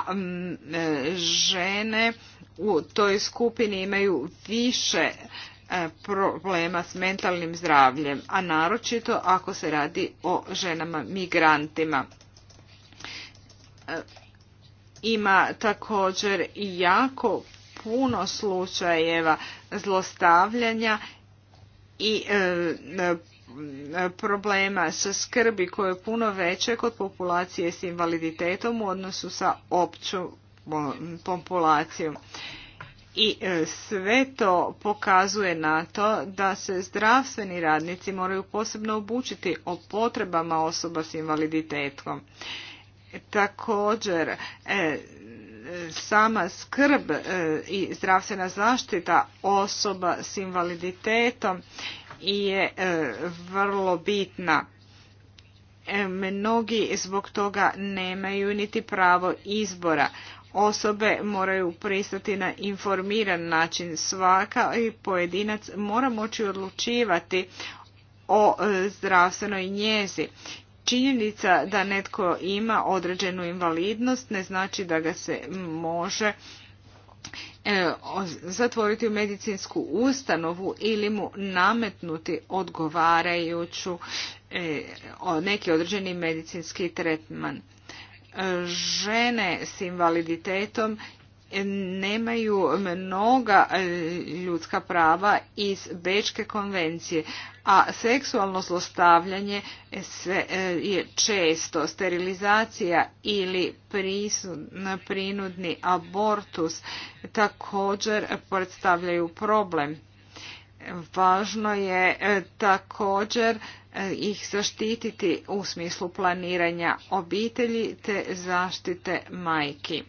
e, žene u toj skupini imaju više e, problema s mentalnim zdravljem, a naročito ako se radi o ženama migrantima. E, ima također i jako puno slučajeva zlostavljanja i e, problema sa skrbi koje je puno veće kod populacije s invaliditetom u odnosu sa opću populaciju. I e, sve to pokazuje na to da se zdravstveni radnici moraju posebno obučiti o potrebama osoba s invaliditetom. Također, e, sama skrb e, i zdravstvena zaštita osoba s invaliditetom je vrlo bitna. Mnogi zbog toga nemaju niti pravo izbora osobe moraju pristati na informiran način. Svaka i pojedinac mora moći odlučivati o e, zdravstvenoj njezi. Činjenica da netko ima određenu invalidnost ne znači da ga se može e, zatvoriti u medicinsku ustanovu ili mu nametnuti odgovarajuću e, neki određeni medicinski tretman žene s invaliditetom nemaju mnoga e, ljudska prava iz Bečke konvencije, a seksualno zlostavljanje e, je često sterilizacija ili prinudni abortus također predstavljaju problem. Važno je e, također e, ih zaštititi u smislu planiranja obitelji te zaštite majki.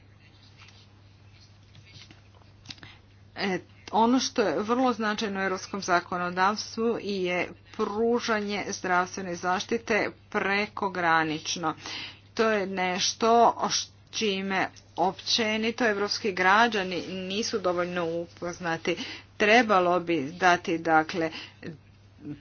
E, ono što je vrlo značajno u europskom zakonodavstvu je pružanje zdravstvene zaštite prekogranično. To je nešto čime općenito evropski građani nisu dovoljno upoznati trebalo bi dati dakle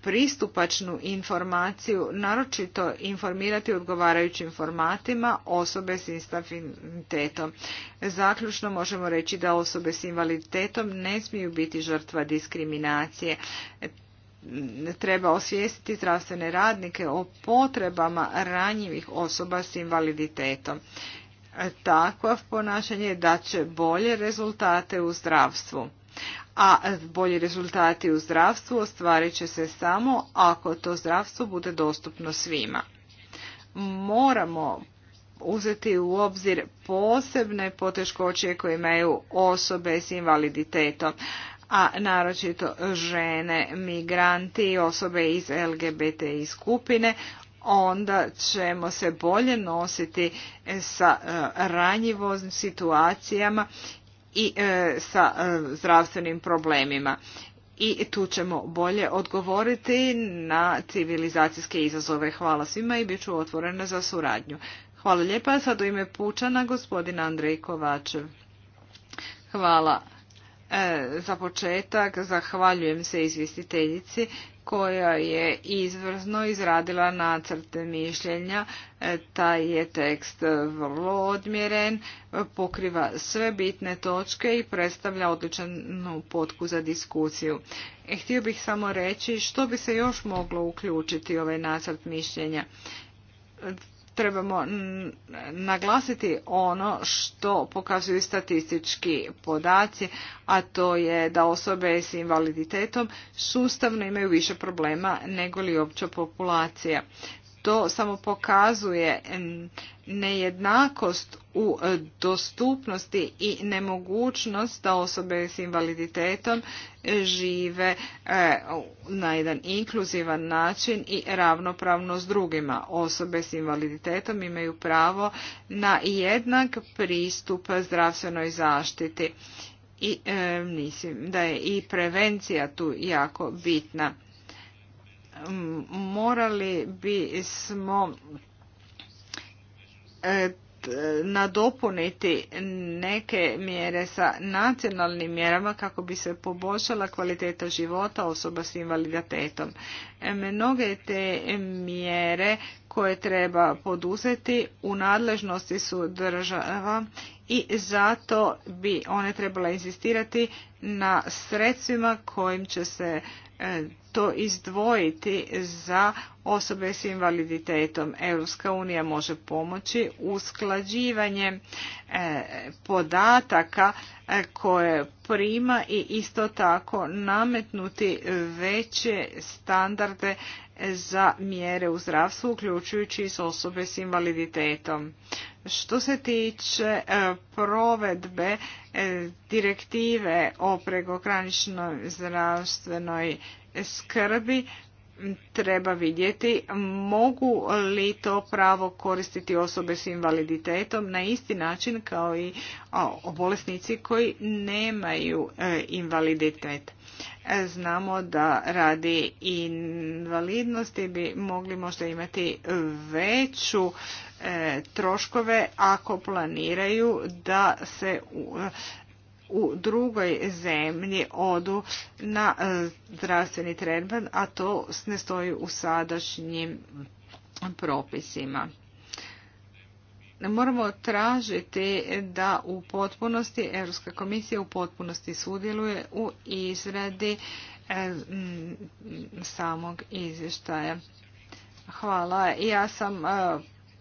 pristupačnu informaciju, naročito informirati odgovarajućim formatima osobe s invaliditetom. Zaključno možemo reći da osobe s invaliditetom ne smiju biti žrtva diskriminacije. Treba osvijestiti zdravstvene radnike o potrebama ranjivih osoba s invaliditetom. Takvo ponašanje daće bolje rezultate u zdravstvu a bolji rezultati u zdravstvu ostvarit će se samo ako to zdravstvo bude dostupno svima. Moramo uzeti u obzir posebne poteškoće koje imaju osobe s invaliditetom, a naročito žene, migranti, osobe iz i skupine, onda ćemo se bolje nositi sa eh, ranjivoznim situacijama i e, sa e, zdravstvenim problemima i tu ćemo bolje odgovoriti na civilizacijske izazove. Hvala svima i bit ću otvorena za suradnju. Hvala lijepa. Sad u ime Pučana gospodina Andrej Kovačev. Hvala. E, za početak zahvaljujem se izvjestiteljici koja je izvrsno izradila nacrte mišljenja. E, taj je tekst vrlo odmjeren, pokriva sve bitne točke i predstavlja odličnu potku za diskusiju. E, htio bih samo reći što bi se još moglo uključiti ovaj nacrt mišljenja trebamo naglasiti ono što pokazuju statistički podaci, a to je da osobe s invaliditetom sustavno imaju više problema nego li opća populacija to samo pokazuje nejednakost u e, dostupnosti i nemogućnost da osobe s invaliditetom e, žive e, na jedan inkluzivan način i ravnopravno s drugima. Osobe s invaliditetom imaju pravo na jednak pristup zdravstvenoj zaštiti i mislim da je i prevencija tu jako bitna morali bi smo e, nadopuniti neke mjere sa nacionalnim mjerama kako bi se poboljšala kvaliteta života osoba s invaliditetom. E, mnoge te mjere koje treba poduzeti u nadležnosti su država i zato bi one trebala insistirati na sredstvima kojim će se e, to izdvojiti za osobe s invaliditetom. Europska unija može pomoći usklađivanjem e, podataka e, koje prima i isto tako nametnuti veće standarde za mjere u zdravstvu, uključujući i osobe s invaliditetom. Što se tiče e, provedbe direktive o prekograničnoj zdravstvenoj skrbi treba vidjeti mogu li to pravo koristiti osobe s invaliditetom na isti način kao i bolesnici koji nemaju e, invaliditet. Znamo da radi invalidnosti bi mogli možda imati veću e, troškove ako planiraju da se u drugoj zemlji odu na e, zdravstveni tretman, a to ne stoji u sadašnjim propisima. Moramo tražiti da u potpunosti Europska komisija u potpunosti sudjeluje u izradi e, samog izvještaja. Hvala. Ja sam e,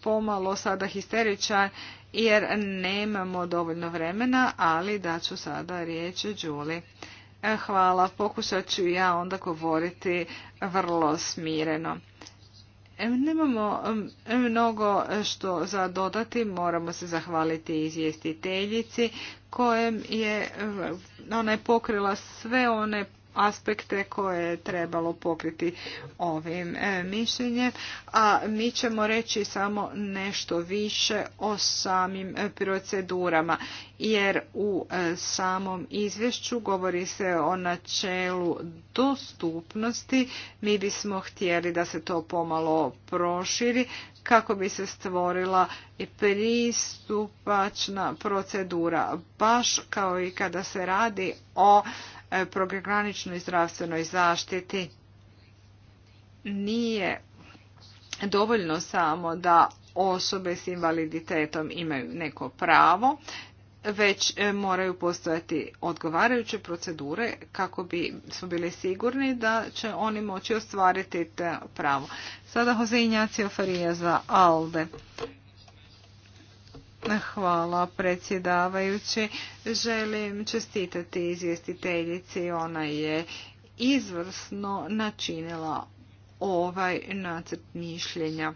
pomalo sada histeričan jer nemamo dovoljno vremena, ali ću sada riječ Đuli. E, hvala, pokušat ću ja onda govoriti vrlo smireno. E, nemamo mnogo što za dodati, moramo se zahvaliti izvjestiteljici kojem je ona je pokrila sve one aspekte koje je trebalo pokriti ovim e, mišljenjem, a mi ćemo reći samo nešto više o samim e, procedurama, jer u e, samom izvješću govori se o načelu dostupnosti. Mi bismo htjeli da se to pomalo proširi kako bi se stvorila pristupačna procedura, baš kao i kada se radi o E, prograničnoj zdravstvenoj zaštiti nije dovoljno samo da osobe s invaliditetom imaju neko pravo, već e, moraju postojati odgovarajuće procedure kako bi smo bili sigurni da će oni moći ostvariti to pravo. Sada Jose za ALDE. Hvala predsjedavajući. Želim čestitati izvjestiteljici. Ona je izvrsno načinila ovaj nacrt mišljenja.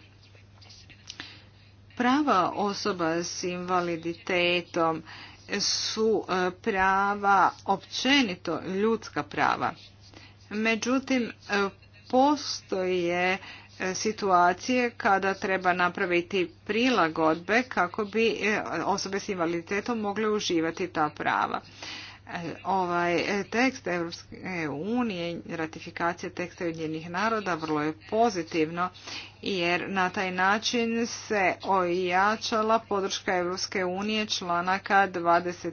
Prava osoba s invaliditetom su e, prava općenito ljudska prava. Međutim, e, postoje E, situacije kada treba napraviti prilagodbe kako bi e, osobe s invaliditetom mogle uživati ta prava ovaj e, tekst Europske unije, ratifikacija teksta Ujedinjenih naroda vrlo je pozitivno jer na taj način se ojačala podrška Europske unije članaka 21.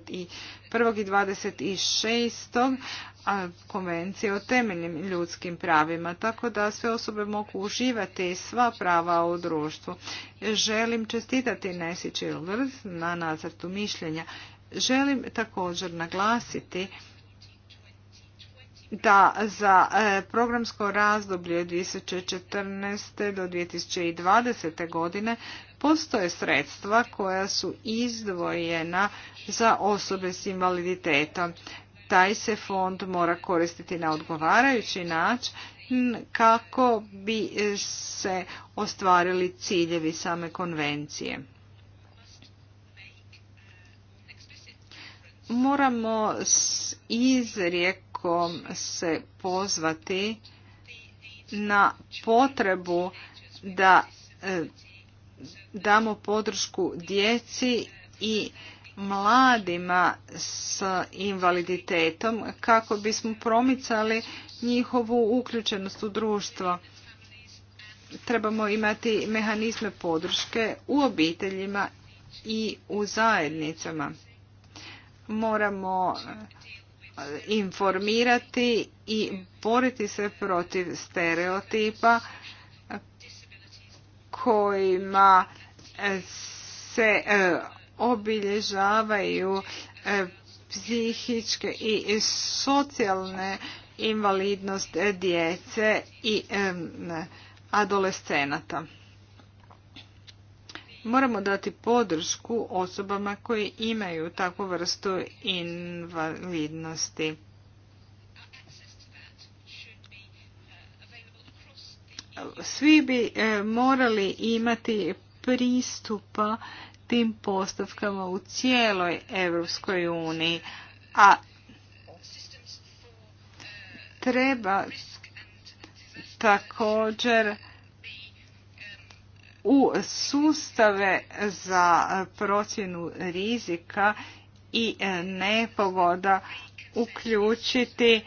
i 26. konvencije o temeljnim ljudskim pravima, tako da sve osobe mogu uživati sva prava u društvu. Želim čestitati Nesi Childers na nacrtu mišljenja Želim također naglasiti da za e, programsko razdoblje 2014. do 2020. godine postoje sredstva koja su izdvojena za osobe s invaliditetom. Taj se fond mora koristiti na odgovarajući način kako bi se ostvarili ciljevi same konvencije. moramo s izrijekom se pozvati na potrebu da e, damo podršku djeci i mladima s invaliditetom kako bismo promicali njihovu uključenost u društvo. Trebamo imati mehanizme podrške u obiteljima i u zajednicama moramo eh, informirati i boriti se protiv stereotipa kojima eh, se eh, obilježavaju psihičke i socijalne invalidnost djece i adolescenata. Moramo dati podršku osobama koje imaju takvu vrstu invalidnosti. Svi bi e, morali imati pristupa tim postavkama u cijeloj Europskoj uniji, a treba također u sustave za procjenu rizika i nepogoda uključiti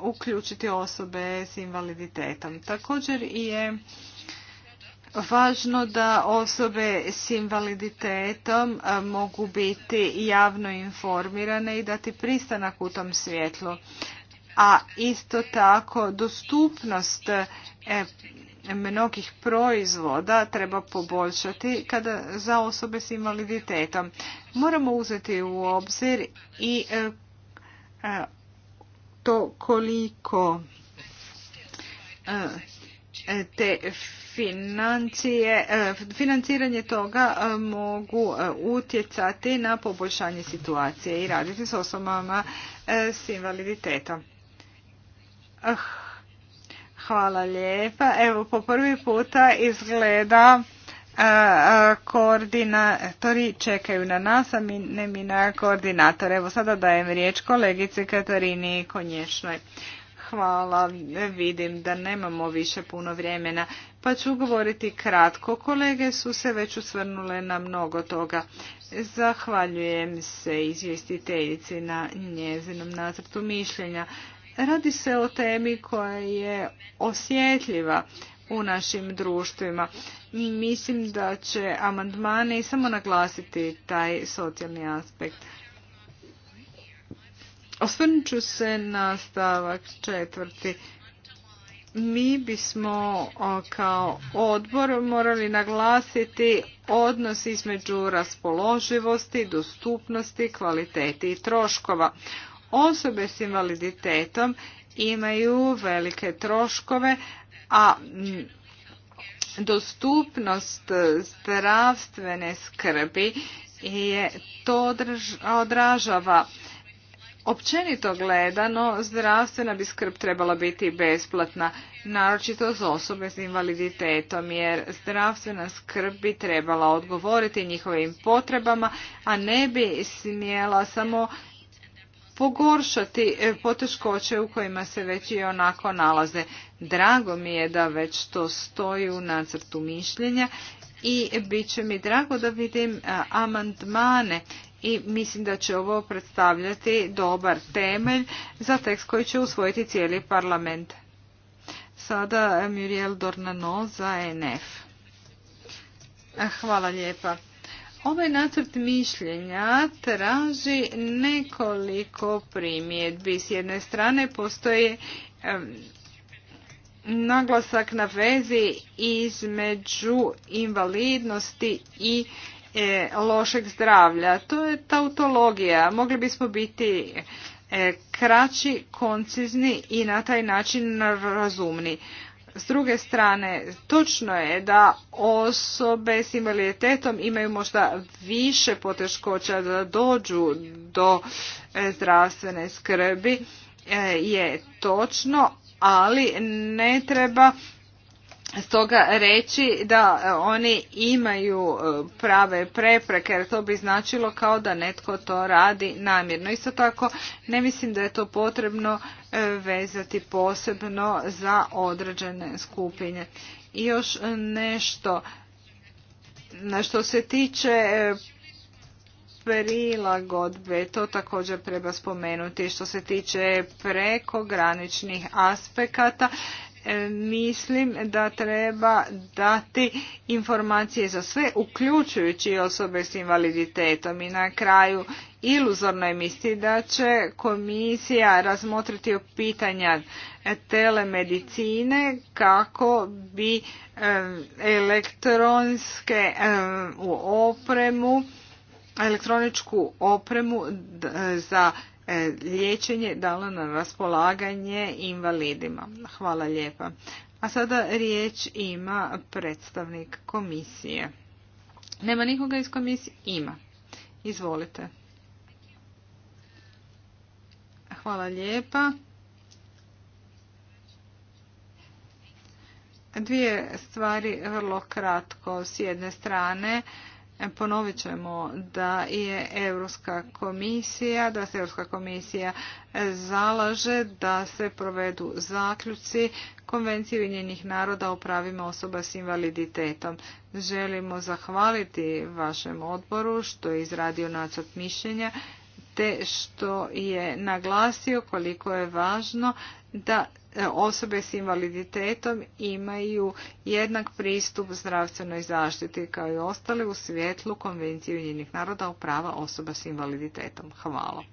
uključiti osobe s invaliditetom. Također je važno da osobe s invaliditetom mogu biti javno informirane i dati pristanak u tom svjetlu. A isto tako dostupnost e, mnogih proizvoda treba poboljšati kada za osobe s invaliditetom. Moramo uzeti u obzir i e, e, to koliko e, te financije, financiranje toga mogu utjecati na poboljšanje situacije i raditi s osobama s invaliditetom. Eh, Hvala lijepa. Evo, po prvi puta izgleda e, e, koordinatori čekaju na nas, a ne mi na koordinator Evo sada dajem riječ kolegici Katarini Konješnoj. Hvala, vidim da nemamo više puno vremena, pa ću govoriti kratko. Kolege su se već usvrnule na mnogo toga. Zahvaljujem se izvjestiteljici na njezinom nacrtu mišljenja. Radi se o temi koja je osjetljiva u našim društvima. Mislim da će amandmani samo naglasiti taj socijalni aspekt. Osvrnut ću se na stavak četvrti. Mi bismo kao odbor morali naglasiti odnos između raspoloživosti, dostupnosti, kvalitete i troškova. Osobe s invaliditetom imaju velike troškove, a dostupnost zdravstvene skrbi je to odražava Općenito gledano, zdravstvena bi skrb trebala biti besplatna, naročito za osobe s invaliditetom, jer zdravstvena skrb bi trebala odgovoriti njihovim potrebama, a ne bi smjela samo pogoršati e, poteškoće u kojima se već i onako nalaze. Drago mi je da već to stoji u nacrtu mišljenja i bit će mi drago da vidim e, amandmane i mislim da će ovo predstavljati dobar temelj za tekst koji će usvojiti cijeli parlament. Sada e, Muriel Dornano za NF. Hvala lijepa. Ovaj nacrt mišljenja traži nekoliko primjedbi. S jedne strane postoje naglasak na vezi između invalidnosti i e, lošeg zdravlja. To je tautologija. Mogli bismo biti e, kraći, koncizni i na taj način razumni. S druge strane, točno je da osobe s invaliditetom imaju možda više poteškoća da dođu do e, zdravstvene skrbi, e, je točno, ali ne treba stoga reći da e, oni imaju e, prave prepreke jer to bi značilo kao da netko to radi namjerno. Isto tako ne mislim da je to potrebno e, vezati posebno za određene skupine. I još nešto na što se tiče prilagodbe, to također treba spomenuti. Što se tiče prekograničnih aspekata, E, mislim da treba dati informacije za sve, uključujući osobe s invaliditetom. I na kraju iluzorno je misli da će komisija razmotriti o pitanja telemedicine kako bi e, elektronske e, opremu, elektroničku opremu za E, liječenje dalo na raspolaganje invalidima. Hvala lijepa. A sada riječ ima predstavnik komisije. Nema nikoga iz komisije? Ima. Izvolite. Hvala lijepa. Dvije stvari vrlo kratko s jedne strane. E, ponovit ćemo da je Europska komisija, da se Europska komisija zalaže da se provedu zaključci Konvencije Ujedinjenih naroda o pravima osoba s invaliditetom. Želimo zahvaliti vašem odboru što je izradio nacrt mišljenja te što je naglasio koliko je važno da E, osobe s invaliditetom imaju jednak pristup zdravstvenoj zaštiti kao i ostali u svjetlu Konvencije Ujedinjenih naroda o prava osoba s invaliditetom. Hvala.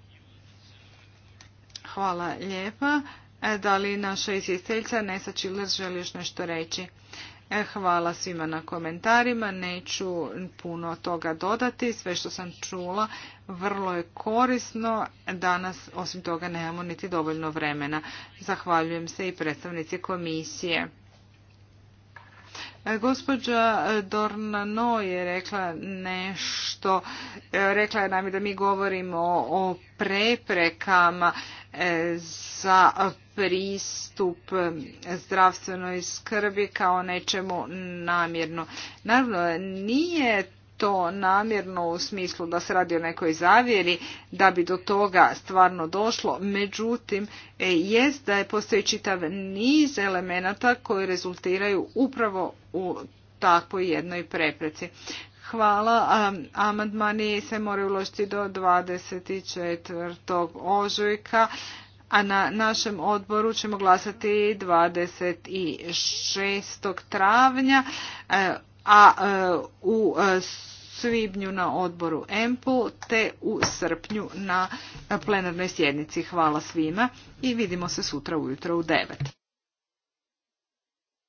Hvala lijepa. E, da li naša izvjestiteljica Nesa Čiler želi još nešto reći? E, hvala svima na komentarima, neću puno toga dodati, sve što sam čula vrlo je korisno, danas osim toga nemamo niti dovoljno vremena. Zahvaljujem se i predstavnici komisije. E, gospođa Dornano je rekla nešto, e, rekla je nam da mi govorimo o preprekama za pristup zdravstvenoj skrbi kao nečemu namjerno. Naravno, nije to namjerno u smislu da se radi o nekoj zavjeri, da bi do toga stvarno došlo. Međutim, e, jest da je postoji čitav niz elemenata koji rezultiraju upravo u takvoj jednoj prepreci. Hvala. Amandmani se moraju uložiti do 24. ožujka, a na našem odboru ćemo glasati 26. travnja, e, a e, u e, svibnju na odboru EMPU te u srpnju na plenarnoj sjednici. Hvala svima i vidimo se sutra ujutro u 9.